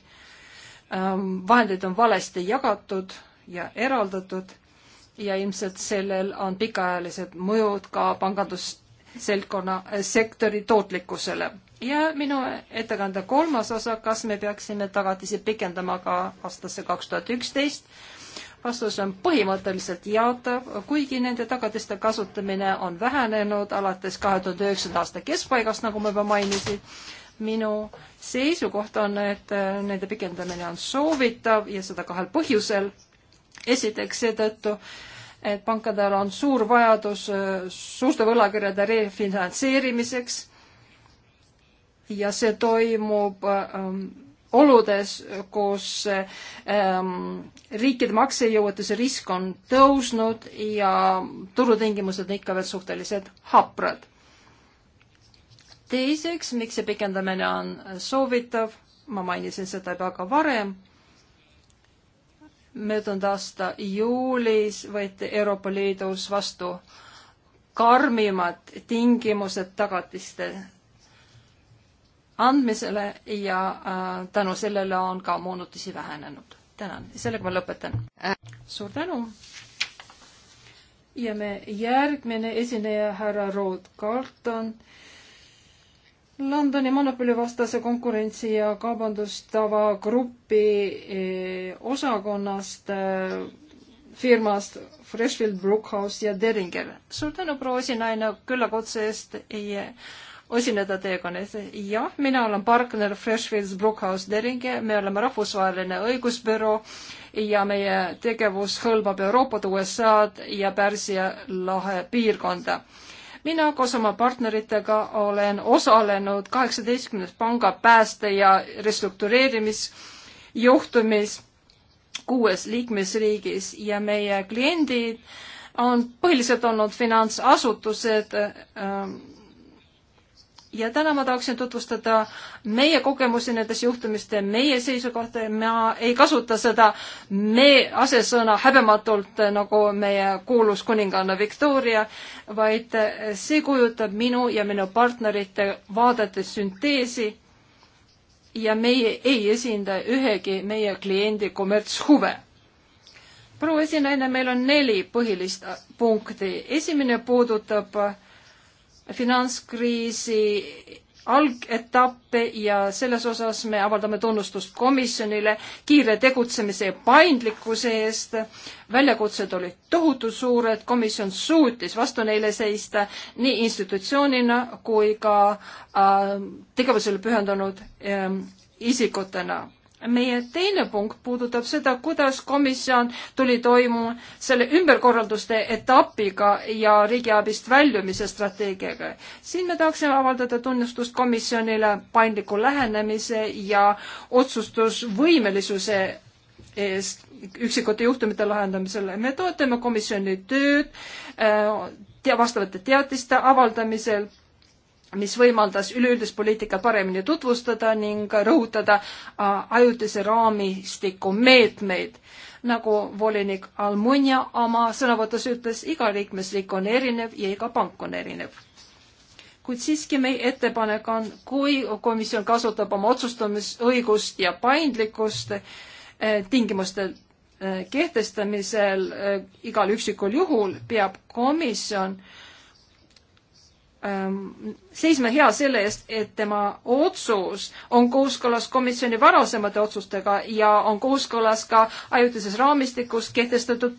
ähm, vahendid on valesti jagatud ja eraldatud ja ilmselt sellel on pikaajalised mõjud ka pangandusseltkonna äh, sektori tootlikkusele. ja minu ettekande kolmas osa, kas me peaksime tagatisi pikendama ka aastasse kaks tuhat üksteist, vastus on põhimõtteliselt jaatav, kuigi nende tagatiste kasutamine on vähenenud alates kahe tuhande üheksanda aasta keskpaigast, nagu ma juba mainisin. minu seisukoht on, et äh, nende pikendamine on soovitav ja seda kahel põhjusel. esiteks seetõttu, et pankadel on suur vajadus äh, suurte võlakirjade refinantseerimiseks ja see toimub ähm, oludes, kus ähm, riikide maksejõuetuse risk on tõusnud ja turutingimused on ikka veel suhteliselt haprad. teiseks, miks see pikendamine on soovitav, ma mainisin seda juba ka varem möödunud aasta juulis võeti Euroopa Liidus vastu karmimad tingimused tagatiste andmisele ja äh, tänu sellele on ka moonutusi vähenenud. tänan, sellega ma lõpetan. suur tänu. ja me järgmine esineja, härra Rood Carlton. Londoni monopolivastase konkurentsi ja kaubandustava grupi eh, osakonnast eh, firmast Freshfield Brookhouse ja Deringer. suur tänu, proua esinaine, küllakutse eest ja osineda teekonnas. jah, mina olen partner Freshfields Brookhouse Deringi, me oleme rahvusvaheline õigusbüroo ja meie tegevus hõlmab Euroopat, USA-d ja Pärsia lahe piirkonda. mina koos oma partneritega olen osalenud kaheksateistkümnes panga pääste ja restruktureerimisjuhtumis kuues liikmesriigis ja meie kliendid on põhiliselt olnud finantsasutused ähm,, ja täna ma tahaksin tutvustada meie kogemusi nendes juhtumiste, meie seisukohta ja ma ei kasuta seda me asesõna häbematult, nagu meie kuulus kuninganna Victoria, vaid see kujutab minu ja minu partnerite vaadete sünteesi ja meie ei esinda ühegi meie kliendi kommertshuve proua esinaine, meil on neli põhilist punkti. esimene puudutab äh, finantskriisi algetappe ja selles osas me avaldame tunnustust komisjonile kiire tegutsemise ja paindlikkuse eest. väljakutsed olid tohutu suured, komisjon suutis vastu neile seista nii institutsioonina kui ka äh, tegevusele pühendunud äh, isikutena meie teine punkt puudutab seda, kuidas komisjon tuli toimuma selle ümberkorralduste etapiga ja riigiabist väljumise strateegiaga. siin me tahaksime avaldada tunnustust komisjonile paindliku lähenemise ja otsustusvõimelisuse eest üksikute juhtumite lahendamisel. me toetame komisjoni tööd äh, vastavate teatiste avaldamisel mis võimaldas üleüldist poliitikat paremini tutvustada ning rõhutada äh, ajutise raamistiku meetmeid. nagu volinik Almunia oma sõnavõtus ütles, iga liikmesriik on erinev ja iga pank on erinev. kuid siiski meie ettepanek on, kui komisjon kasutab oma otsustamisõigust ja paindlikkust äh, tingimustel äh, kehtestamisel igal üksikul juhul, peab komisjon äh, Ähm, seisma hea selle eest, et tema otsus on kooskõlas komisjoni varasemate otsustega ja on kooskõlas ka ajutises raamistikus kehtestatud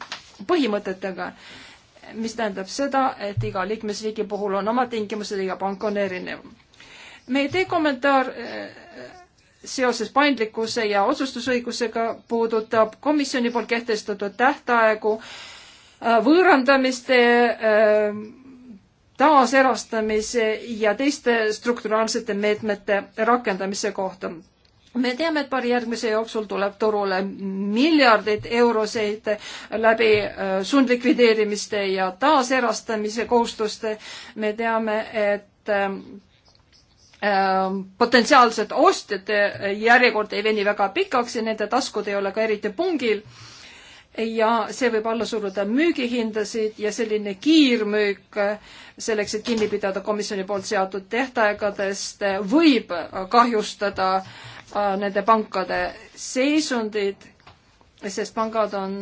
põhimõtetega. mis tähendab seda, et iga liikmesriigi puhul on oma tingimused, iga pank on erinev. meie tee kommentaar äh, seoses paindlikkuse ja otsustusõigusega puudutab komisjoni poolt kehtestatud tähtaegu äh, võõrandamiste äh, taaserastamise ja teiste strukturaalsete meetmete rakendamise kohta. me teame, et paari järgmise jooksul tuleb turule miljardeid euroseid läbi äh, sundlikvideerimiste ja taaserastamise kohustuste. me teame, et äh, äh, potentsiaalsed ostjate järjekord ei veni väga pikaks ja nende taskud ei ole ka eriti pungil ja see võib alla suruda müügihindasid ja selline kiirmüük äh, selleks, et kinni pidada komisjoni poolt seatud tähtaegadest, võib kahjustada äh, nende pankade seisundit, sest pangad on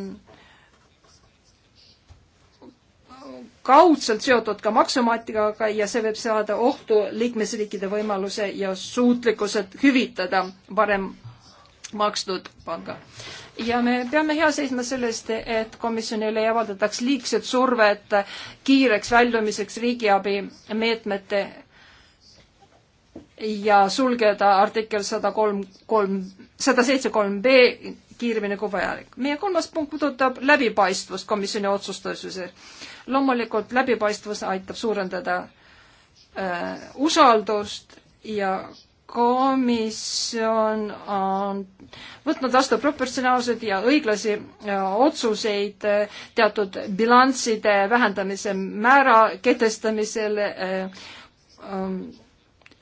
kaudselt seotud ka maksumaatikaga ja see võib seada ohtu liikmesriikide võimaluse ja suutlikkuse hüvitada varem makstud panga ja me peame hea seisma selle eest, et komisjonile ei avaldataks liigset survet kiireks väljumiseks riigiabi meetmete ja sulgeda artikkel sada kolm, kolm, sada seitse kolm B kiiremini kui vajalik. meie kolmas punkt puudutab läbipaistvust komisjoni otsustuses. loomulikult läbipaistvus aitab suurendada äh, usaldust ja komisjon on võtnud vastu proportsionaalseid ja õiglasi äh, otsuseid äh, teatud bilansside vähendamise määra kehtestamisel, äh, ähm,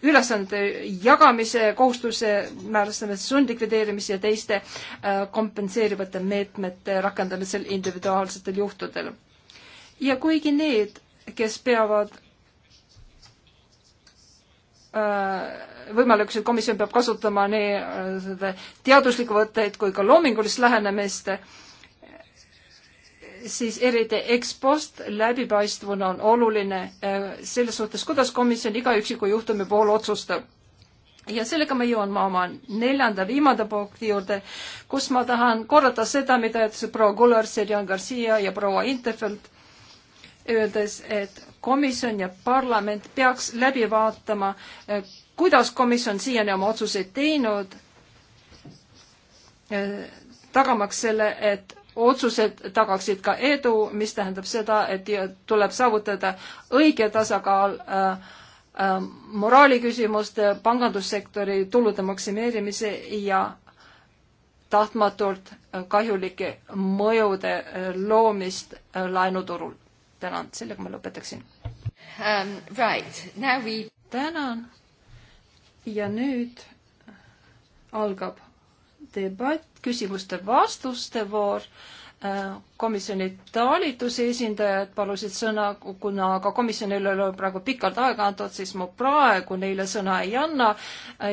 ülesannete jagamise kohustuse määrastamise, sundlikvideerimise ja teiste kompenseerivate meetmete rakendamisel individuaalsetel juhtudel. ja kuigi need, kes peavad Äh, võimalusi komisjon peab kasutama nii äh, seda teaduslikku võtteid kui ka loomingulist lähenemist, siis eriti ekspost läbipaistvuna on oluline äh, selles suhtes, kuidas komisjon iga üksiku juhtumi puhul otsustab. ja sellega ma jõuan ma oma neljanda, viimanda punkti juurde, kus ma tahan korrata seda, mida ütles proua Kullar, Serjan Garcia ja proua Interfeld, öeldes, et komisjon ja parlament peaks läbi vaatama, eh, kuidas komisjon siiani oma otsuseid teinud, eh, tagamaks selle, et otsused tagaksid ka edu, mis tähendab seda, et tuleb saavutada õige tasakaal äh, äh, moraaliküsimuste, pangandussektori tulude maksimeerimise ja tahtmatult kahjulike mõjude loomist laenuturul tänan, sellega ma lõpetaksin um,. Right, now we. tänan. ja nüüd algab debatt, küsimuste-vastuste voor komisjoni taolituse esindajad palusid sõna, kuna ka komisjonile ei ole praegu pikalt aega antud, siis ma praegu neile sõna ei anna.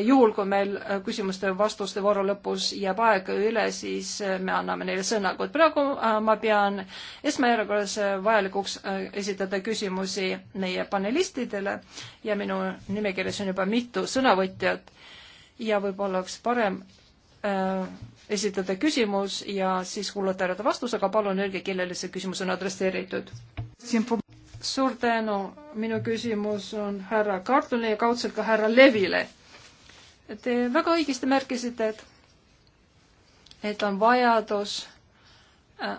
juhul, kui meil küsimuste ja vastuste vooru lõpus jääb aega üle, siis me anname neile sõna, kuid praegu äh, ma pean esmajärjekorras äh, vajalikuks äh, esitada küsimusi meie panelistidele ja minu nimekirjas on juba mitu sõnavõtjat ja võib-olla oleks parem äh, esitada küsimus ja siis kuulata ära ta vastus, aga palun öelge, kellele see küsimus on adresseeritud. suur tänu, minu küsimus on härra Kartulile ja kaudselt ka härra Levile. Te väga õigesti märkisite, et, et on vajadus äh,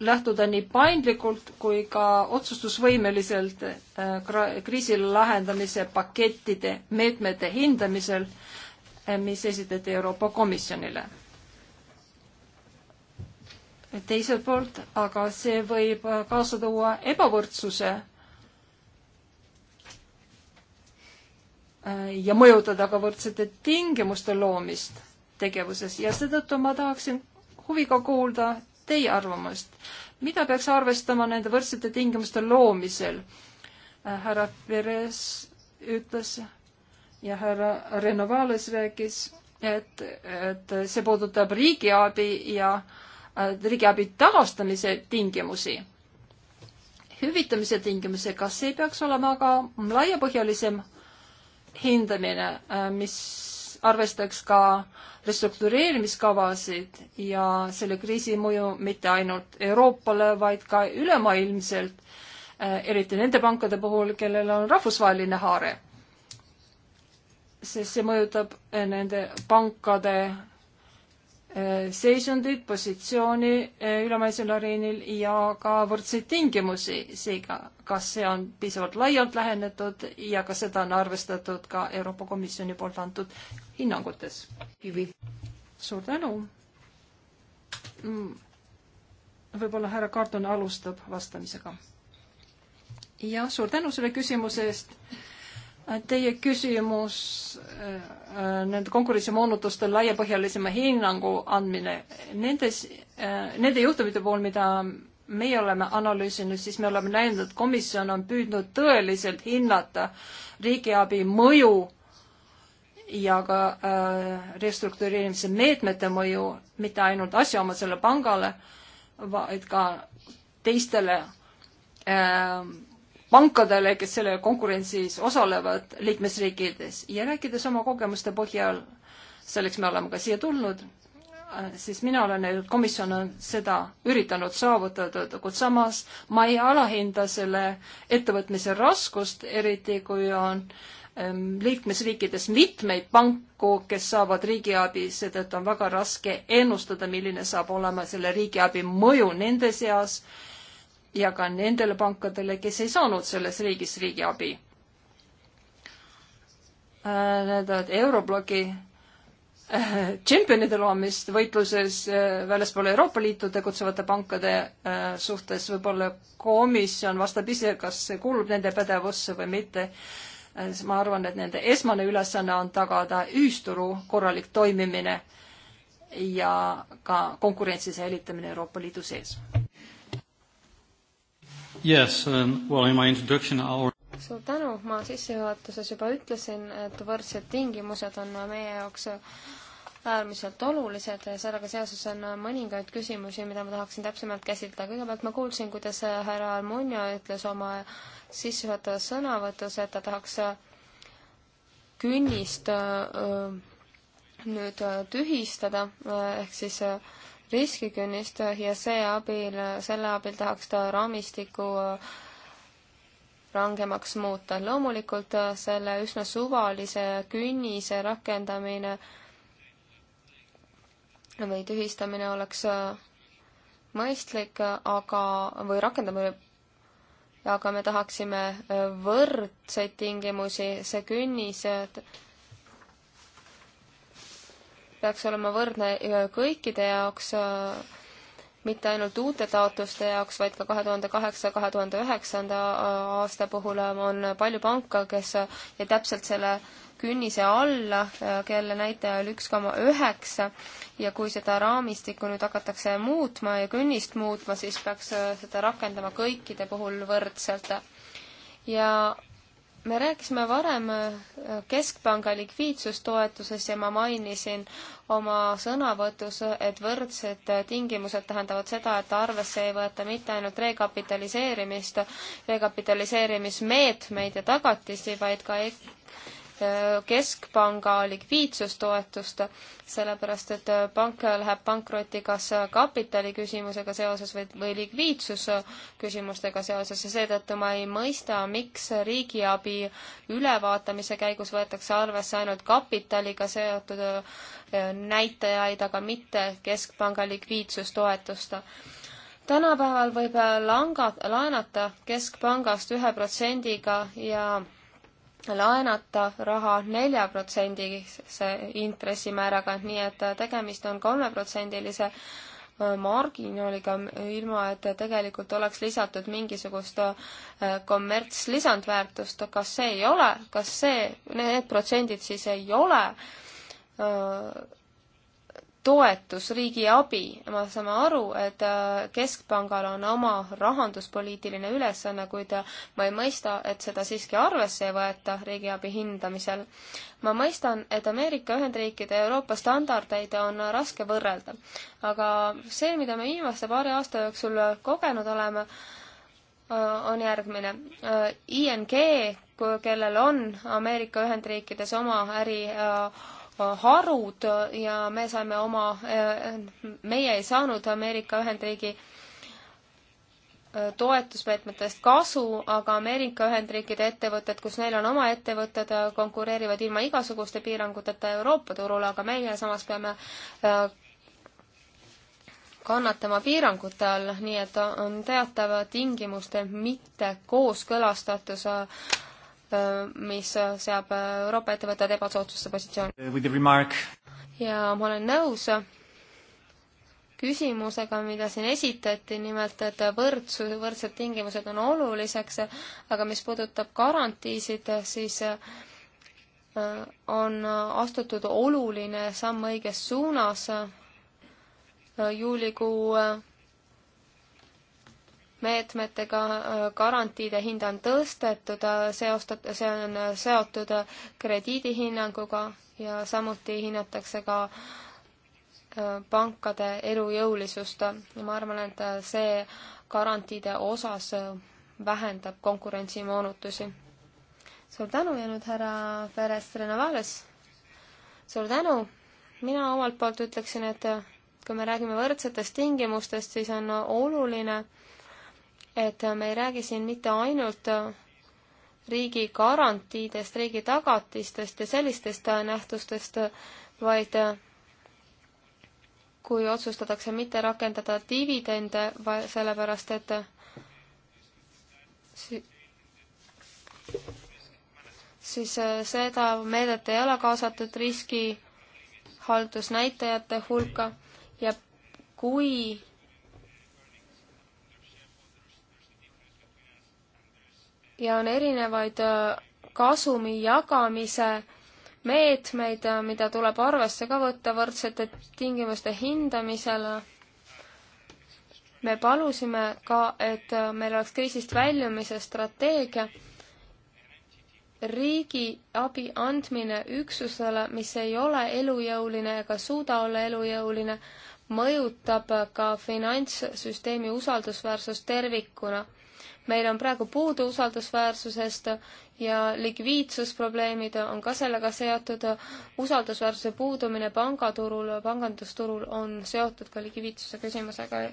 lähtuda nii paindlikult kui ka otsustusvõimeliselt äh, kriisi lahendamise pakettide meetmete hindamisel mis esitati Euroopa Komisjonile. teiselt poolt aga see võib kaasa tuua ebavõrdsuse ja mõjutada ka võrdsete tingimuste loomist tegevuses ja seetõttu ma tahaksin huviga kuulda teie arvamust. mida peaks arvestama nende võrdsete tingimuste loomisel? härra Perez ütles, ja härra Renovales rääkis, et, et see puudutab riigiabi ja äh, riigiabi tagastamise tingimusi, hüvitamise tingimusi, kas ei peaks olema ka laiapõhjalisem hindamine, äh, mis arvestaks ka restruktureerimiskavasid ja selle kriisi mõju mitte ainult Euroopale, vaid ka ülemaailmselt, äh, eriti nende pankade puhul, kellel on rahvusvaheline haare sest see mõjutab eh, nende pankade eh, seisundit, positsiooni eh, ülemaailmsel areenil ja ka võrdseid tingimusi, seega kas see on piisavalt laialt lähenetud ja kas seda on arvestatud ka Euroopa Komisjoni poolt antud hinnangutes? suur tänu! Mm. võib-olla härra Karton alustab vastamisega. jah, suur tänu selle küsimuse eest Teie küsimus äh, äh, nende konkurentsimoonutuste laiapõhjalisema hinnangu andmine. Nendes, äh, nende juhtumite puhul, mida meie oleme analüüsinud, siis me oleme näinud, et komisjon on püüdnud tõeliselt hinnata riigiabi mõju ja ka restruktureerimise meetmete mõju mitte ainult asjaomasele pangale, vaid ka teistele äh, pankadele, kes selle konkurentsis osalevad liikmesriikides ja rääkides oma kogemuste põhjal, selleks me oleme ka siia tulnud, äh, siis mina olen öelnud, komisjon on seda üritanud saavutada, kuid samas ma ei alahinda selle ettevõtmise raskust, eriti kui on ähm, liikmesriikides mitmeid panku, kes saavad riigiabi, seetõttu on väga raske ennustada, milline saab olema selle riigiabi mõju nende seas ja ka nendele pankadele, kes ei saanud selles riigis riigiabi. Äh, need Eurobloki äh, tšempionide loomist võitluses äh, väljaspool Euroopa Liitu tegutsevate pankade suhtes, võib-olla komisjon vastab ise, kas see kuulub nende pädevusse või mitte. ma arvan, et nende esmane ülesanne on tagada ühisturu korralik toimimine ja ka konkurentsi säilitamine Euroopa Liidu sees Yes, um, well in my introduction I already suur tänu, ma sissejuhatuses juba ütlesin, et võrdsed tingimused on meie jaoks äärmiselt olulised ja sellega seoses on mõningaid küsimusi, mida ma tahaksin täpsemalt käsitleda. kõigepealt ma kuulsin, kuidas härra Almunia ütles oma sissejuhatavas sõnavõtus, et ta tahaks künnist äh, nüüd äh, tühistada, äh, ehk siis riskikünnist ja see abil, selle abil tahaks ta raamistiku äh, rangemaks muuta. loomulikult äh, selle üsna suvalise künnise rakendamine või tühistamine oleks äh, mõistlik, aga, või rakendamine aga me tahaksime võrdseid tingimusi, see künnis peaks olema võrdne äh, kõikide jaoks, äh, mitte ainult uute taotluste jaoks, vaid ka kahe tuhande kaheksa, kahe tuhande üheksanda äh, aasta puhul on palju panka, kes ja täpselt selle künnise alla, kelle näitaja oli üks koma üheksa ja kui seda raamistikku nüüd hakatakse muutma ja künnist muutma, siis peaks seda rakendama kõikide puhul võrdselt. ja me rääkisime varem äh, Keskpanga likviidsustoetuses ja ma mainisin oma sõnavõtus, et võrdsed äh, tingimused tähendavad seda, et arvesse ei võeta mitte ainult rekapitaliseerimist, rekapitaliseerimismeetmeid ja tagatisi, vaid ka Äh, keskpanga likviidsustoetust, sellepärast et äh, pank läheb pankrotti kas äh, kapitali küsimusega seoses või, või likviidsusküsimustega seoses ja seetõttu ma ei mõista, miks riigiabi ülevaatamise käigus võetakse arvesse ainult kapitaliga seotud näitajaid, aga mitte keskpanga likviidsustoetust tänapäeval võib langa, laenata keskpangast ühe protsendiga ja laenata raha nelja protsendise intressimääraga, nii et tegemist on kolmeprotsendilise äh, marginaaliga, ilma et tegelikult oleks lisatud mingisugust äh, kommertslisandväärtust, kas see ei ole, kas see, need protsendid siis ei ole äh, toetus, riigi abi, me saame aru, et äh, Keskpangal on oma rahanduspoliitiline ülesanne, kuid äh, ma ei mõista, et seda siiski arvesse ei võeta riigiabi hindamisel. ma mõistan, et Ameerika Ühendriikide ja Euroopa standardeid on raske võrrelda, aga see, mida me viimase paari aasta jooksul kogenud oleme, äh, on järgmine. ING, kellel on Ameerika Ühendriikides oma äri äh, harud ja me saime oma, meie ei saanud Ameerika Ühendriigi äh, toetusmeetmetest kasu, aga Ameerika Ühendriikide ettevõtted, kus neil on oma ettevõtted, äh, konkureerivad ilma igasuguste piiranguteta Euroopa turule, aga meie samas peame äh, kannatama piirangute all, nii et on teatav tingimuste mittekooskõlastatus Äh, mis seab Euroopa ettevõtted ebasoodsasse positsiooni. Uh, ja ma olen nõus küsimusega, mida siin esitati, nimelt et võrdsus, võrdsed tingimused on oluliseks, aga mis puudutab garantiisid, siis äh, on astutud oluline samm õiges suunas. Äh, juulikuu meetmetega, äh, garantiide hinda on tõstetud, äh, seostat-, see on äh, seotud krediidihinnanguga ja samuti hinnatakse ka pankade elujõulisust ja ma arvan, et see garantiide osas vähendab konkurentsimoonutusi. suur tänu ja nüüd härra Perez Renovales. suur tänu, mina omalt poolt ütleksin, et kui me räägime võrdsetest tingimustest, siis on oluline äh, et me ei räägi siin mitte ainult äh, riigi garantiidest, riigi tagatistest ja sellistest äh, nähtustest, vaid äh, kui otsustatakse mitte rakendada dividende, sellepärast et siis seda meedet ei ole kaasatud riskihaldusnäitajate hulka ja kui ja on erinevaid äh, kasumi jagamise meetmeid, äh, mida tuleb arvesse ka võtta võrdsete tingimuste hindamisel. me palusime ka, et äh, meil oleks kriisist väljumise strateegia. riigi abi andmine üksusele, mis ei ole elujõuline ega suuda olla elujõuline, mõjutab ka finantssüsteemi usaldusväärsust tervikuna meil on praegu puudu usaldusväärsusest ja likviidsusprobleemid on ka sellega seotud. usaldusväärsuse puudumine pangaturul, pangandusturul on seotud ka likviidsuse küsimusega.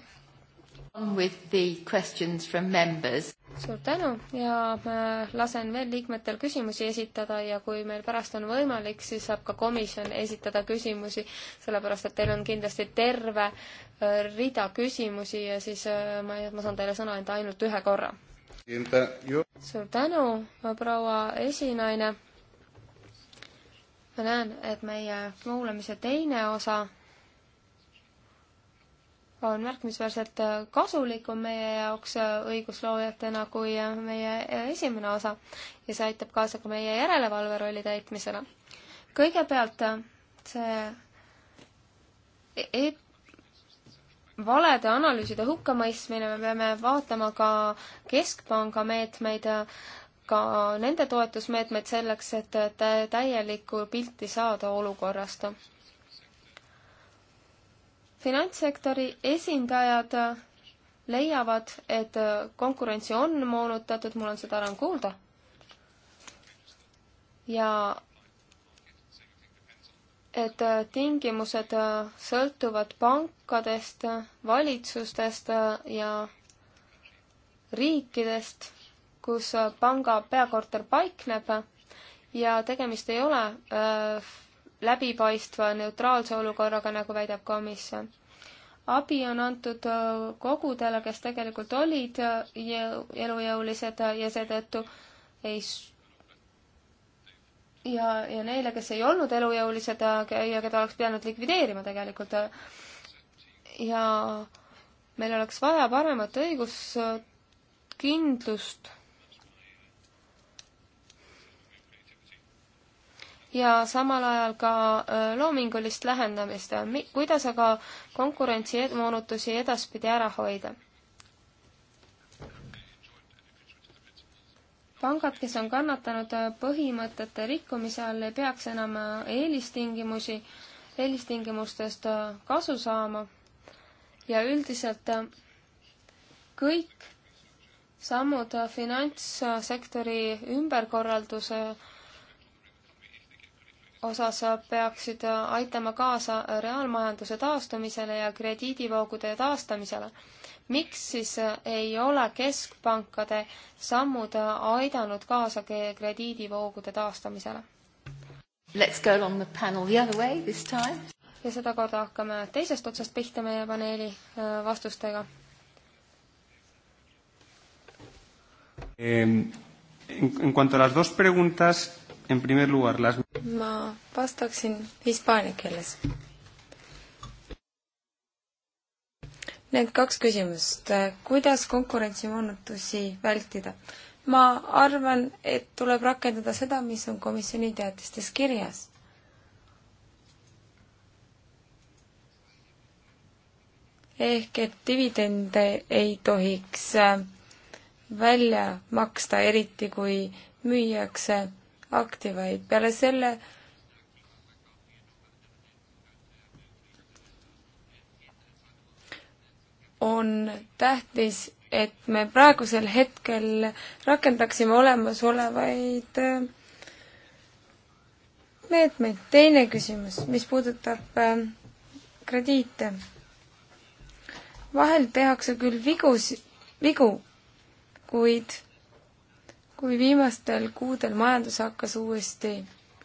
With the questions from members suur tänu ja ma äh, lasen veel liikmetel küsimusi esitada ja kui meil pärast on võimalik, siis saab ka komisjon esitada küsimusi, sellepärast et teil on kindlasti terve äh, rida küsimusi ja siis äh, ma, ma saan teile sõna anda ainult ühe korra. suur tänu, proua esinaine. ma näen, et meie kuulamise teine osa on märkimisväärselt äh, kasulikum meie jaoks äh, õigusloojatena kui äh, meie esimene osa ja see aitab kaasa ka meie järelevalve rolli täitmisele. kõigepealt see e-, e valede analüüside hukkamõistmine, me peame vaatama ka keskpanga meetmeid, ka nende toetusmeetmeid selleks, et täielikku pilti saada olukorrast finantssektori esindajad leiavad, et konkurentsi on moonutatud, mul on seda enam kuulda. ja et tingimused sõltuvad pankadest, valitsustest ja riikidest, kus panga peakorter paikneb ja tegemist ei ole äh, läbipaistva neutraalse olukorraga, nagu väidab komisjon. abi on antud äh, kogudele, kes tegelikult olid äh, elujõulised äh, ja seetõttu ei ja, ja neile, kes ei olnud elujõulised ja keda oleks pidanud likvideerima tegelikult. ja meil oleks vaja paremat õiguskindlust ja samal ajal ka äh, loomingulist lähenemist, kuidas aga konkurentsi moonutusi edaspidi ära hoida. pangad, kes on kannatanud äh, põhimõtete rikkumise all, ei peaks enam äh, eelistingimusi, eelistingimustest kasu saama ja üldiselt kõik sammud finantssektori ümberkorralduse äh, osas peaksid aitama kaasa reaalmajanduse taastumisele ja krediidivoogude taastamisele. miks siis ei ole keskpankade sammud aidanud kaasa krediidivoogude taastamisele? Let's go along the panel the other way this time. ja sedakorda hakkame teisest otsast pihta meie paneeli äh, vastustega eh,. En, en cuanto a las dos preguntas En primer lugar, las... ma vastaksin hispaania keeles. Need kaks küsimust, kuidas konkurentsimoonutusi vältida? ma arvan, et tuleb rakendada seda, mis on komisjoni teatistes kirjas. ehk et dividende ei tohiks äh, välja maksta, eriti kui müüakse akti, vaid peale selle on tähtis, et me praegusel hetkel rakendaksime olemasolevaid äh, meetmeid. teine küsimus, mis puudutab äh, krediite. vahel tehakse küll vigus, vigu, kuid kui viimastel kuudel majandus hakkas uuesti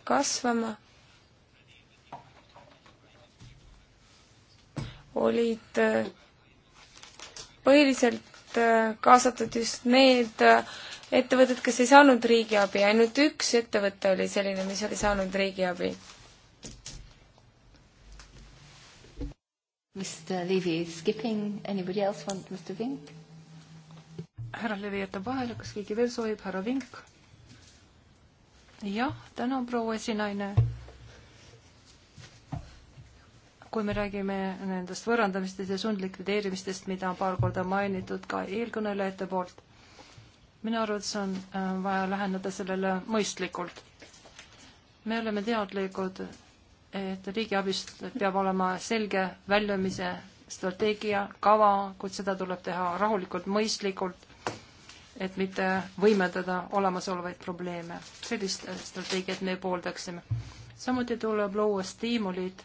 kasvama, olid äh, põhiliselt äh, kaasatud just need äh, ettevõtted, kes ei saanud riigiabi, ainult üks ettevõte oli selline, mis oli saanud riigiabi. Mr Levy is skipping, anybody else want Mr Vink? härra Levi jätab vahele, kas keegi veel soovib, härra Vink? jah, tänan, proua esinaine. kui me räägime nendest võõrandamistest ja sundlikvideerimistest, mida on paar korda mainitud ka eelkõnelejate poolt, minu arvates on äh, vaja läheneda sellele mõistlikult. me oleme teadlikud, et riigiabist peab olema selge väljumise strateegia, kava, kuid seda tuleb teha rahulikult, mõistlikult et mitte võimendada olemasolevaid probleeme. sellist strateegiat me pooldaksime. samuti tuleb luua stiimulid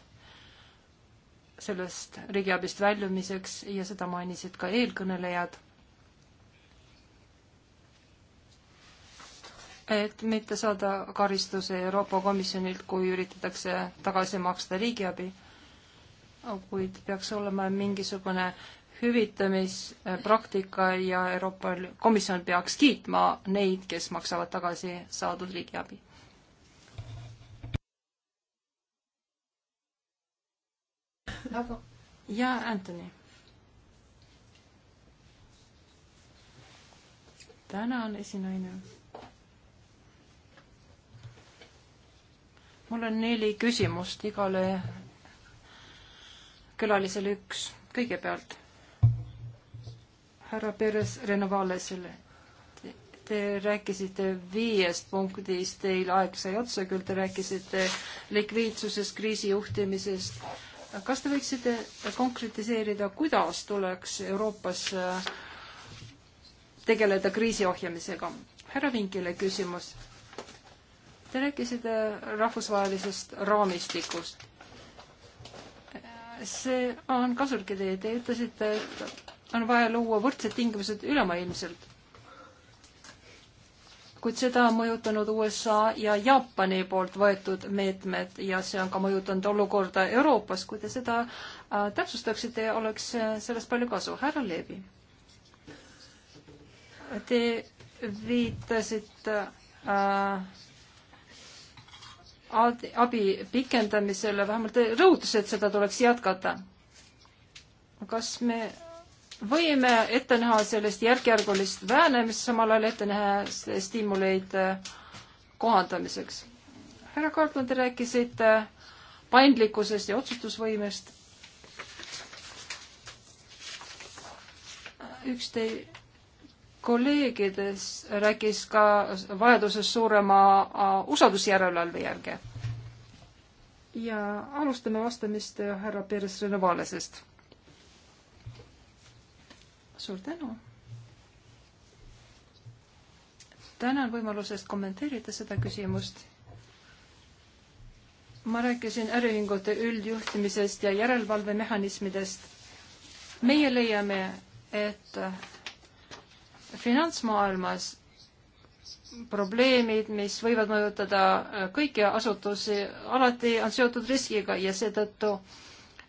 sellest riigiabist väljumiseks ja seda mainisid ka eelkõnelejad. et mitte saada karistuse Euroopa Komisjonilt, kui üritatakse tagasi maksta riigiabi, kuid peaks olema mingisugune hüvitamispraktika ja Euroopa Komisjon peaks kiitma neid, kes maksavad tagasi saadud riigiabi aga nagu- ja Anthony. tänan, esinaine. mul on neli küsimust igale külalisele üks. kõigepealt, härra Peres Renovalesele. Te rääkisite viiest punktist, teil aeg sai otsa, küll te rääkisite likviidsusest, kriisijuhtimisest. kas te võiksite konkretiseerida, kuidas tuleks Euroopas äh, tegeleda kriisi ohjamisega? härra Vinkile küsimus. Te rääkisite rahvusvahelisest raamistikust see on kasulgi teie, te ütlesite, et on vaja luua võrdsed tingimused ülemaailmselt. kuid seda on mõjutanud USA ja Jaapani poolt võetud meetmed ja see on ka mõjutanud olukorda Euroopas. kui te seda äh, täpsustaksite, oleks äh, sellest palju kasu. härra Leevi. Te viitasite äh, abi pikendamisele, vähemalt rõhutas, et seda tuleks jätkata. kas me võime ette näha sellist järkjärgulist vähenemist, samal ajal ette näha stiimuleid äh, kohandamiseks. härra Karplan, te rääkisite paindlikkusest ja otsustusvõimest. üks teie kolleegides rääkis ka vajadusest suurema äh, usaldusjärelevalve järge. ja alustame vastamist härra Peres Renovaalesest suur tänu. tänan võimalusest kommenteerida seda küsimust. ma rääkisin äriühingute üldjuhtimisest ja järelevalvemehhanismidest. meie leiame, et finantsmaailmas probleemid, mis võivad mõjutada kõiki asutusi, alati on seotud riskiga ja seetõttu äh,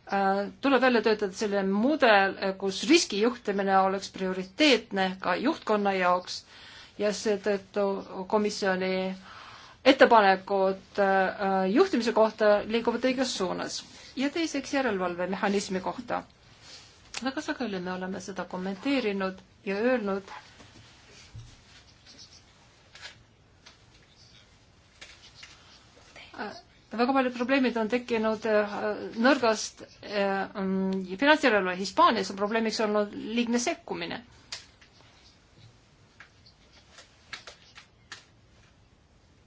Äh, tuleb välja töötada selline mudel, äh, kus riskijuhtimine oleks prioriteetne ka juhtkonna jaoks ja seetõttu komisjoni ettepanekud äh, juhtimise kohta liiguvad õiges suunas. ja teiseks järelevalvemehhanismi kohta. väga sageli me oleme seda kommenteerinud ja öelnud, äh, väga paljud probleemid on tekkinud äh, nõrgast äh, mm, finantsjärelevalve Hispaanias on probleemiks olnud liigne sekkumine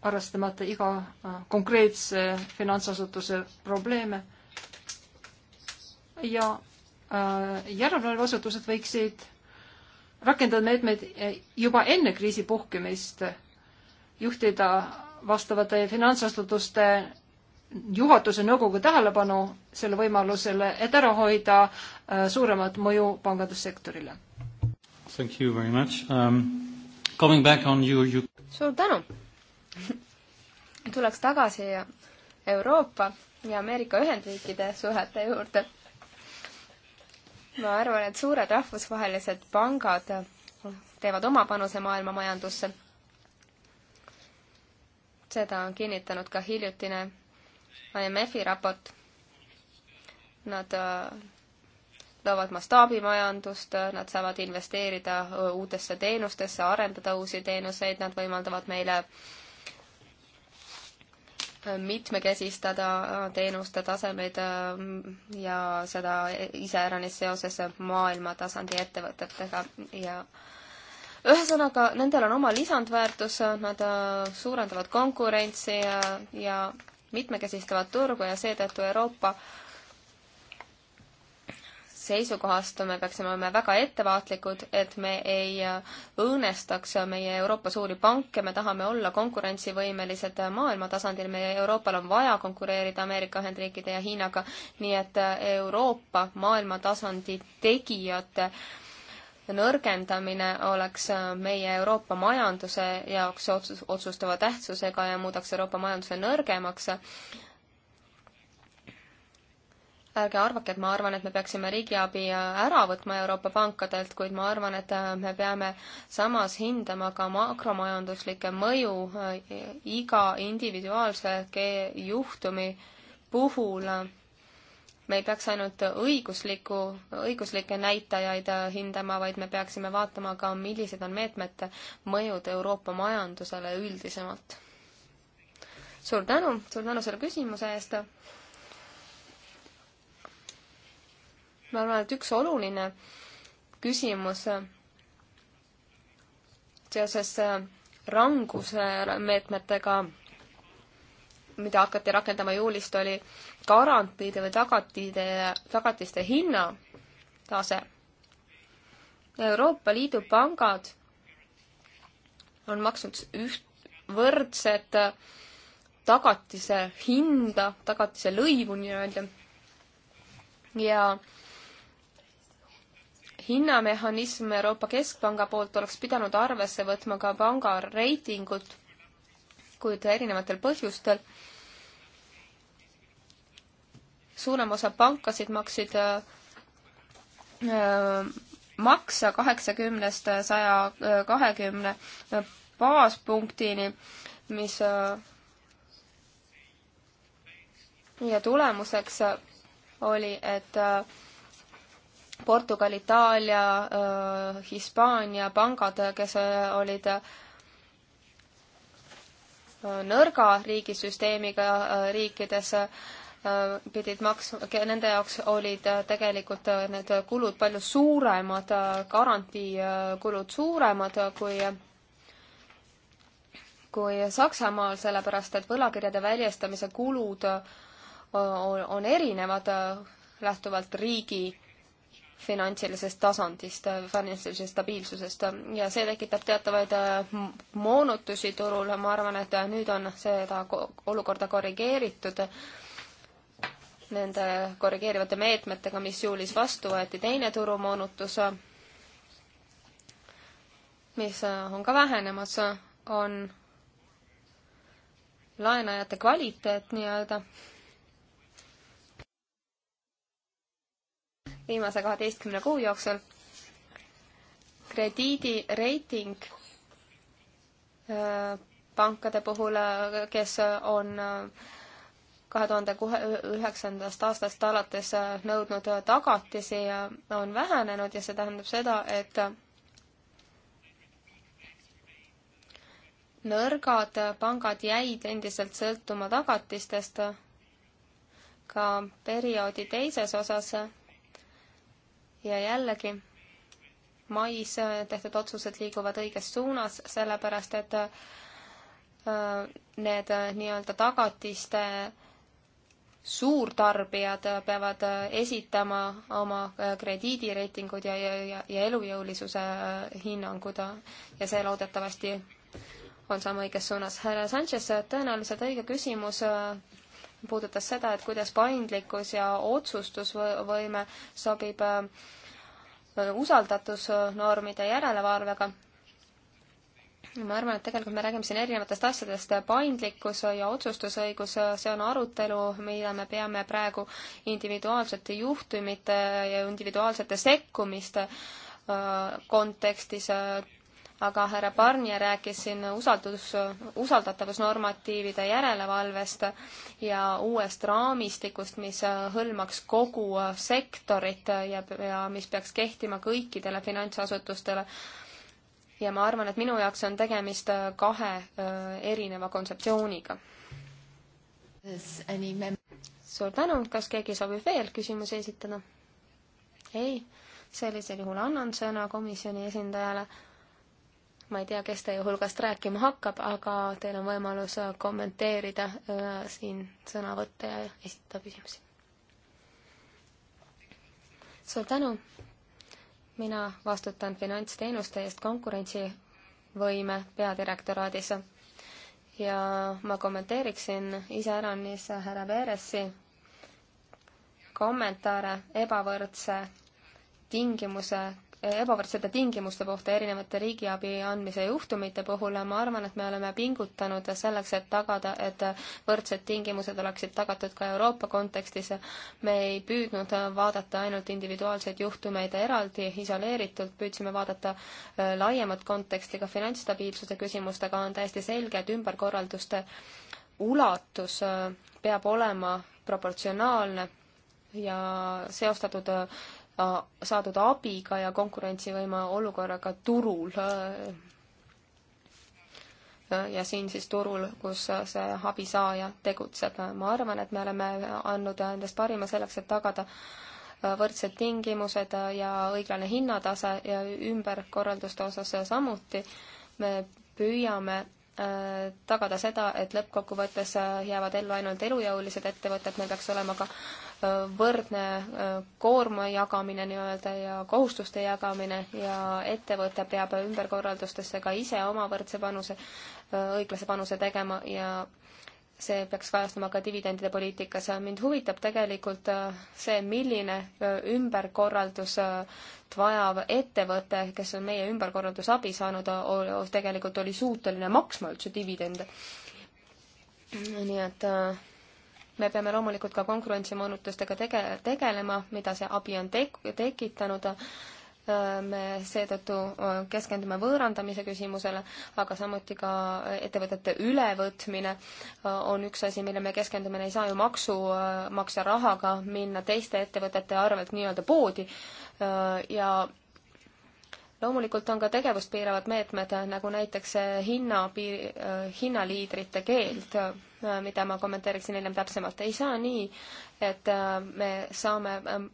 arvestamata iga äh, konkreetse finantsasutuse probleeme. ja äh, järelevalveasutused võiksid rakendada meetmeid juba enne kriisi puhkemist, juhtida vastavate finantsasutuste juhatuse nõukogu tähelepanu selle võimalusele, et ära hoida äh, suuremat mõju pangandussektorile. Thank you very much um,. Coming back on you, you suur tänu! [laughs] tuleks tagasi Euroopa ja Ameerika Ühendriikide suhete juurde. ma arvan, et suured rahvusvahelised pangad teevad oma panuse maailma majandusse. seda on kinnitanud ka hiljutine IMF-i raport. Nad loovad äh, mastaabimajandust, äh, nad saavad investeerida äh, uutesse teenustesse, arendada uusi teenuseid, nad võimaldavad meile mitmekesistada teenuste tasemeid ja seda iseäranis seoses maailmatasandi ettevõtetega ja ühesõnaga, nendel on oma lisandväärtus, nad suurendavad konkurentsi ja, ja mitmekesistavat turgu ja seetõttu Euroopa seisukohast me peaksime olema väga ettevaatlikud, et me ei õõnestaks meie Euroopa suuri panke, me tahame olla konkurentsivõimelised maailma tasandil, meie Euroopal on vaja konkureerida Ameerika Ühendriikide ja Hiinaga, nii et Euroopa maailma tasandi tegijate äh, nõrgendamine oleks äh, meie Euroopa majanduse jaoks otsus, otsustava tähtsusega ja muudaks Euroopa majanduse nõrgemaks. ärge arvake, et ma arvan, et me peaksime riigiabi äh, ära võtma Euroopa pankadelt, kuid ma arvan, et äh, me peame samas hindama ka makromajanduslikke mõju iga individuaalse juhtumi puhul me ei peaks ainult õigusliku, õiguslikke näitajaid äh, hindama, vaid me peaksime vaatama ka, millised on meetmete äh, mõjud Euroopa majandusele üldisemalt. suur tänu, suur tänu selle küsimuse eest. ma arvan, et üks oluline küsimus äh, seoses ranguse meetmetega mida hakati rakendama juulist, oli garantiide või tagatide, tagatiste hinna tase. Euroopa Liidu pangad on maksnud üht, võrdset tagatise hinda, tagatise lõivu nii-öelda ja hinnamehhanism Euroopa Keskpanga poolt oleks pidanud arvesse võtma ka panga reitingut kuid erinevatel põhjustel suurem osa pankasid maksid äh, äh, makse kaheksakümnest saja äh, kahekümne baaspunktini, mis ja tulemuseks oli, et Portugal, Itaalia, Hispaania pangad, kes olid nõrga riigisüsteemiga äh, riikides äh, pidid maksma, nende jaoks olid äh, tegelikult need kulud palju suuremad, garantiikulud suuremad kui kui Saksamaal, sellepärast et võlakirjade väljastamise kulud on erinevad lähtuvalt riigi finantsilisest tasandist, finantsilisest stabiilsusest ja see tekitab teatavaid äh, moonutusi turul, ma arvan, et äh, nüüd on seda olukorda korrigeeritud nende korrigeerivate meetmetega, mis juulis vastu võeti, teine turumoonutus, mis äh, on ka vähenemas, on laenajate kvaliteet nii-öelda viimase kaheteistkümne kuu jooksul. krediidireiting pankade puhul, kes on kahe tuhande üheksandast aastast alates nõudnud tagatisi ja on vähenenud ja see tähendab seda, et nõrgad pangad jäid endiselt sõltuma tagatistest ka perioodi teises osas ja jällegi, mais tehtud otsused liiguvad õiges suunas, sellepärast et äh, need äh, nii-öelda tagatiste suurtarbijad peavad äh, esitama oma krediidireitingud ja, ja, ja, ja elujõulisuse hinnangud ja see loodetavasti on samm õiges suunas. härra Sanchez, tõenäoliselt õige küsimus puudutas seda, et kuidas paindlikkus ja otsustusvõime sobib äh, usaldatusnormide järelevalvega. ma arvan, et tegelikult me räägime siin erinevatest asjadest, paindlikkus ja otsustusõigus, see on arutelu, mida me peame praegu individuaalsete juhtumite ja individuaalsete sekkumiste äh, kontekstis äh, aga härra Barnier rääkis siin usaldus, usaldatavusnormatiivide järelevalvest ja uuest raamistikust, mis hõlmaks kogu sektorit ja, ja mis peaks kehtima kõikidele finantsasutustele. ja ma arvan, et minu jaoks on tegemist kahe erineva kontseptsiooniga. suur tänu, kas keegi soovib veel küsimusi esitada? ei, sellisel juhul annan sõna komisjoni esindajale ma ei tea, kes teie hulgast rääkima hakkab, aga teil on võimalus äh, kommenteerida äh, siin sõnavõtte ja esitada küsimusi. suur tänu! mina vastutan finantsteenuste eest konkurentsivõime peadirektoraadis ja ma kommenteeriksin iseäranis härra Veeresi kommentaare ebavõrdse tingimuse ebavõrdsete tingimuste kohta erinevate riigiabi andmise juhtumite puhul, ma arvan, et me oleme pingutanud selleks, et tagada, et võrdsed tingimused oleksid tagatud ka Euroopa kontekstis. me ei püüdnud vaadata ainult individuaalseid juhtumeid eraldi, isoleeritult, püüdsime vaadata äh, laiemat konteksti, ka finantsstabiilsuse küsimust, aga on täiesti selge, et ümberkorralduste ulatus äh, peab olema proportsionaalne ja seostatud äh, saadud abiga ja konkurentsivõime olukorraga turul. ja siin siis turul, kus see abisaaja tegutseb. ma arvan, et me oleme andnud endast parima selleks, et tagada võrdsed tingimused ja õiglane hinnatase ja ümberkorralduste osas samuti. me püüame äh, tagada seda, et lõppkokkuvõttes jäävad ellu ainult elujõulised ettevõtted, meil peaks olema ka äh, Äh, võrdne äh, koorma jagamine nii-öelda ja kohustuste jagamine ja ettevõte peab ümberkorraldustesse ka ise oma võrdse panuse, äh, õiglase panuse tegema ja see peaks kajastuma ka dividendide poliitikas. mind huvitab tegelikult see, milline ümberkorraldust vajav ettevõte, kes on meie ümberkorraldusabi saanud, tegelikult oli suuteline maksma üldse dividende. nii et äh, me peame loomulikult ka konkurentsimoonutustega tege-, tegelema, mida see abi on tek-, tekitanud, me seetõttu äh, keskendume võõrandamise küsimusele, aga samuti ka ettevõtete ülevõtmine äh, on üks asi, millele me keskendume, ei saa ju maksumaksja äh, rahaga minna teiste ettevõtete arvelt nii-öelda poodi ja loomulikult on ka tegevust piiravad meetmed, nagu näiteks hinnapiir, hinnaliidrite keeld, mida ma kommenteeriksin hiljem täpsemalt. ei saa nii, et äh, me saame ähm,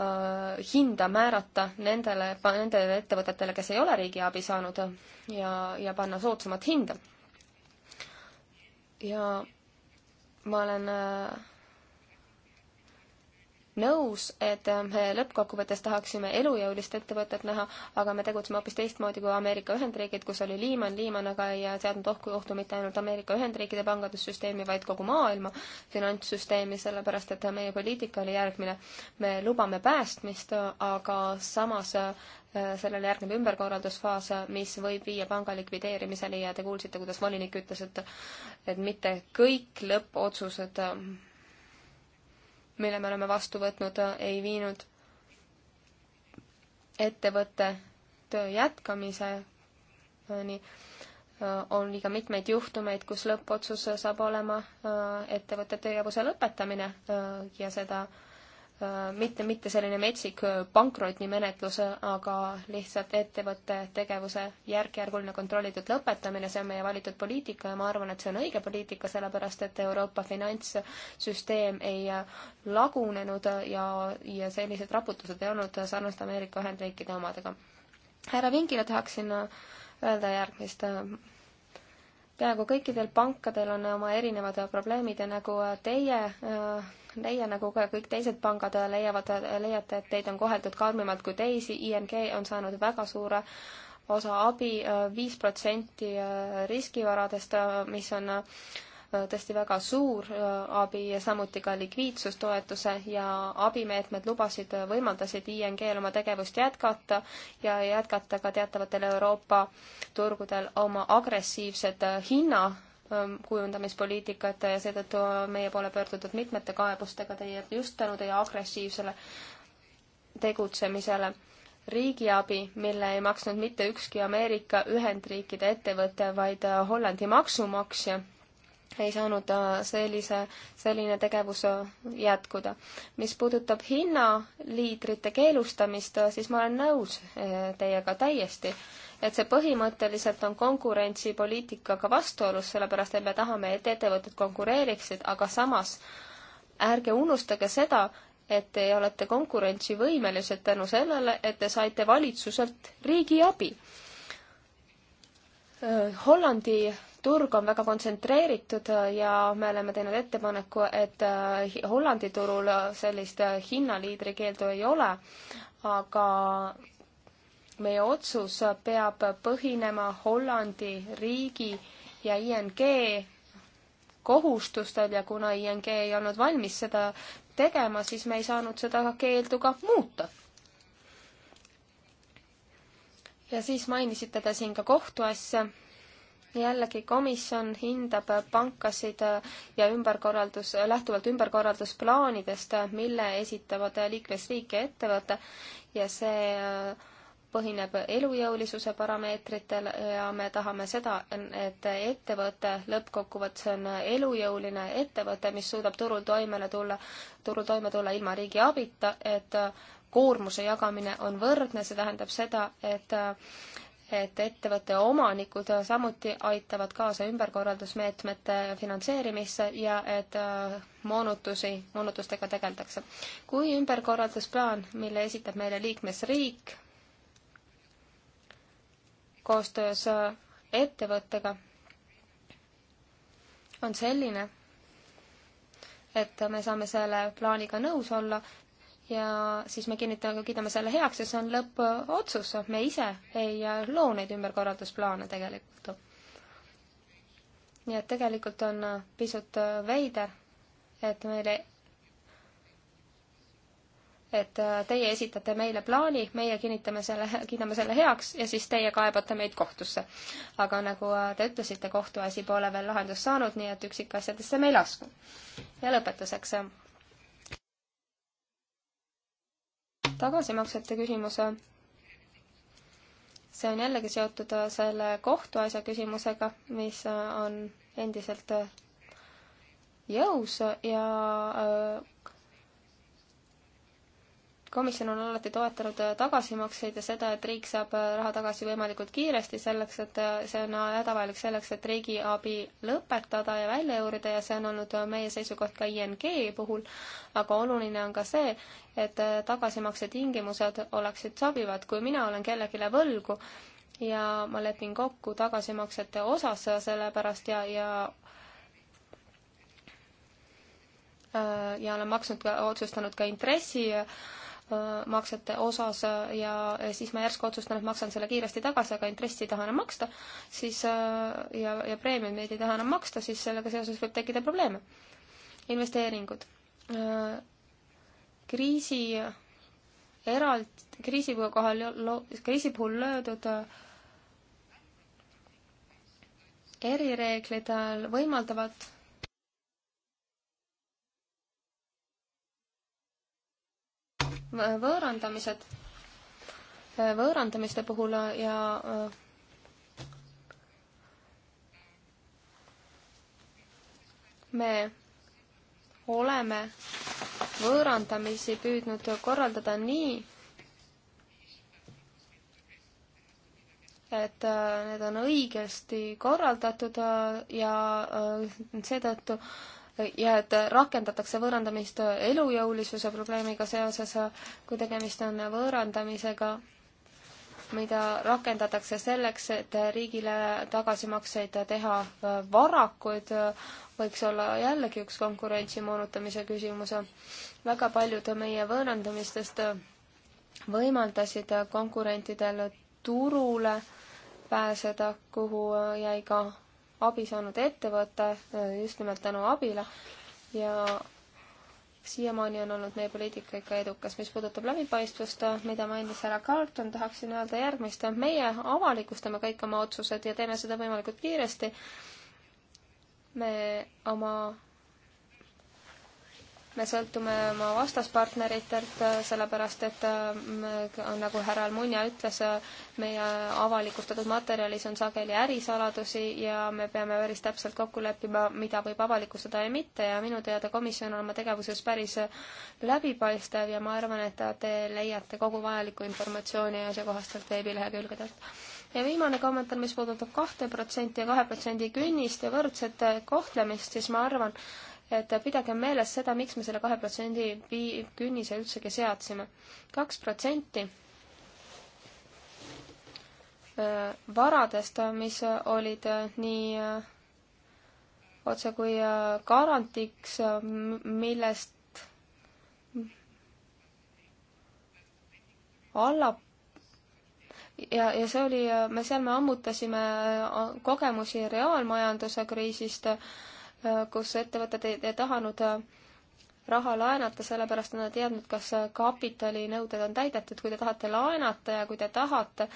äh, hinda määrata nendele, nendele ettevõtetele, kes ei ole riigiabi saanud ja, ja panna soodsamat hinda. ja ma olen äh, nõus, et me äh, lõppkokkuvõttes tahaksime elujõulist ettevõtet näha, aga me tegutseme hoopis teistmoodi kui Ameerika Ühendriigid, kus oli Lehman, Lehman aga ei seadnud ohku ohtu mitte ainult Ameerika Ühendriikide pangandussüsteemi, vaid kogu maailma finantssüsteemi, sellepärast et meie poliitika oli järgmine. me lubame päästmist, aga samas äh, sellele järgneb ümberkorraldusfaas, mis võib viia panga likvideerimiseni ja te kuulsite, kuidas volinik ütles, et et mitte kõik lõppotsused mille me oleme vastu võtnud, äh, ei viinud ettevõtte töö jätkamiseni. Äh, on liiga mitmeid juhtumeid, kus lõppotsus saab olema äh, ettevõtte tegevuse lõpetamine ja seda äh, mitte, mitte selline metsik pankrotimenetlus, aga lihtsalt ettevõtte tegevuse järk-järguline kontrollitud lõpetamine, see on meie valitud poliitika ja ma arvan, et see on õige poliitika, sellepärast et Euroopa finantssüsteem ei lagunenud ja, ja sellised raputused ei olnud sarnased Ameerika Ühendriikide omadega. härra Vingile tahaksin öelda järgmist peaaegu kõikidel pankadel on oma erinevad probleemid ja nagu teie äh, Teie nagu ka kõik teised pangad leiavad, leiate, et teid on koheldud karmimalt kui teisi, ING on saanud väga suure osa abi, viis protsenti äh, riskivaradest, äh, mis on äh, tõesti väga suur abi ja samuti ka likviidsustoetuse ja abimeetmed lubasid, võimaldasid ING-l oma tegevust jätkata ja jätkata ka teatavatel Euroopa turgudel oma agressiivsed hinna Ähm, kujundamispoliitikat ja seetõttu meie poole pöördutud mitmete kaebustega teie, just tänu teie agressiivsele tegutsemisele. riigiabi, mille ei maksnud mitte ükski Ameerika Ühendriikide ettevõte, vaid äh, Hollandi maksumaksja, ei saanud äh, sellise, selline tegevus äh, jätkuda. mis puudutab hinnaliidrite keelustamist, siis ma olen nõus teiega täiesti et see põhimõtteliselt on konkurentsipoliitikaga vastuolus, sellepärast et me tahame, et ettevõtted konkureeriksid, aga samas ärge unustage seda, et te olete konkurentsivõimelised tänu sellele, et te saite valitsuselt riigiabi. Hollandi turg on väga kontsentreeritud ja me oleme teinud ettepaneku, et äh, Hollandi turul sellist äh, hinnaliidri keeldu ei ole, aga meie otsus peab põhinema Hollandi riigi ja ING kohustustel ja kuna ING ei olnud valmis seda tegema, siis me ei saanud seda keeldu ka muuta. ja siis mainisite te siin ka kohtuasja. jällegi komisjon hindab pankasid ja ümberkorraldus, lähtuvalt ümberkorraldusplaanidest, mille esitavad liikmesriik ja ettevõte ja see põhineb elujõulisuse parameetritel ja me tahame seda, et ettevõte lõppkokkuvõttes on elujõuline ettevõte, mis suudab turul toimele tulla, turul toime tulla ilma riigi abita, et koormuse jagamine on võrdne, see tähendab seda, et et ettevõtte omanikud samuti aitavad kaasa ümberkorraldusmeetmete finantseerimisse ja et moonutusi, moonutustega tegeldakse. kui ümberkorraldusplaan, mille esitab meile liikmesriik, koostöös äh, ettevõttega on selline, et me saame selle plaaniga nõus olla ja siis me kinnitame, kiidame selle heaks ja see on lõppotsus, me ise ei äh, loo neid ümberkorraldusplaane tegelikult. nii et tegelikult on äh, pisut veider, et meile et äh, teie esitate meile plaani, meie kinnitame selle, kiidame selle heaks ja siis teie kaebate meid kohtusse. aga nagu äh, te ütlesite, kohtuasi pole veel lahendust saanud, nii et üksikasjadesse me ei lasku. ja lõpetuseks. Äh, tagasimaksete küsimus. see on jällegi seotud selle kohtuasja küsimusega, mis on endiselt jõus ja öö, komisjon on alati toetanud äh, tagasimakseid ja seda, et riik saab äh, raha tagasi võimalikult kiiresti, selleks et äh, see on hädavajalik selleks, et riigiabi lõpetada ja välja juurida ja see on olnud meie seisukoht ka ING puhul, aga oluline on ka see, et tagasimakse tingimused oleksid sobivad, kui mina olen kellelegi võlgu ja ma lepin kokku tagasimaksete osas sellepärast ja, ja ja olen maksnud ka, otsustanud ka intressi maksete osas ja siis ma järsku otsustan, et maksan selle kiiresti tagasi, aga intressi ei taha enam maksta, siis äh, ja, ja preemiumeid ei taha enam maksta, siis sellega seoses võib tekkida probleeme. investeeringud. Äh, kriisi erald, kriisi kohal, kriisi puhul löödud äh, erireeglid võimaldavad võõrandamised, äh, võõrandamiste puhul äh, ja äh, me oleme võõrandamisi püüdnud korraldada nii, et need on õigesti korraldatud ja seetõttu ja et rakendatakse võõrandamist elujõulisuse probleemiga seoses, kui tegemist on võõrandamisega, mida rakendatakse selleks, et riigile tagasimakseid teha varakuid, võiks olla jällegi üks konkurentsi moonutamise küsimus. väga paljud meie võõrandamistest võimaldasid konkurentidel turule pääseda, kuhu jäi ka abi saanud ettevõte just nimelt tänu abile ja siiamaani on olnud meie poliitika ikka edukas. mis puudutab läbipaistvust, mida mainis härra Carlton, tahaksin öelda järgmist. meie avalikustame kõik oma otsused ja teeme seda võimalikult kiiresti. me oma me sõltume oma vastaspartneritelt, äh, sellepärast et äh, äh, nagu härra Almunia ütles, meie avalikustatud materjalis on sageli ärisaladusi ja me peame päris täpselt kokku leppima, mida võib avalikustada ja mitte ja minu teada komisjon on oma tegevuses päris läbipaistev ja ma arvan, et te leiate kogu vajaliku informatsiooni asjakohastelt veebilehekülgedelt. ja viimane kommentaar, mis puudutab kahte protsenti ja kahe protsendi künnist ja võrdset kohtlemist, siis ma arvan, et pidagem meeles seda, miks me selle kahe protsendi künnise üldsegi seadsime. kaks protsenti varadest, mis olid nii otse kui garantiks, millest alla ja, ja see oli, me seal me ammutasime kogemusi reaalmajanduse kriisist kus ettevõtted ei, ei tahanud äh, raha laenata, sellepärast nad ei teadnud, kas äh, kapitalinõuded on täidetud. kui te tahate laenata ja kui te tahate,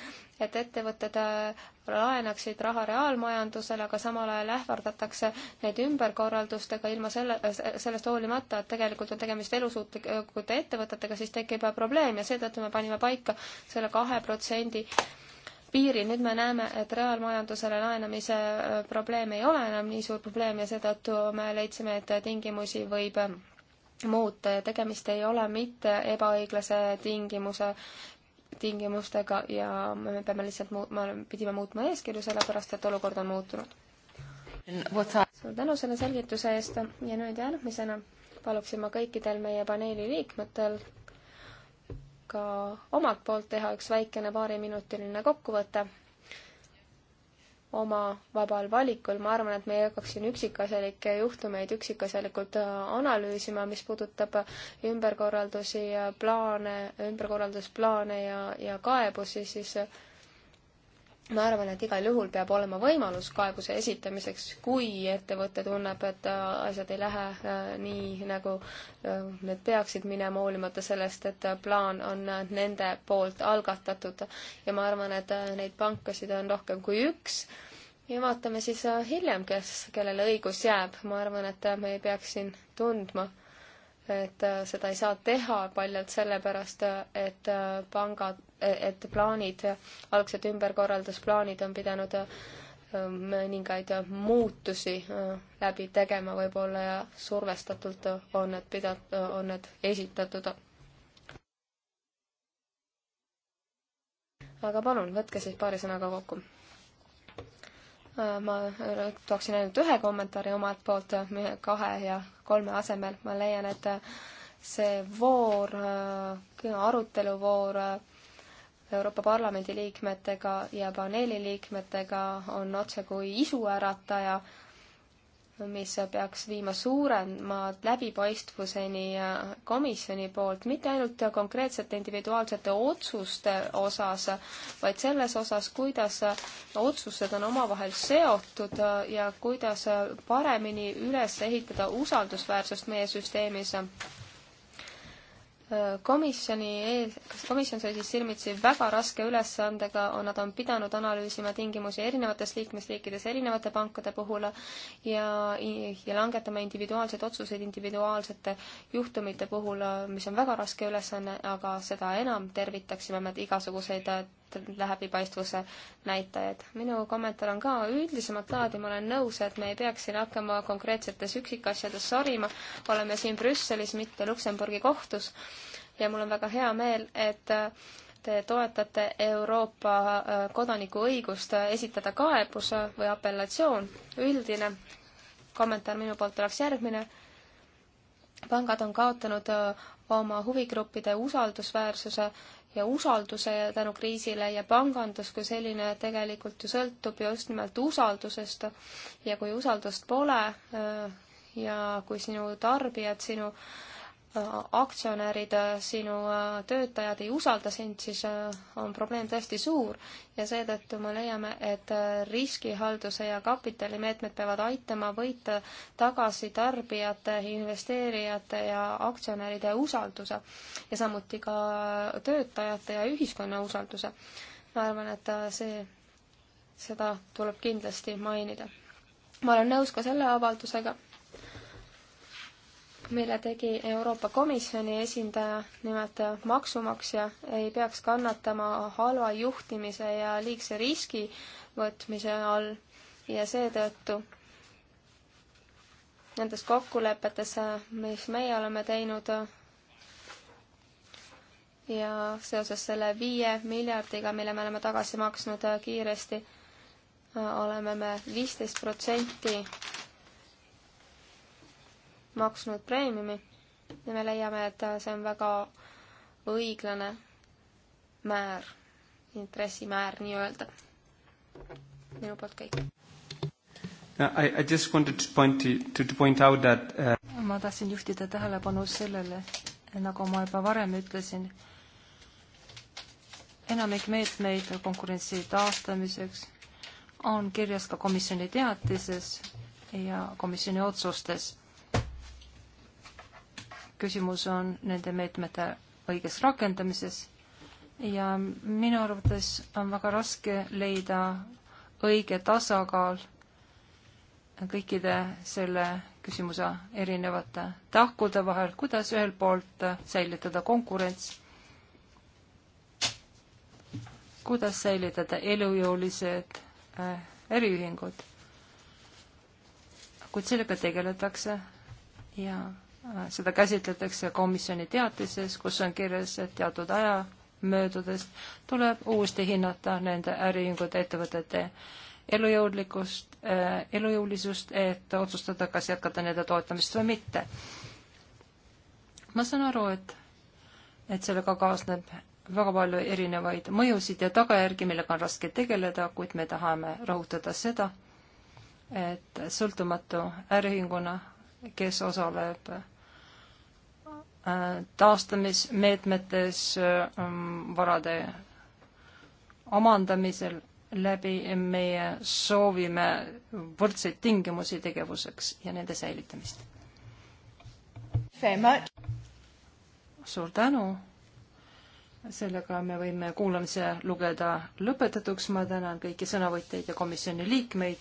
et ettevõtted äh, laenaksid raha reaalmajandusele, aga samal ajal ähvardatakse neid ümberkorraldustega ilma selle, sellest hoolimata, et tegelikult on tegemist elusuutlikute ettevõtetega, siis tekib probleem ja seetõttu me panime paika selle kahe protsendi piiri, nüüd me näeme, et reaalmajandusele laenamise äh, probleem ei ole enam nii suur probleem ja seetõttu me leidsime, et tingimusi võib äh, muuta ja tegemist ei ole mitte ebaõiglase tingimuse, tingimustega ja me peame lihtsalt muut-, me pidime muutma eeskirju, sellepärast et olukord on muutunud. suur tänu selle selgituse eest ja nüüd järgmisena paluksin ma kõikidel meie paneeli liikmetel ka omalt poolt teha üks väikene paariminutiline kokkuvõte oma vabal valikul, ma arvan, et me ei hakkaks siin üksikasjalikke juhtumeid üksikasjalikult äh, analüüsima, mis puudutab ümberkorraldusi ja plaane, ümberkorraldusplaane ja, ja kaebusi, siis äh, ma arvan, et igal juhul peab olema võimalus kaebuse esitamiseks, kui ettevõte tunneb, et äh, asjad ei lähe äh, nii, nagu äh, need peaksid minema, hoolimata sellest, et plaan on nende poolt algatatud. ja ma arvan, et neid pankasid on rohkem kui üks ja vaatame siis hiljem, kes, kellele õigus jääb. ma arvan, et me ei peaks siin tundma et seda ei saa teha paljalt sellepärast, et pangad et plaanid, algsed ümberkorraldusplaanid on pidanud ähm, mõningaid muutusi äh, läbi tegema võib-olla ja survestatult on need pida-, on need esitatud. aga palun, võtke siis paari sõnaga kokku äh, ma äh, tooksin ainult ühe kommentaari omalt poolt kahe ja kolme asemel. ma leian, et see voor, aruteluvoor Euroopa Parlamendi liikmetega ja paneeli liikmetega on otsekui isuärataja, mis peaks viima suurema läbipaistvuseni komisjoni poolt, mitte ainult konkreetsete individuaalsete otsuste osas, vaid selles osas, kuidas otsused on omavahel seotud ja kuidas paremini üles ehitada usaldusväärsust meie süsteemis komisjoni eel, kas komisjon sai siis silmitsi väga raske ülesandega, nad on pidanud analüüsima tingimusi erinevates liikmesriikides erinevate pankade puhul ja, ja langetama individuaalseid otsuseid individuaalsete juhtumite puhul, mis on väga raske ülesanne, aga seda enam tervitaksime me igasuguseid et läbipaistvuse näitajaid. minu kommentaar on ka üldisemat laadi, ma olen nõus, et me ei peaks siin hakkama konkreetsetes üksikasjades sorima, oleme siin Brüsselis, mitte Luksemburgi kohtus ja mul on väga hea meel, et te toetate Euroopa äh, kodanikuõigust esitada kaebus või apellatsioon. üldine kommentaar minu poolt oleks järgmine. pangad on kaotanud äh, oma huvigruppide usaldusväärsuse ja usalduse tänu kriisile ja pangandus kui selline tegelikult ju sõltub just nimelt usaldusest ja kui usaldust pole äh, ja kui sinu tarbijad, sinu äh, Äh, aktsionärid, äh, sinu äh, töötajad ei usalda sind, siis on probleem tõesti suur ja seetõttu me leiame, et riskihalduse ja kapitalimeetmed peavad aitama võita tagasi tarbijate, investeerijate ja aktsionäride usalduse ja samuti ka töötajate ja ühiskonna usalduse. ma arvan, et see, seda tuleb kindlasti mainida. ma olen nõus ka selle avaldusega mille tegi Euroopa Komisjoni esindaja, nimelt maksumaksja ei peaks kannatama halva juhtimise ja liigse riski võtmise all ja seetõttu nendes kokkulepetes, mis meie oleme teinud ja seoses selle viie miljardiga, mille me oleme tagasi maksnud kiiresti, oleme me viisteist protsenti maksnud preemiumi ja me leiame, et see on väga õiglane määr, intressimäär nii-öelda. minu poolt kõik. I, I just wanted to point to, to, to point out that uh... ma tahtsin juhtida tähelepanu sellele, nagu ma juba varem ütlesin, enamik meetmeid konkurentsi taastamiseks on kirjas ka komisjoni teatises ja komisjoni otsustes küsimus on nende meetmete õiges rakendamises ja minu arvates on väga raske leida õige tasakaal kõikide selle küsimuse erinevate tahkude vahel, kuidas ühelt poolt säilitada konkurents, kuidas säilitada elujõulised äriühingud, äh, kuid sellega tegeletakse ja seda käsitletakse komisjoni teatises, kus on kirjas, et teatud aja möödudest tuleb uuesti hinnata nende äriühingute ettevõtete elujõudlikkust, äh, elujõulisust, et otsustada, kas jätkata nende toetamist või mitte. ma saan aru, et, et sellega kaasneb väga palju erinevaid mõjusid ja tagajärgi, millega on raske tegeleda, kuid me tahame rõhutada seda, et sõltumatu äriühinguna, kes osaleb taastamismeetmetes, ähm, varade omandamisel läbi meie soovime võrdseid tingimusi tegevuseks ja nende säilitamist. suur tänu. sellega me võime kuulamise lugeda lõpetatuks. ma tänan kõiki sõnavõtjaid ja komisjoni liikmeid.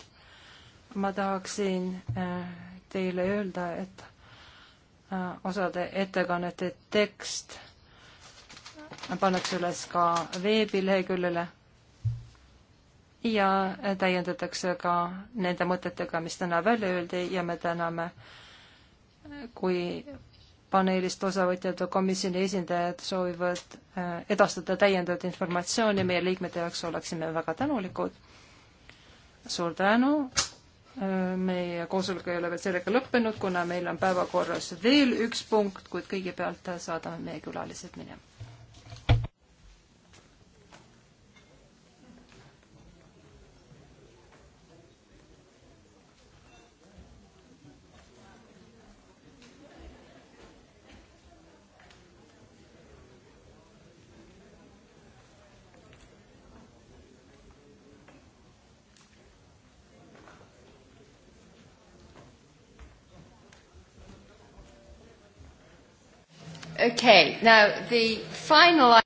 ma tahaksin äh, teile öelda, et Äh, osade ettekannete tekst pannakse üles ka veebileheküljele ja täiendatakse ka nende mõtetega, mis täna välja öeldi ja me täname, kui paneelist osavõtjad või komisjoni esindajad soovivad äh, edastada täiendavat informatsiooni meie liikmete jaoks, oleksime väga tänulikud. suur tänu meie koosolek ei ole veel sellega lõppenud, kuna meil on päevakorras veel üks punkt, kuid kõigepealt saadame meie külalised minema. okay, now the final.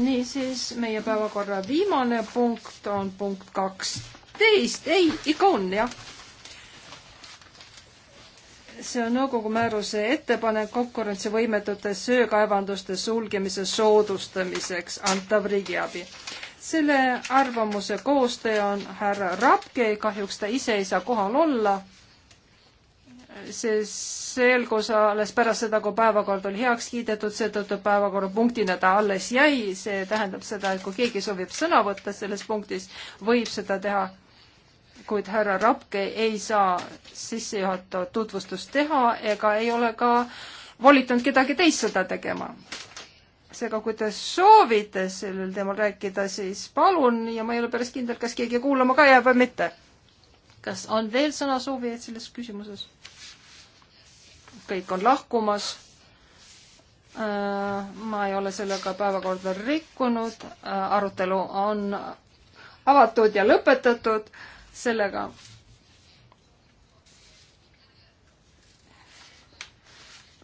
niisiis, meie päevakorra viimane punkt on punkt kaksteist, ei, ikka on jah. see on nõukogu määruse ettepanek konkurentsivõimetute söökaevanduste sulgemise soodustamiseks antav riigiabi. selle arvamuse koostaja on härra Rapke, kahjuks ta ise ei saa kohal olla see selgus alles pärast seda, kui päevakord oli heaks kiidetud, seetõttu päevakorrapunktina ta alles jäi, see tähendab seda, et kui keegi soovib sõna võtta selles punktis, võib seda teha, kuid härra Rapke ei saa sissejuhatavat tutvustust teha ega ei ole ka volitanud kedagi teist seda tegema. seega, kui te soovite sellel teemal rääkida, siis palun ja ma ei ole päris kindel, kas keegi kuulama ka jääb või mitte kas on veel sõnasoovijaid selles küsimuses? kõik on lahkumas. Äh, ma ei ole sellega päevakorda rikkunud, äh, arutelu on avatud ja lõpetatud sellega.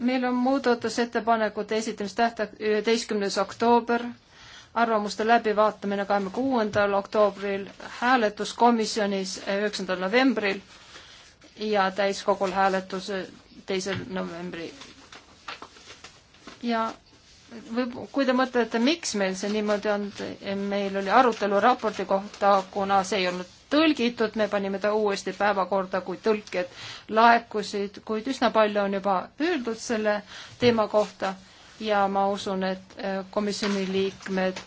meil on muudatusettepanekute esitamise tähtaeg üheteistkümnes oktoober, arvamuste läbivaatamine kahekümne kuuendal oktoobril, hääletus komisjonis üheksandal novembril ja täiskogul hääletuse teisel novembril. ja võib, kui te mõtlete, miks meil see niimoodi on, meil oli arutelu raporti kohta, kuna see ei olnud tõlgitud, me panime ta uuesti päevakorda, kui tõlked laekusid, kuid üsna palju on juba öeldud selle teema kohta ja ma usun, et eh, komisjoni liikmed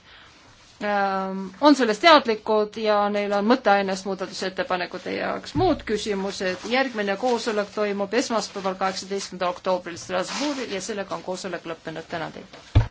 Ähm, on sellest teadlikud ja neil on mõtteainest muudatusettepanekute jaoks muud küsimused. järgmine koosolek toimub esmaspäeval, kaheksateistkümnendal oktoobril Strasbourgis ja sellega on koosolek lõppenud. tänan teid!